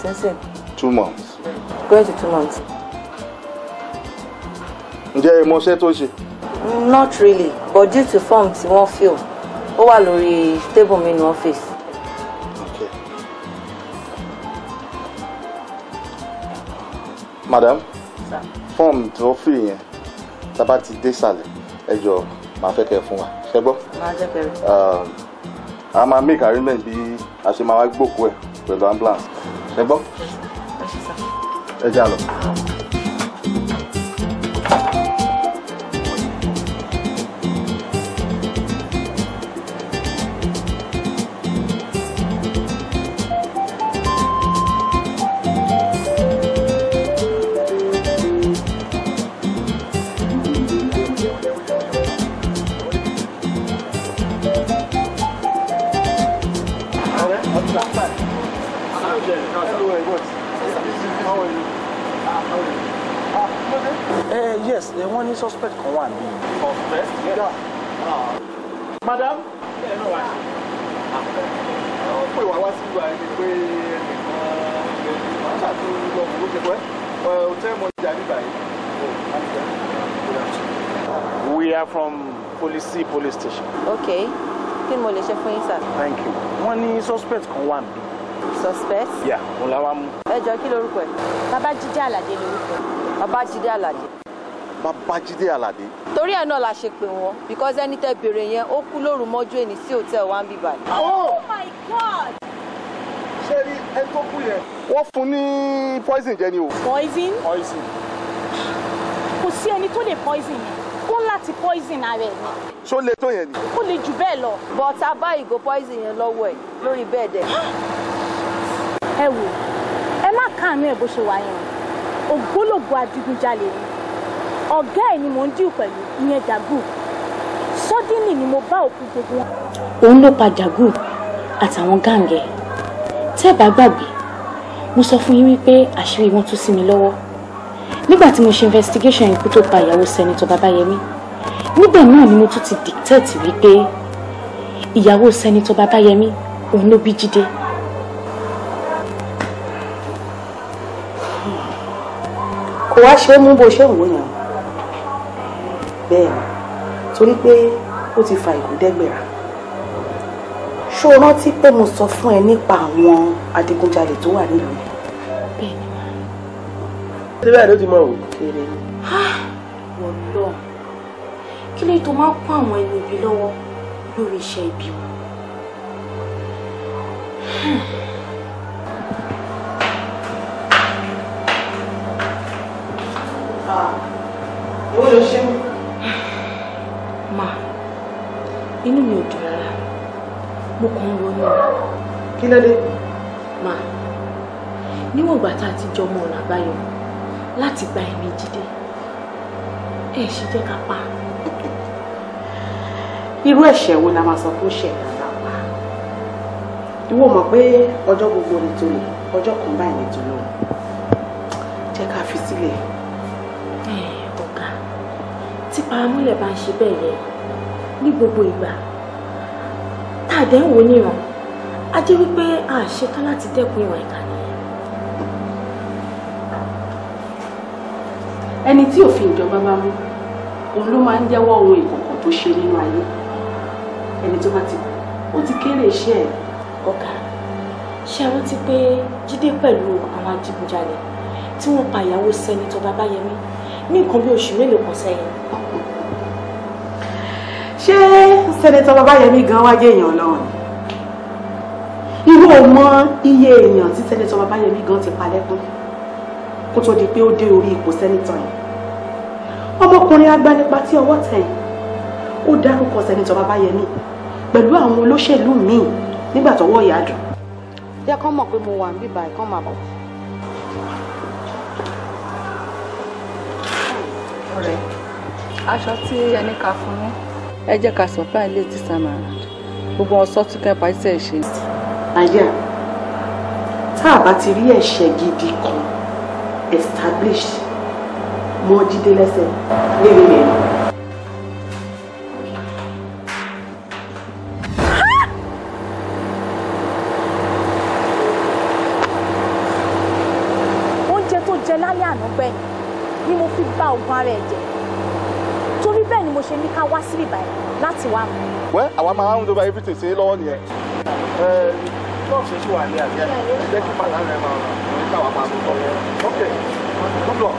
Speaker 5: Since isn't Two months. Going to two months.
Speaker 3: Ǹjẹ́ ìmọ̀ṣẹ́ tó ṣe?
Speaker 5: Not really, but due to form
Speaker 7: tí wọ́n fill, ó wà lórí table mi ní ọ́fíìsì.
Speaker 3: Madam, form tí wọ́n fill yẹn, tá a bá ti dé sàlẹ̀, ẹ jọ̀ọ́ màá fẹ́ kẹ́ ẹ fún wa, ṣẹ́ gbọ́? Màá jẹ́ kẹrin. Um, a máa make arrangement bí a ṣe máa wá gbòkú ẹ̀ pẹ̀lú ambulance. C'est bon Merci, ça. Et
Speaker 1: Eh, yes the one is suspect kan wà suspect yẹ́n ah.
Speaker 8: madam ẹ náà wá ọ pé wàá wá sí ìlú àìní
Speaker 3: pé ẹnìkan ṣe máa ṣàtúnú
Speaker 2: oh, we are from
Speaker 3: Police police station.
Speaker 9: okay kí ni mo lè sir.
Speaker 3: thank you wọ́n ní suspect kan wà níbí.
Speaker 2: suspect. Yeah. òun làwọn mú. ẹ jọ kí lorúkọ ẹ.
Speaker 7: Babájídé Àlàdé babájídé aládé.
Speaker 2: babájídé aládé.
Speaker 7: torí ẹ̀ náà la ṣe pè wọ́n because ẹni tẹ́ béèrè yẹn ó kú lóru mọ́jú ẹni sí hòtẹ́ẹ̀ wa ń oh my god.
Speaker 3: ṣé rí ẹni tó kú yẹn. wọ́n fún ní poison jẹ ni o. poison. poison.
Speaker 7: kò sí ẹni tó lè poison yẹn kó láti poison ara ẹ̀ ni.
Speaker 3: ṣó le tó yẹn ni.
Speaker 7: ó le jù bẹ́ẹ̀ lọ. bọ̀tà bá ìgò poison yẹn lọ́wọ́ ẹ̀ lórí bẹ́ẹ̀dẹ̀. *gasps* ẹ wò ẹ má káàánú ẹ bó ṣe wà yẹn ògbólógbò adigunjalè ni ọ̀gá ẹ̀ ni mò ń dìú pẹ̀lú ìyẹn jàgù sọ́dínì ni mo bá òkú gbogbo wọn. òun ló pa jagu àtàwọn gáǹgẹ tẹ́ ẹ bá gbàgbé mo sọ fún yín wípé àṣírí wọn tú sí mi lọ́wọ́ nígbà tí mo ṣe investigation ikú tó pa ìyàwó sẹ́nitọ́ Babayẹmí nígbà náà ni mo tún ti dictate wípé ìyàwó sẹ́nitọ́ Babayẹmí òun ló bí Jídé. kò wá ṣe é mú bó ṣe wò yàn bẹ́ẹ̀ ni torí pé ó ti fa ìkúndẹ́gbẹ̀rà ṣó o rántí pé mo sọ fún ẹ nípa àwọn adigunjalè tó wà nílùú yìí. bẹ́ẹ̀ ni màá. síbẹ̀ ló ti mọ̀ wò. kéré ni. wọ́n lọ kí ló tó máa ń kó àwọn ẹni ibi lọ́wọ́ lórí iṣẹ́ ibi wọn. Hmm. ìwọ ló ṣe mú. mà inú mi ò dùn rárá mo kàn ń ronú rẹ. kí ló dé. mà níwọ̀n ìgbà tá a ti jọ ọmọ ọ̀nà àbáyọ láti gba ẹ̀mí jíde ẹ̀ ṣe jẹ́ ká pa. irú ẹ̀ṣẹ̀ wo la máa sọ pé ó ṣẹ̀ dáadáa ìwọ mọ̀ pé ọjọ́ gbogbo ni ọjọ́ kan báyìí ni tòlè jẹ́ ká fi sílẹ̀ tí paramọ́lẹ̀ bá ń ṣe bẹ́ẹ̀ yẹ ní gbogbo ìgbà tá a dẹ̀ ń wò níran a jẹ́ wípé a ṣetán láti dẹ́kun ìwà ìkà nìyẹn. ẹni tí òfin ìjọba bá mú òun ló máa ń jẹ́wọ́ ohun ìkọ̀kọ̀ tó ṣe nínú ayé ẹni tó bá ti kú ó ti kéré iṣẹ́ ẹ̀. ọ̀gá ṣé rántí pé jíde pẹ̀lú àwọn adigunjalè tí wọ́n pa ìyàwó sẹ́ni tó bàbá yẹmí ní nǹkan bí oṣù mélòó kan sẹ́yìn. ṣé sẹ́nẹ́tọ̀ Babáyẹmí gan wá jẹ́ èèyàn ọlọ́run ni irú ò mọ iye èèyàn tí sẹ́nẹ́tọ̀ Babáyẹmí gan ti palẹ́kún kó tó di pé ó dé orí ipò sẹ́nẹ́tọ̀ yẹn ọmọkùnrin agbanipa tí ọwọ́ tẹ̀ ó dárúkọ sẹ́nẹ́tọ̀ Babáyẹmí pẹ̀lú àwọn olóṣèlú míì nígbà tọ́wọ́ ìyá dùn. jẹ́ kán mọ̀ pé mo wà ń bíbá ẹ̀kọ́ màbọ̀.
Speaker 8: aṣọ tí ẹni ká fún yín
Speaker 7: ẹ jẹ́ ká supply late this time around gbogbo wọn sọ tún kẹ́ pàṣẹ tẹ̀ ṣe. àyà tá a bá ti rí ẹ̀ṣẹ̀ gidi kan established mọ́ jíde lẹ́sẹ̀ léèrè mẹ́rin. oúnjẹ tó jẹ lálẹ́ àná gbẹ̀yìn ni mo fi bá ògùn ara ẹ̀ jẹ́ ṣe ní ká wá síbí báyìí láti wá mu.
Speaker 3: wẹ́ àwa máa ń dọ́ba everything ṣe lọ́wọ́ nìyẹn. ṣọ́ọ̀ṣì ṣì wà ní àbí ẹ̀ jẹ́ kí pàdánù ẹ̀ máa rà ní káwa máa mú tọ́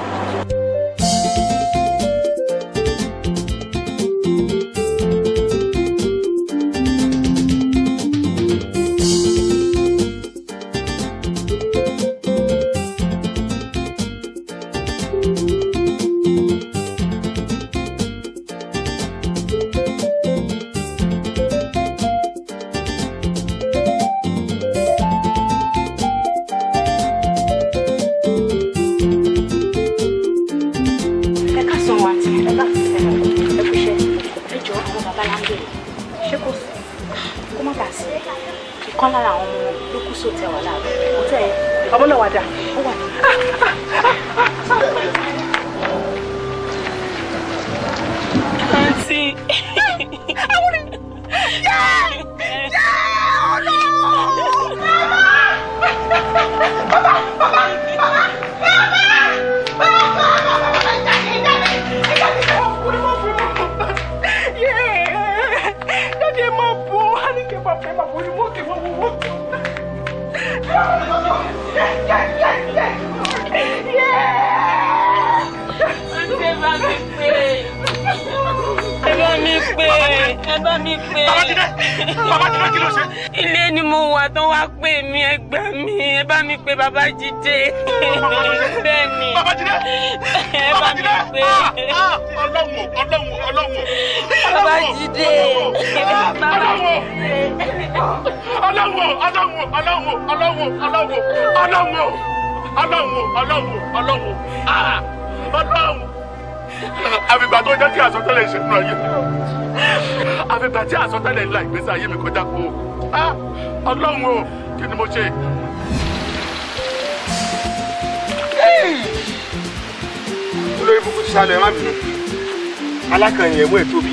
Speaker 1: kan yẹn mú ẹ tóbi.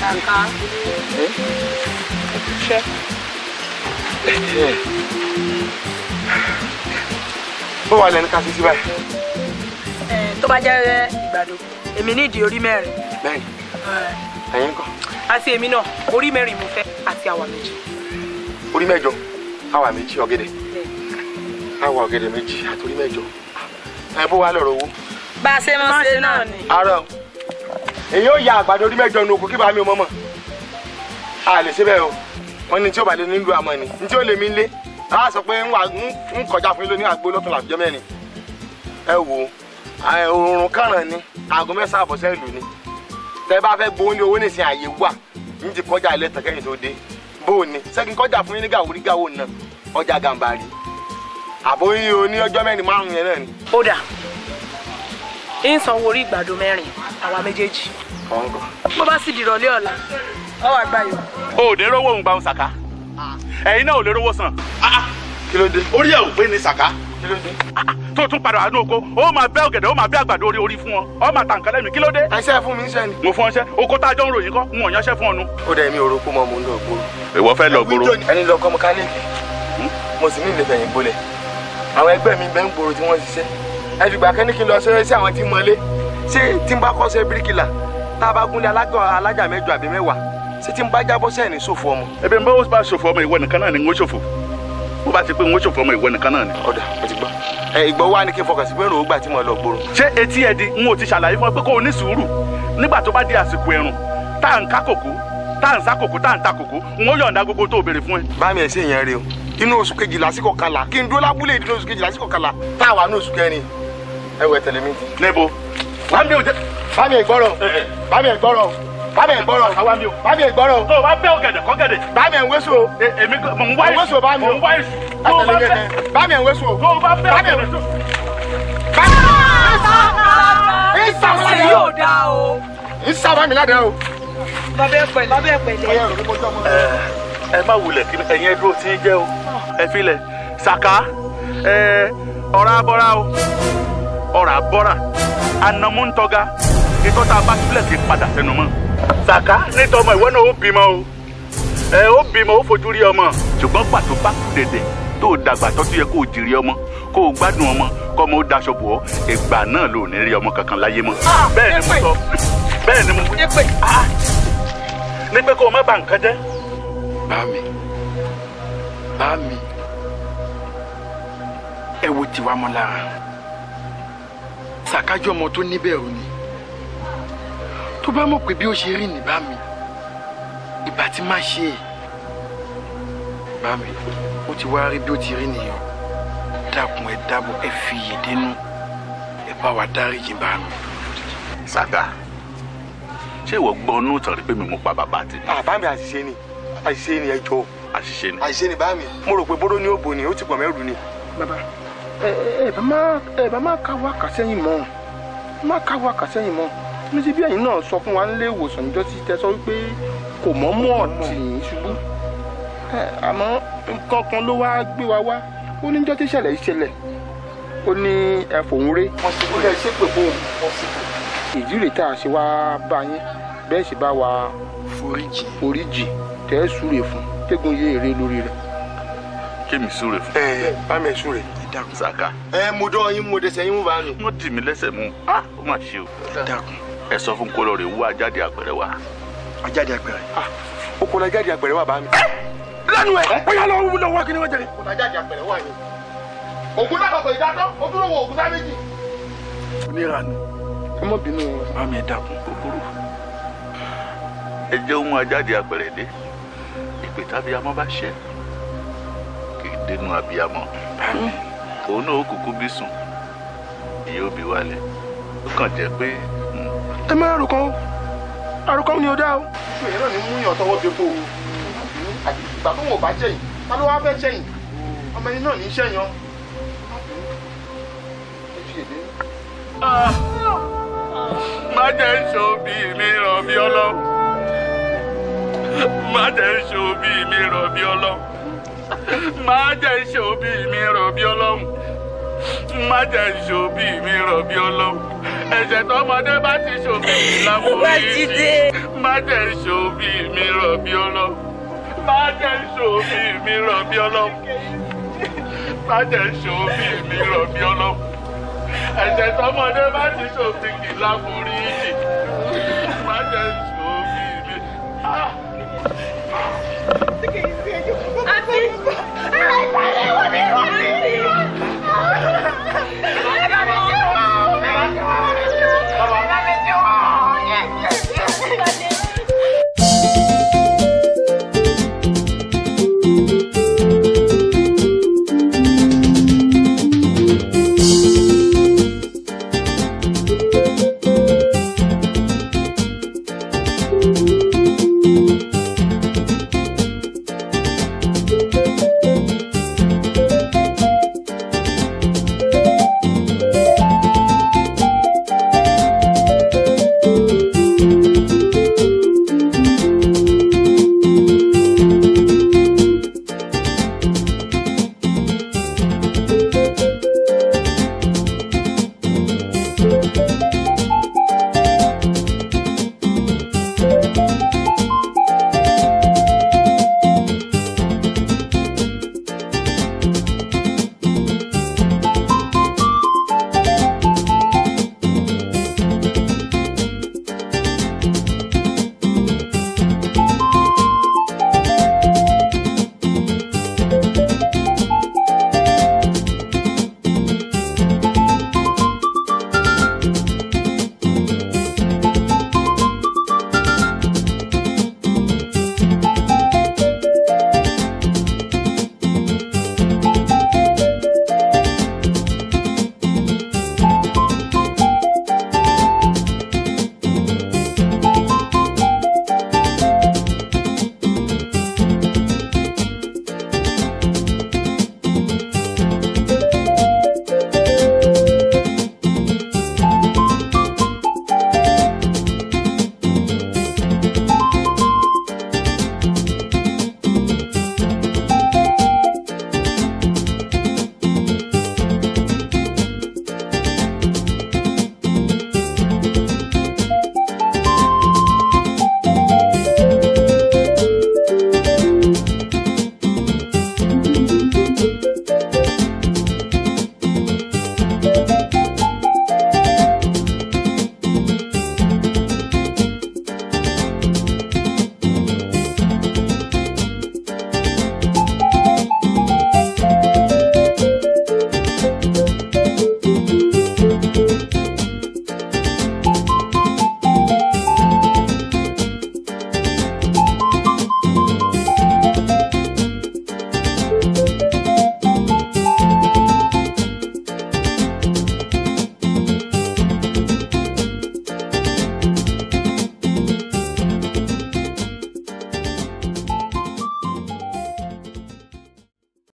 Speaker 7: kàǹkà ẹ̀ṣẹ́.
Speaker 1: bó wà lẹ́nu ká sí sí
Speaker 8: báyìí.
Speaker 9: tó bá jẹ́ ìgbàdo èmi nídìí orí mẹ́rin. bẹ́ẹ̀ni
Speaker 6: ẹ̀yin kọ́.
Speaker 7: àti èmi náà orí mẹ́rin mo fẹ́ àti àwà méjì.
Speaker 6: orí mẹ́jọ àwà méjì ọ̀gẹ̀dẹ̀ àwà ọ̀gẹ̀dẹ̀ méjì àti orí mẹ́jọ
Speaker 2: ẹ bó wà lọ́rọ̀ owó.
Speaker 9: bá a ṣe máa ṣe náà ni. àrò
Speaker 2: èyí ò ya àgbàdo orí mẹ́jọ nu oko bá mi a lè ṣe o wọ́n ní tí ò bá lè nílùú ni tí ò lè mí lé a sọ pé ń kọjá fún ilé ní àgbo lọ́tún làbújọ́ mẹ́rin ẹ wò ó oòrùn kàràn ni aago mẹ́sàn-án ìlú ni tẹ bá fẹ́ gbowó ní owó aye àyè wà ní ti kọjá ilé tẹ̀kẹ́yìn tó dé kọjá fún yín gàwó rí gàwó náà ọjà àbóyí oní ni. ó dà ń sanwó orí ìgbàdo mẹ́rin àwa méjèèjì.
Speaker 3: bó bá sì dìrọ̀lẹ́ ọ̀la ọwọ́ àgbáyọ. o ò dé rówó ń gba òun sàká ẹ̀yin náà ò lè rówó san. Ah, ah. kí ló dé. orí ẹ̀ ò pé ní sàká. kí ló dé. Ah, tó tún padà àánú oko ó máa bẹ́ ọ̀gẹ̀dẹ̀ ó máa bẹ́ àgbàdo orí orí fún wọn ó máa ta nǹkan lẹ́nu kí ló dé. àìsẹ́ fún mi ń sẹ́ ni. mo fún ọ ṣẹ́ oko tá a jọ ń ròyìn kọ́ n ò yanṣẹ́ fún ọ nu. ó dẹ̀ mi ò roko mọ́ mo ń lọ mi bẹ́ẹ̀ ń gbòòrò tí wọ́n ṣiṣẹ́ ẹ fìgbà kẹ́ni kí n lọ sí àwọn tí mo lé ṣé tí n bá kọ́ ṣe bíríkìlà tá a bá gúnlẹ̀ alágbọ̀n alájà mẹ́jọ àbí mẹ́wàá ṣé tí n bá jábọ́ sẹ́yìn ní ṣòfò ọmọ. ebi n bá wọ́n bá ṣòfò ọmọ ìwọ nìkan náà ni n ó ṣòfò bó bá ti pé n ó ṣòfò ọmọ ìwọ nìkan náà ni. ọ̀dà mo ti gbọ́ ẹ ìgbọ́ wa ni kí n fọkàn sí pé ròó tí mo lọ gbòòrò. ṣé etí ẹ di n ò ti ṣàlàyé fún ẹ pé kó o ní sùúrù nígbà tó bá di àsìkò ẹ̀rùn tá à ń ká kòkó tá à ń sá kòkó tá à ń ta kòkó n ó yọ̀ǹda gbogbo tó o béèrè fún ẹ. bá mi ẹ̀ sí ìyẹn rí o inú oṣù kejìlá sí kọkànlá kí n dúró lábúlé ìdí oṣù kejìlá sí kọkànlá tá ní oṣù kẹrin ẹ wẹ tẹlẹ mi ti. nebo wàmí o jẹ. bámi ìgbọràn bámi ìgbọràn
Speaker 1: bámi ìgbọràn àwa mi o bámi ìgbọràn. tó o bá bẹ ọ̀gẹ̀dẹ̀ kọ́gẹ̀dẹ̀. bámi ìwéso. èmi mò ń wá èso mò ń wá èso. tó o bá bẹ bámi ìwéso. tó o bá bẹ ọ̀gẹ̀dẹ̀ tó.
Speaker 4: bámi ìwéso. ìsàwọn mi yóò dá
Speaker 1: o. ìsàwọn mi
Speaker 3: ládàá o. bàbá ẹ̀pẹ̀lẹ̀ bàbá ẹ̀pẹ̀lẹ̀. ẹ má wulẹ̀ kí ẹ̀yin ẹ dúró tí ń jẹ́ o ẹ filẹ̀ sàká ọ̀rá abọ́ra o ọ̀rà bọ́rà anamúntọ́gá ikọ́ tá a bá sílẹ̀ kì í padà sẹ́nu mọ́. sàká nítorí ọmọ ìwọ náà ó bímọ o ẹ ó bímọ ó fojú rí ọmọ. ṣùgbọ́n pàtó bá kú dẹ̀dẹ̀ tó o dàgbà tó tún yẹ kó o jìrì ọmọ kó o gbádùn ọmọ kọ́ ọmọ ó daṣọ bò ọ́ ìgbà náà ló ní rí ọmọ kankan láyé mọ́. Ah, bẹ́ẹ̀ ni mo sọ bẹ́ẹ̀ ni mo wí. Ah. ní pé kó o má bà nǹkan jẹ́. bá mi ẹ wo tiwa mọ́ lára sàkájọ́ ọmọ tó níbẹ̀rù ni tó bá mọ̀ pé bí ó ṣe rí ní bá mi
Speaker 2: ìbá ti má ṣe é bá mi ó ti wá rí bí ó ti rí nìyẹn dákun ẹ dábọ̀ ẹ fi iyì dénú
Speaker 3: ẹ bá wa dáríjì bá mi. sàgá ṣé ìwọ gbọ́ ọ́nú ìtàn rí pé mi mú pa bàbá àti. bàbá ah, mi àṣìṣe ni àṣìṣe ni ẹ jọ. àṣìṣe ni àṣìṣe ni bá mi mo rò pé bóró ni ó bò ni ó ti pọ̀ mẹ́rù ni. bàbá
Speaker 8: ẹ bá má káwọ́ àkàsẹ́yìn mọ́ má káwọ́ àkàsẹ́yìn mọ́ mísí bí ẹ̀yin náà sọ fún wa nílé ìwòsàn níjọ́ tí tẹ sọ wípé
Speaker 3: kò mọ́ mú ọ̀tì yìí ṣubú àmọ́
Speaker 8: nǹkan kan ló wá gbé wa wá ó ní níjọ́ tí ìṣẹ̀lẹ̀ ìṣẹ̀lẹ̀ ó ní
Speaker 3: ẹ̀fọ̀hún ré ó lẹ́ ṣépè fóun ìjírè tá a ṣe wá bá yín bẹ́ẹ̀ sì bá wa foríjì foríjì súre fún tẹ́gun yé èrè lórí rẹ̀. kí mi súre fún. ẹ bá mi súre dákun saka. ẹ mo dọ́ yín mo dẹsẹ̀ yín mo bá ń lò. wọ́n dì mí lẹ́sẹ̀ mu ah ó mà ṣe o. dákun. ẹ sọ fún kólọ rẹ wá jáde àpẹrẹ wa. Ah!
Speaker 1: jáde àpẹrẹ. o kò la jáde àpẹrẹ wa bá mi. lẹ́nu o bóyá
Speaker 6: lọ́wọ́ lọ́wọ́ kí ni wọ́n jẹ́rìí.
Speaker 3: kò la jáde àpẹrẹ wa yẹn. ògùn náà kọ̀ọ̀kan ìdátọ́ o dúró wo ògùn sáméjì.
Speaker 6: onírànú ẹ mọ̀ bínú mami ẹ̀ dákun kúkúrú.
Speaker 3: ẹ jẹ́ ohun ajáde àpẹrẹ dé ìpè tábíyamọ bá ṣẹ́ kì í dénú abiyamọ. Amen òun náà ó kúkú bí sùn ìyá òbí wálé ó kàn jẹ́ pé. Hmm. ẹ má àrùkọ àrùkọ ni ó dá o. ṣé ìrọ̀ ni mú yàn tọwọ́ bẹ́ẹ̀ fò ó àti ìgbà tó wọn ò bá jẹ̀yìn ta ló wá fẹ́ jẹ̀yìn ọmọ ẹni náà ní í ṣẹ̀yàn.
Speaker 4: Ah! má jẹ́ ṣòbí mi ràn mí
Speaker 3: ọlọ́ má jẹ́ ṣòbí mi ràn mí ọlọ́ má jẹ́ ìṣe òbí mi rọ̀bí ọlọ́run má jẹ́ ìṣe òbí mi rọ̀bí ọlọ́run ẹ̀ṣẹ̀ tọmọdé bá ti ṣòfin mi láforí mi má jẹ́ ìṣe òbí mi rọ̀bí ọlọ́run má jẹ́ ìṣe òbí mi rọ̀bí ọlọ́run má jẹ́ ìṣe òbí mi rọ̀bí ọlọ́run ẹ̀ṣẹ̀ tọmọdé bá ti ṣòfin mi láforí mi má jẹ́ ìṣe.
Speaker 4: Valeu, valeu.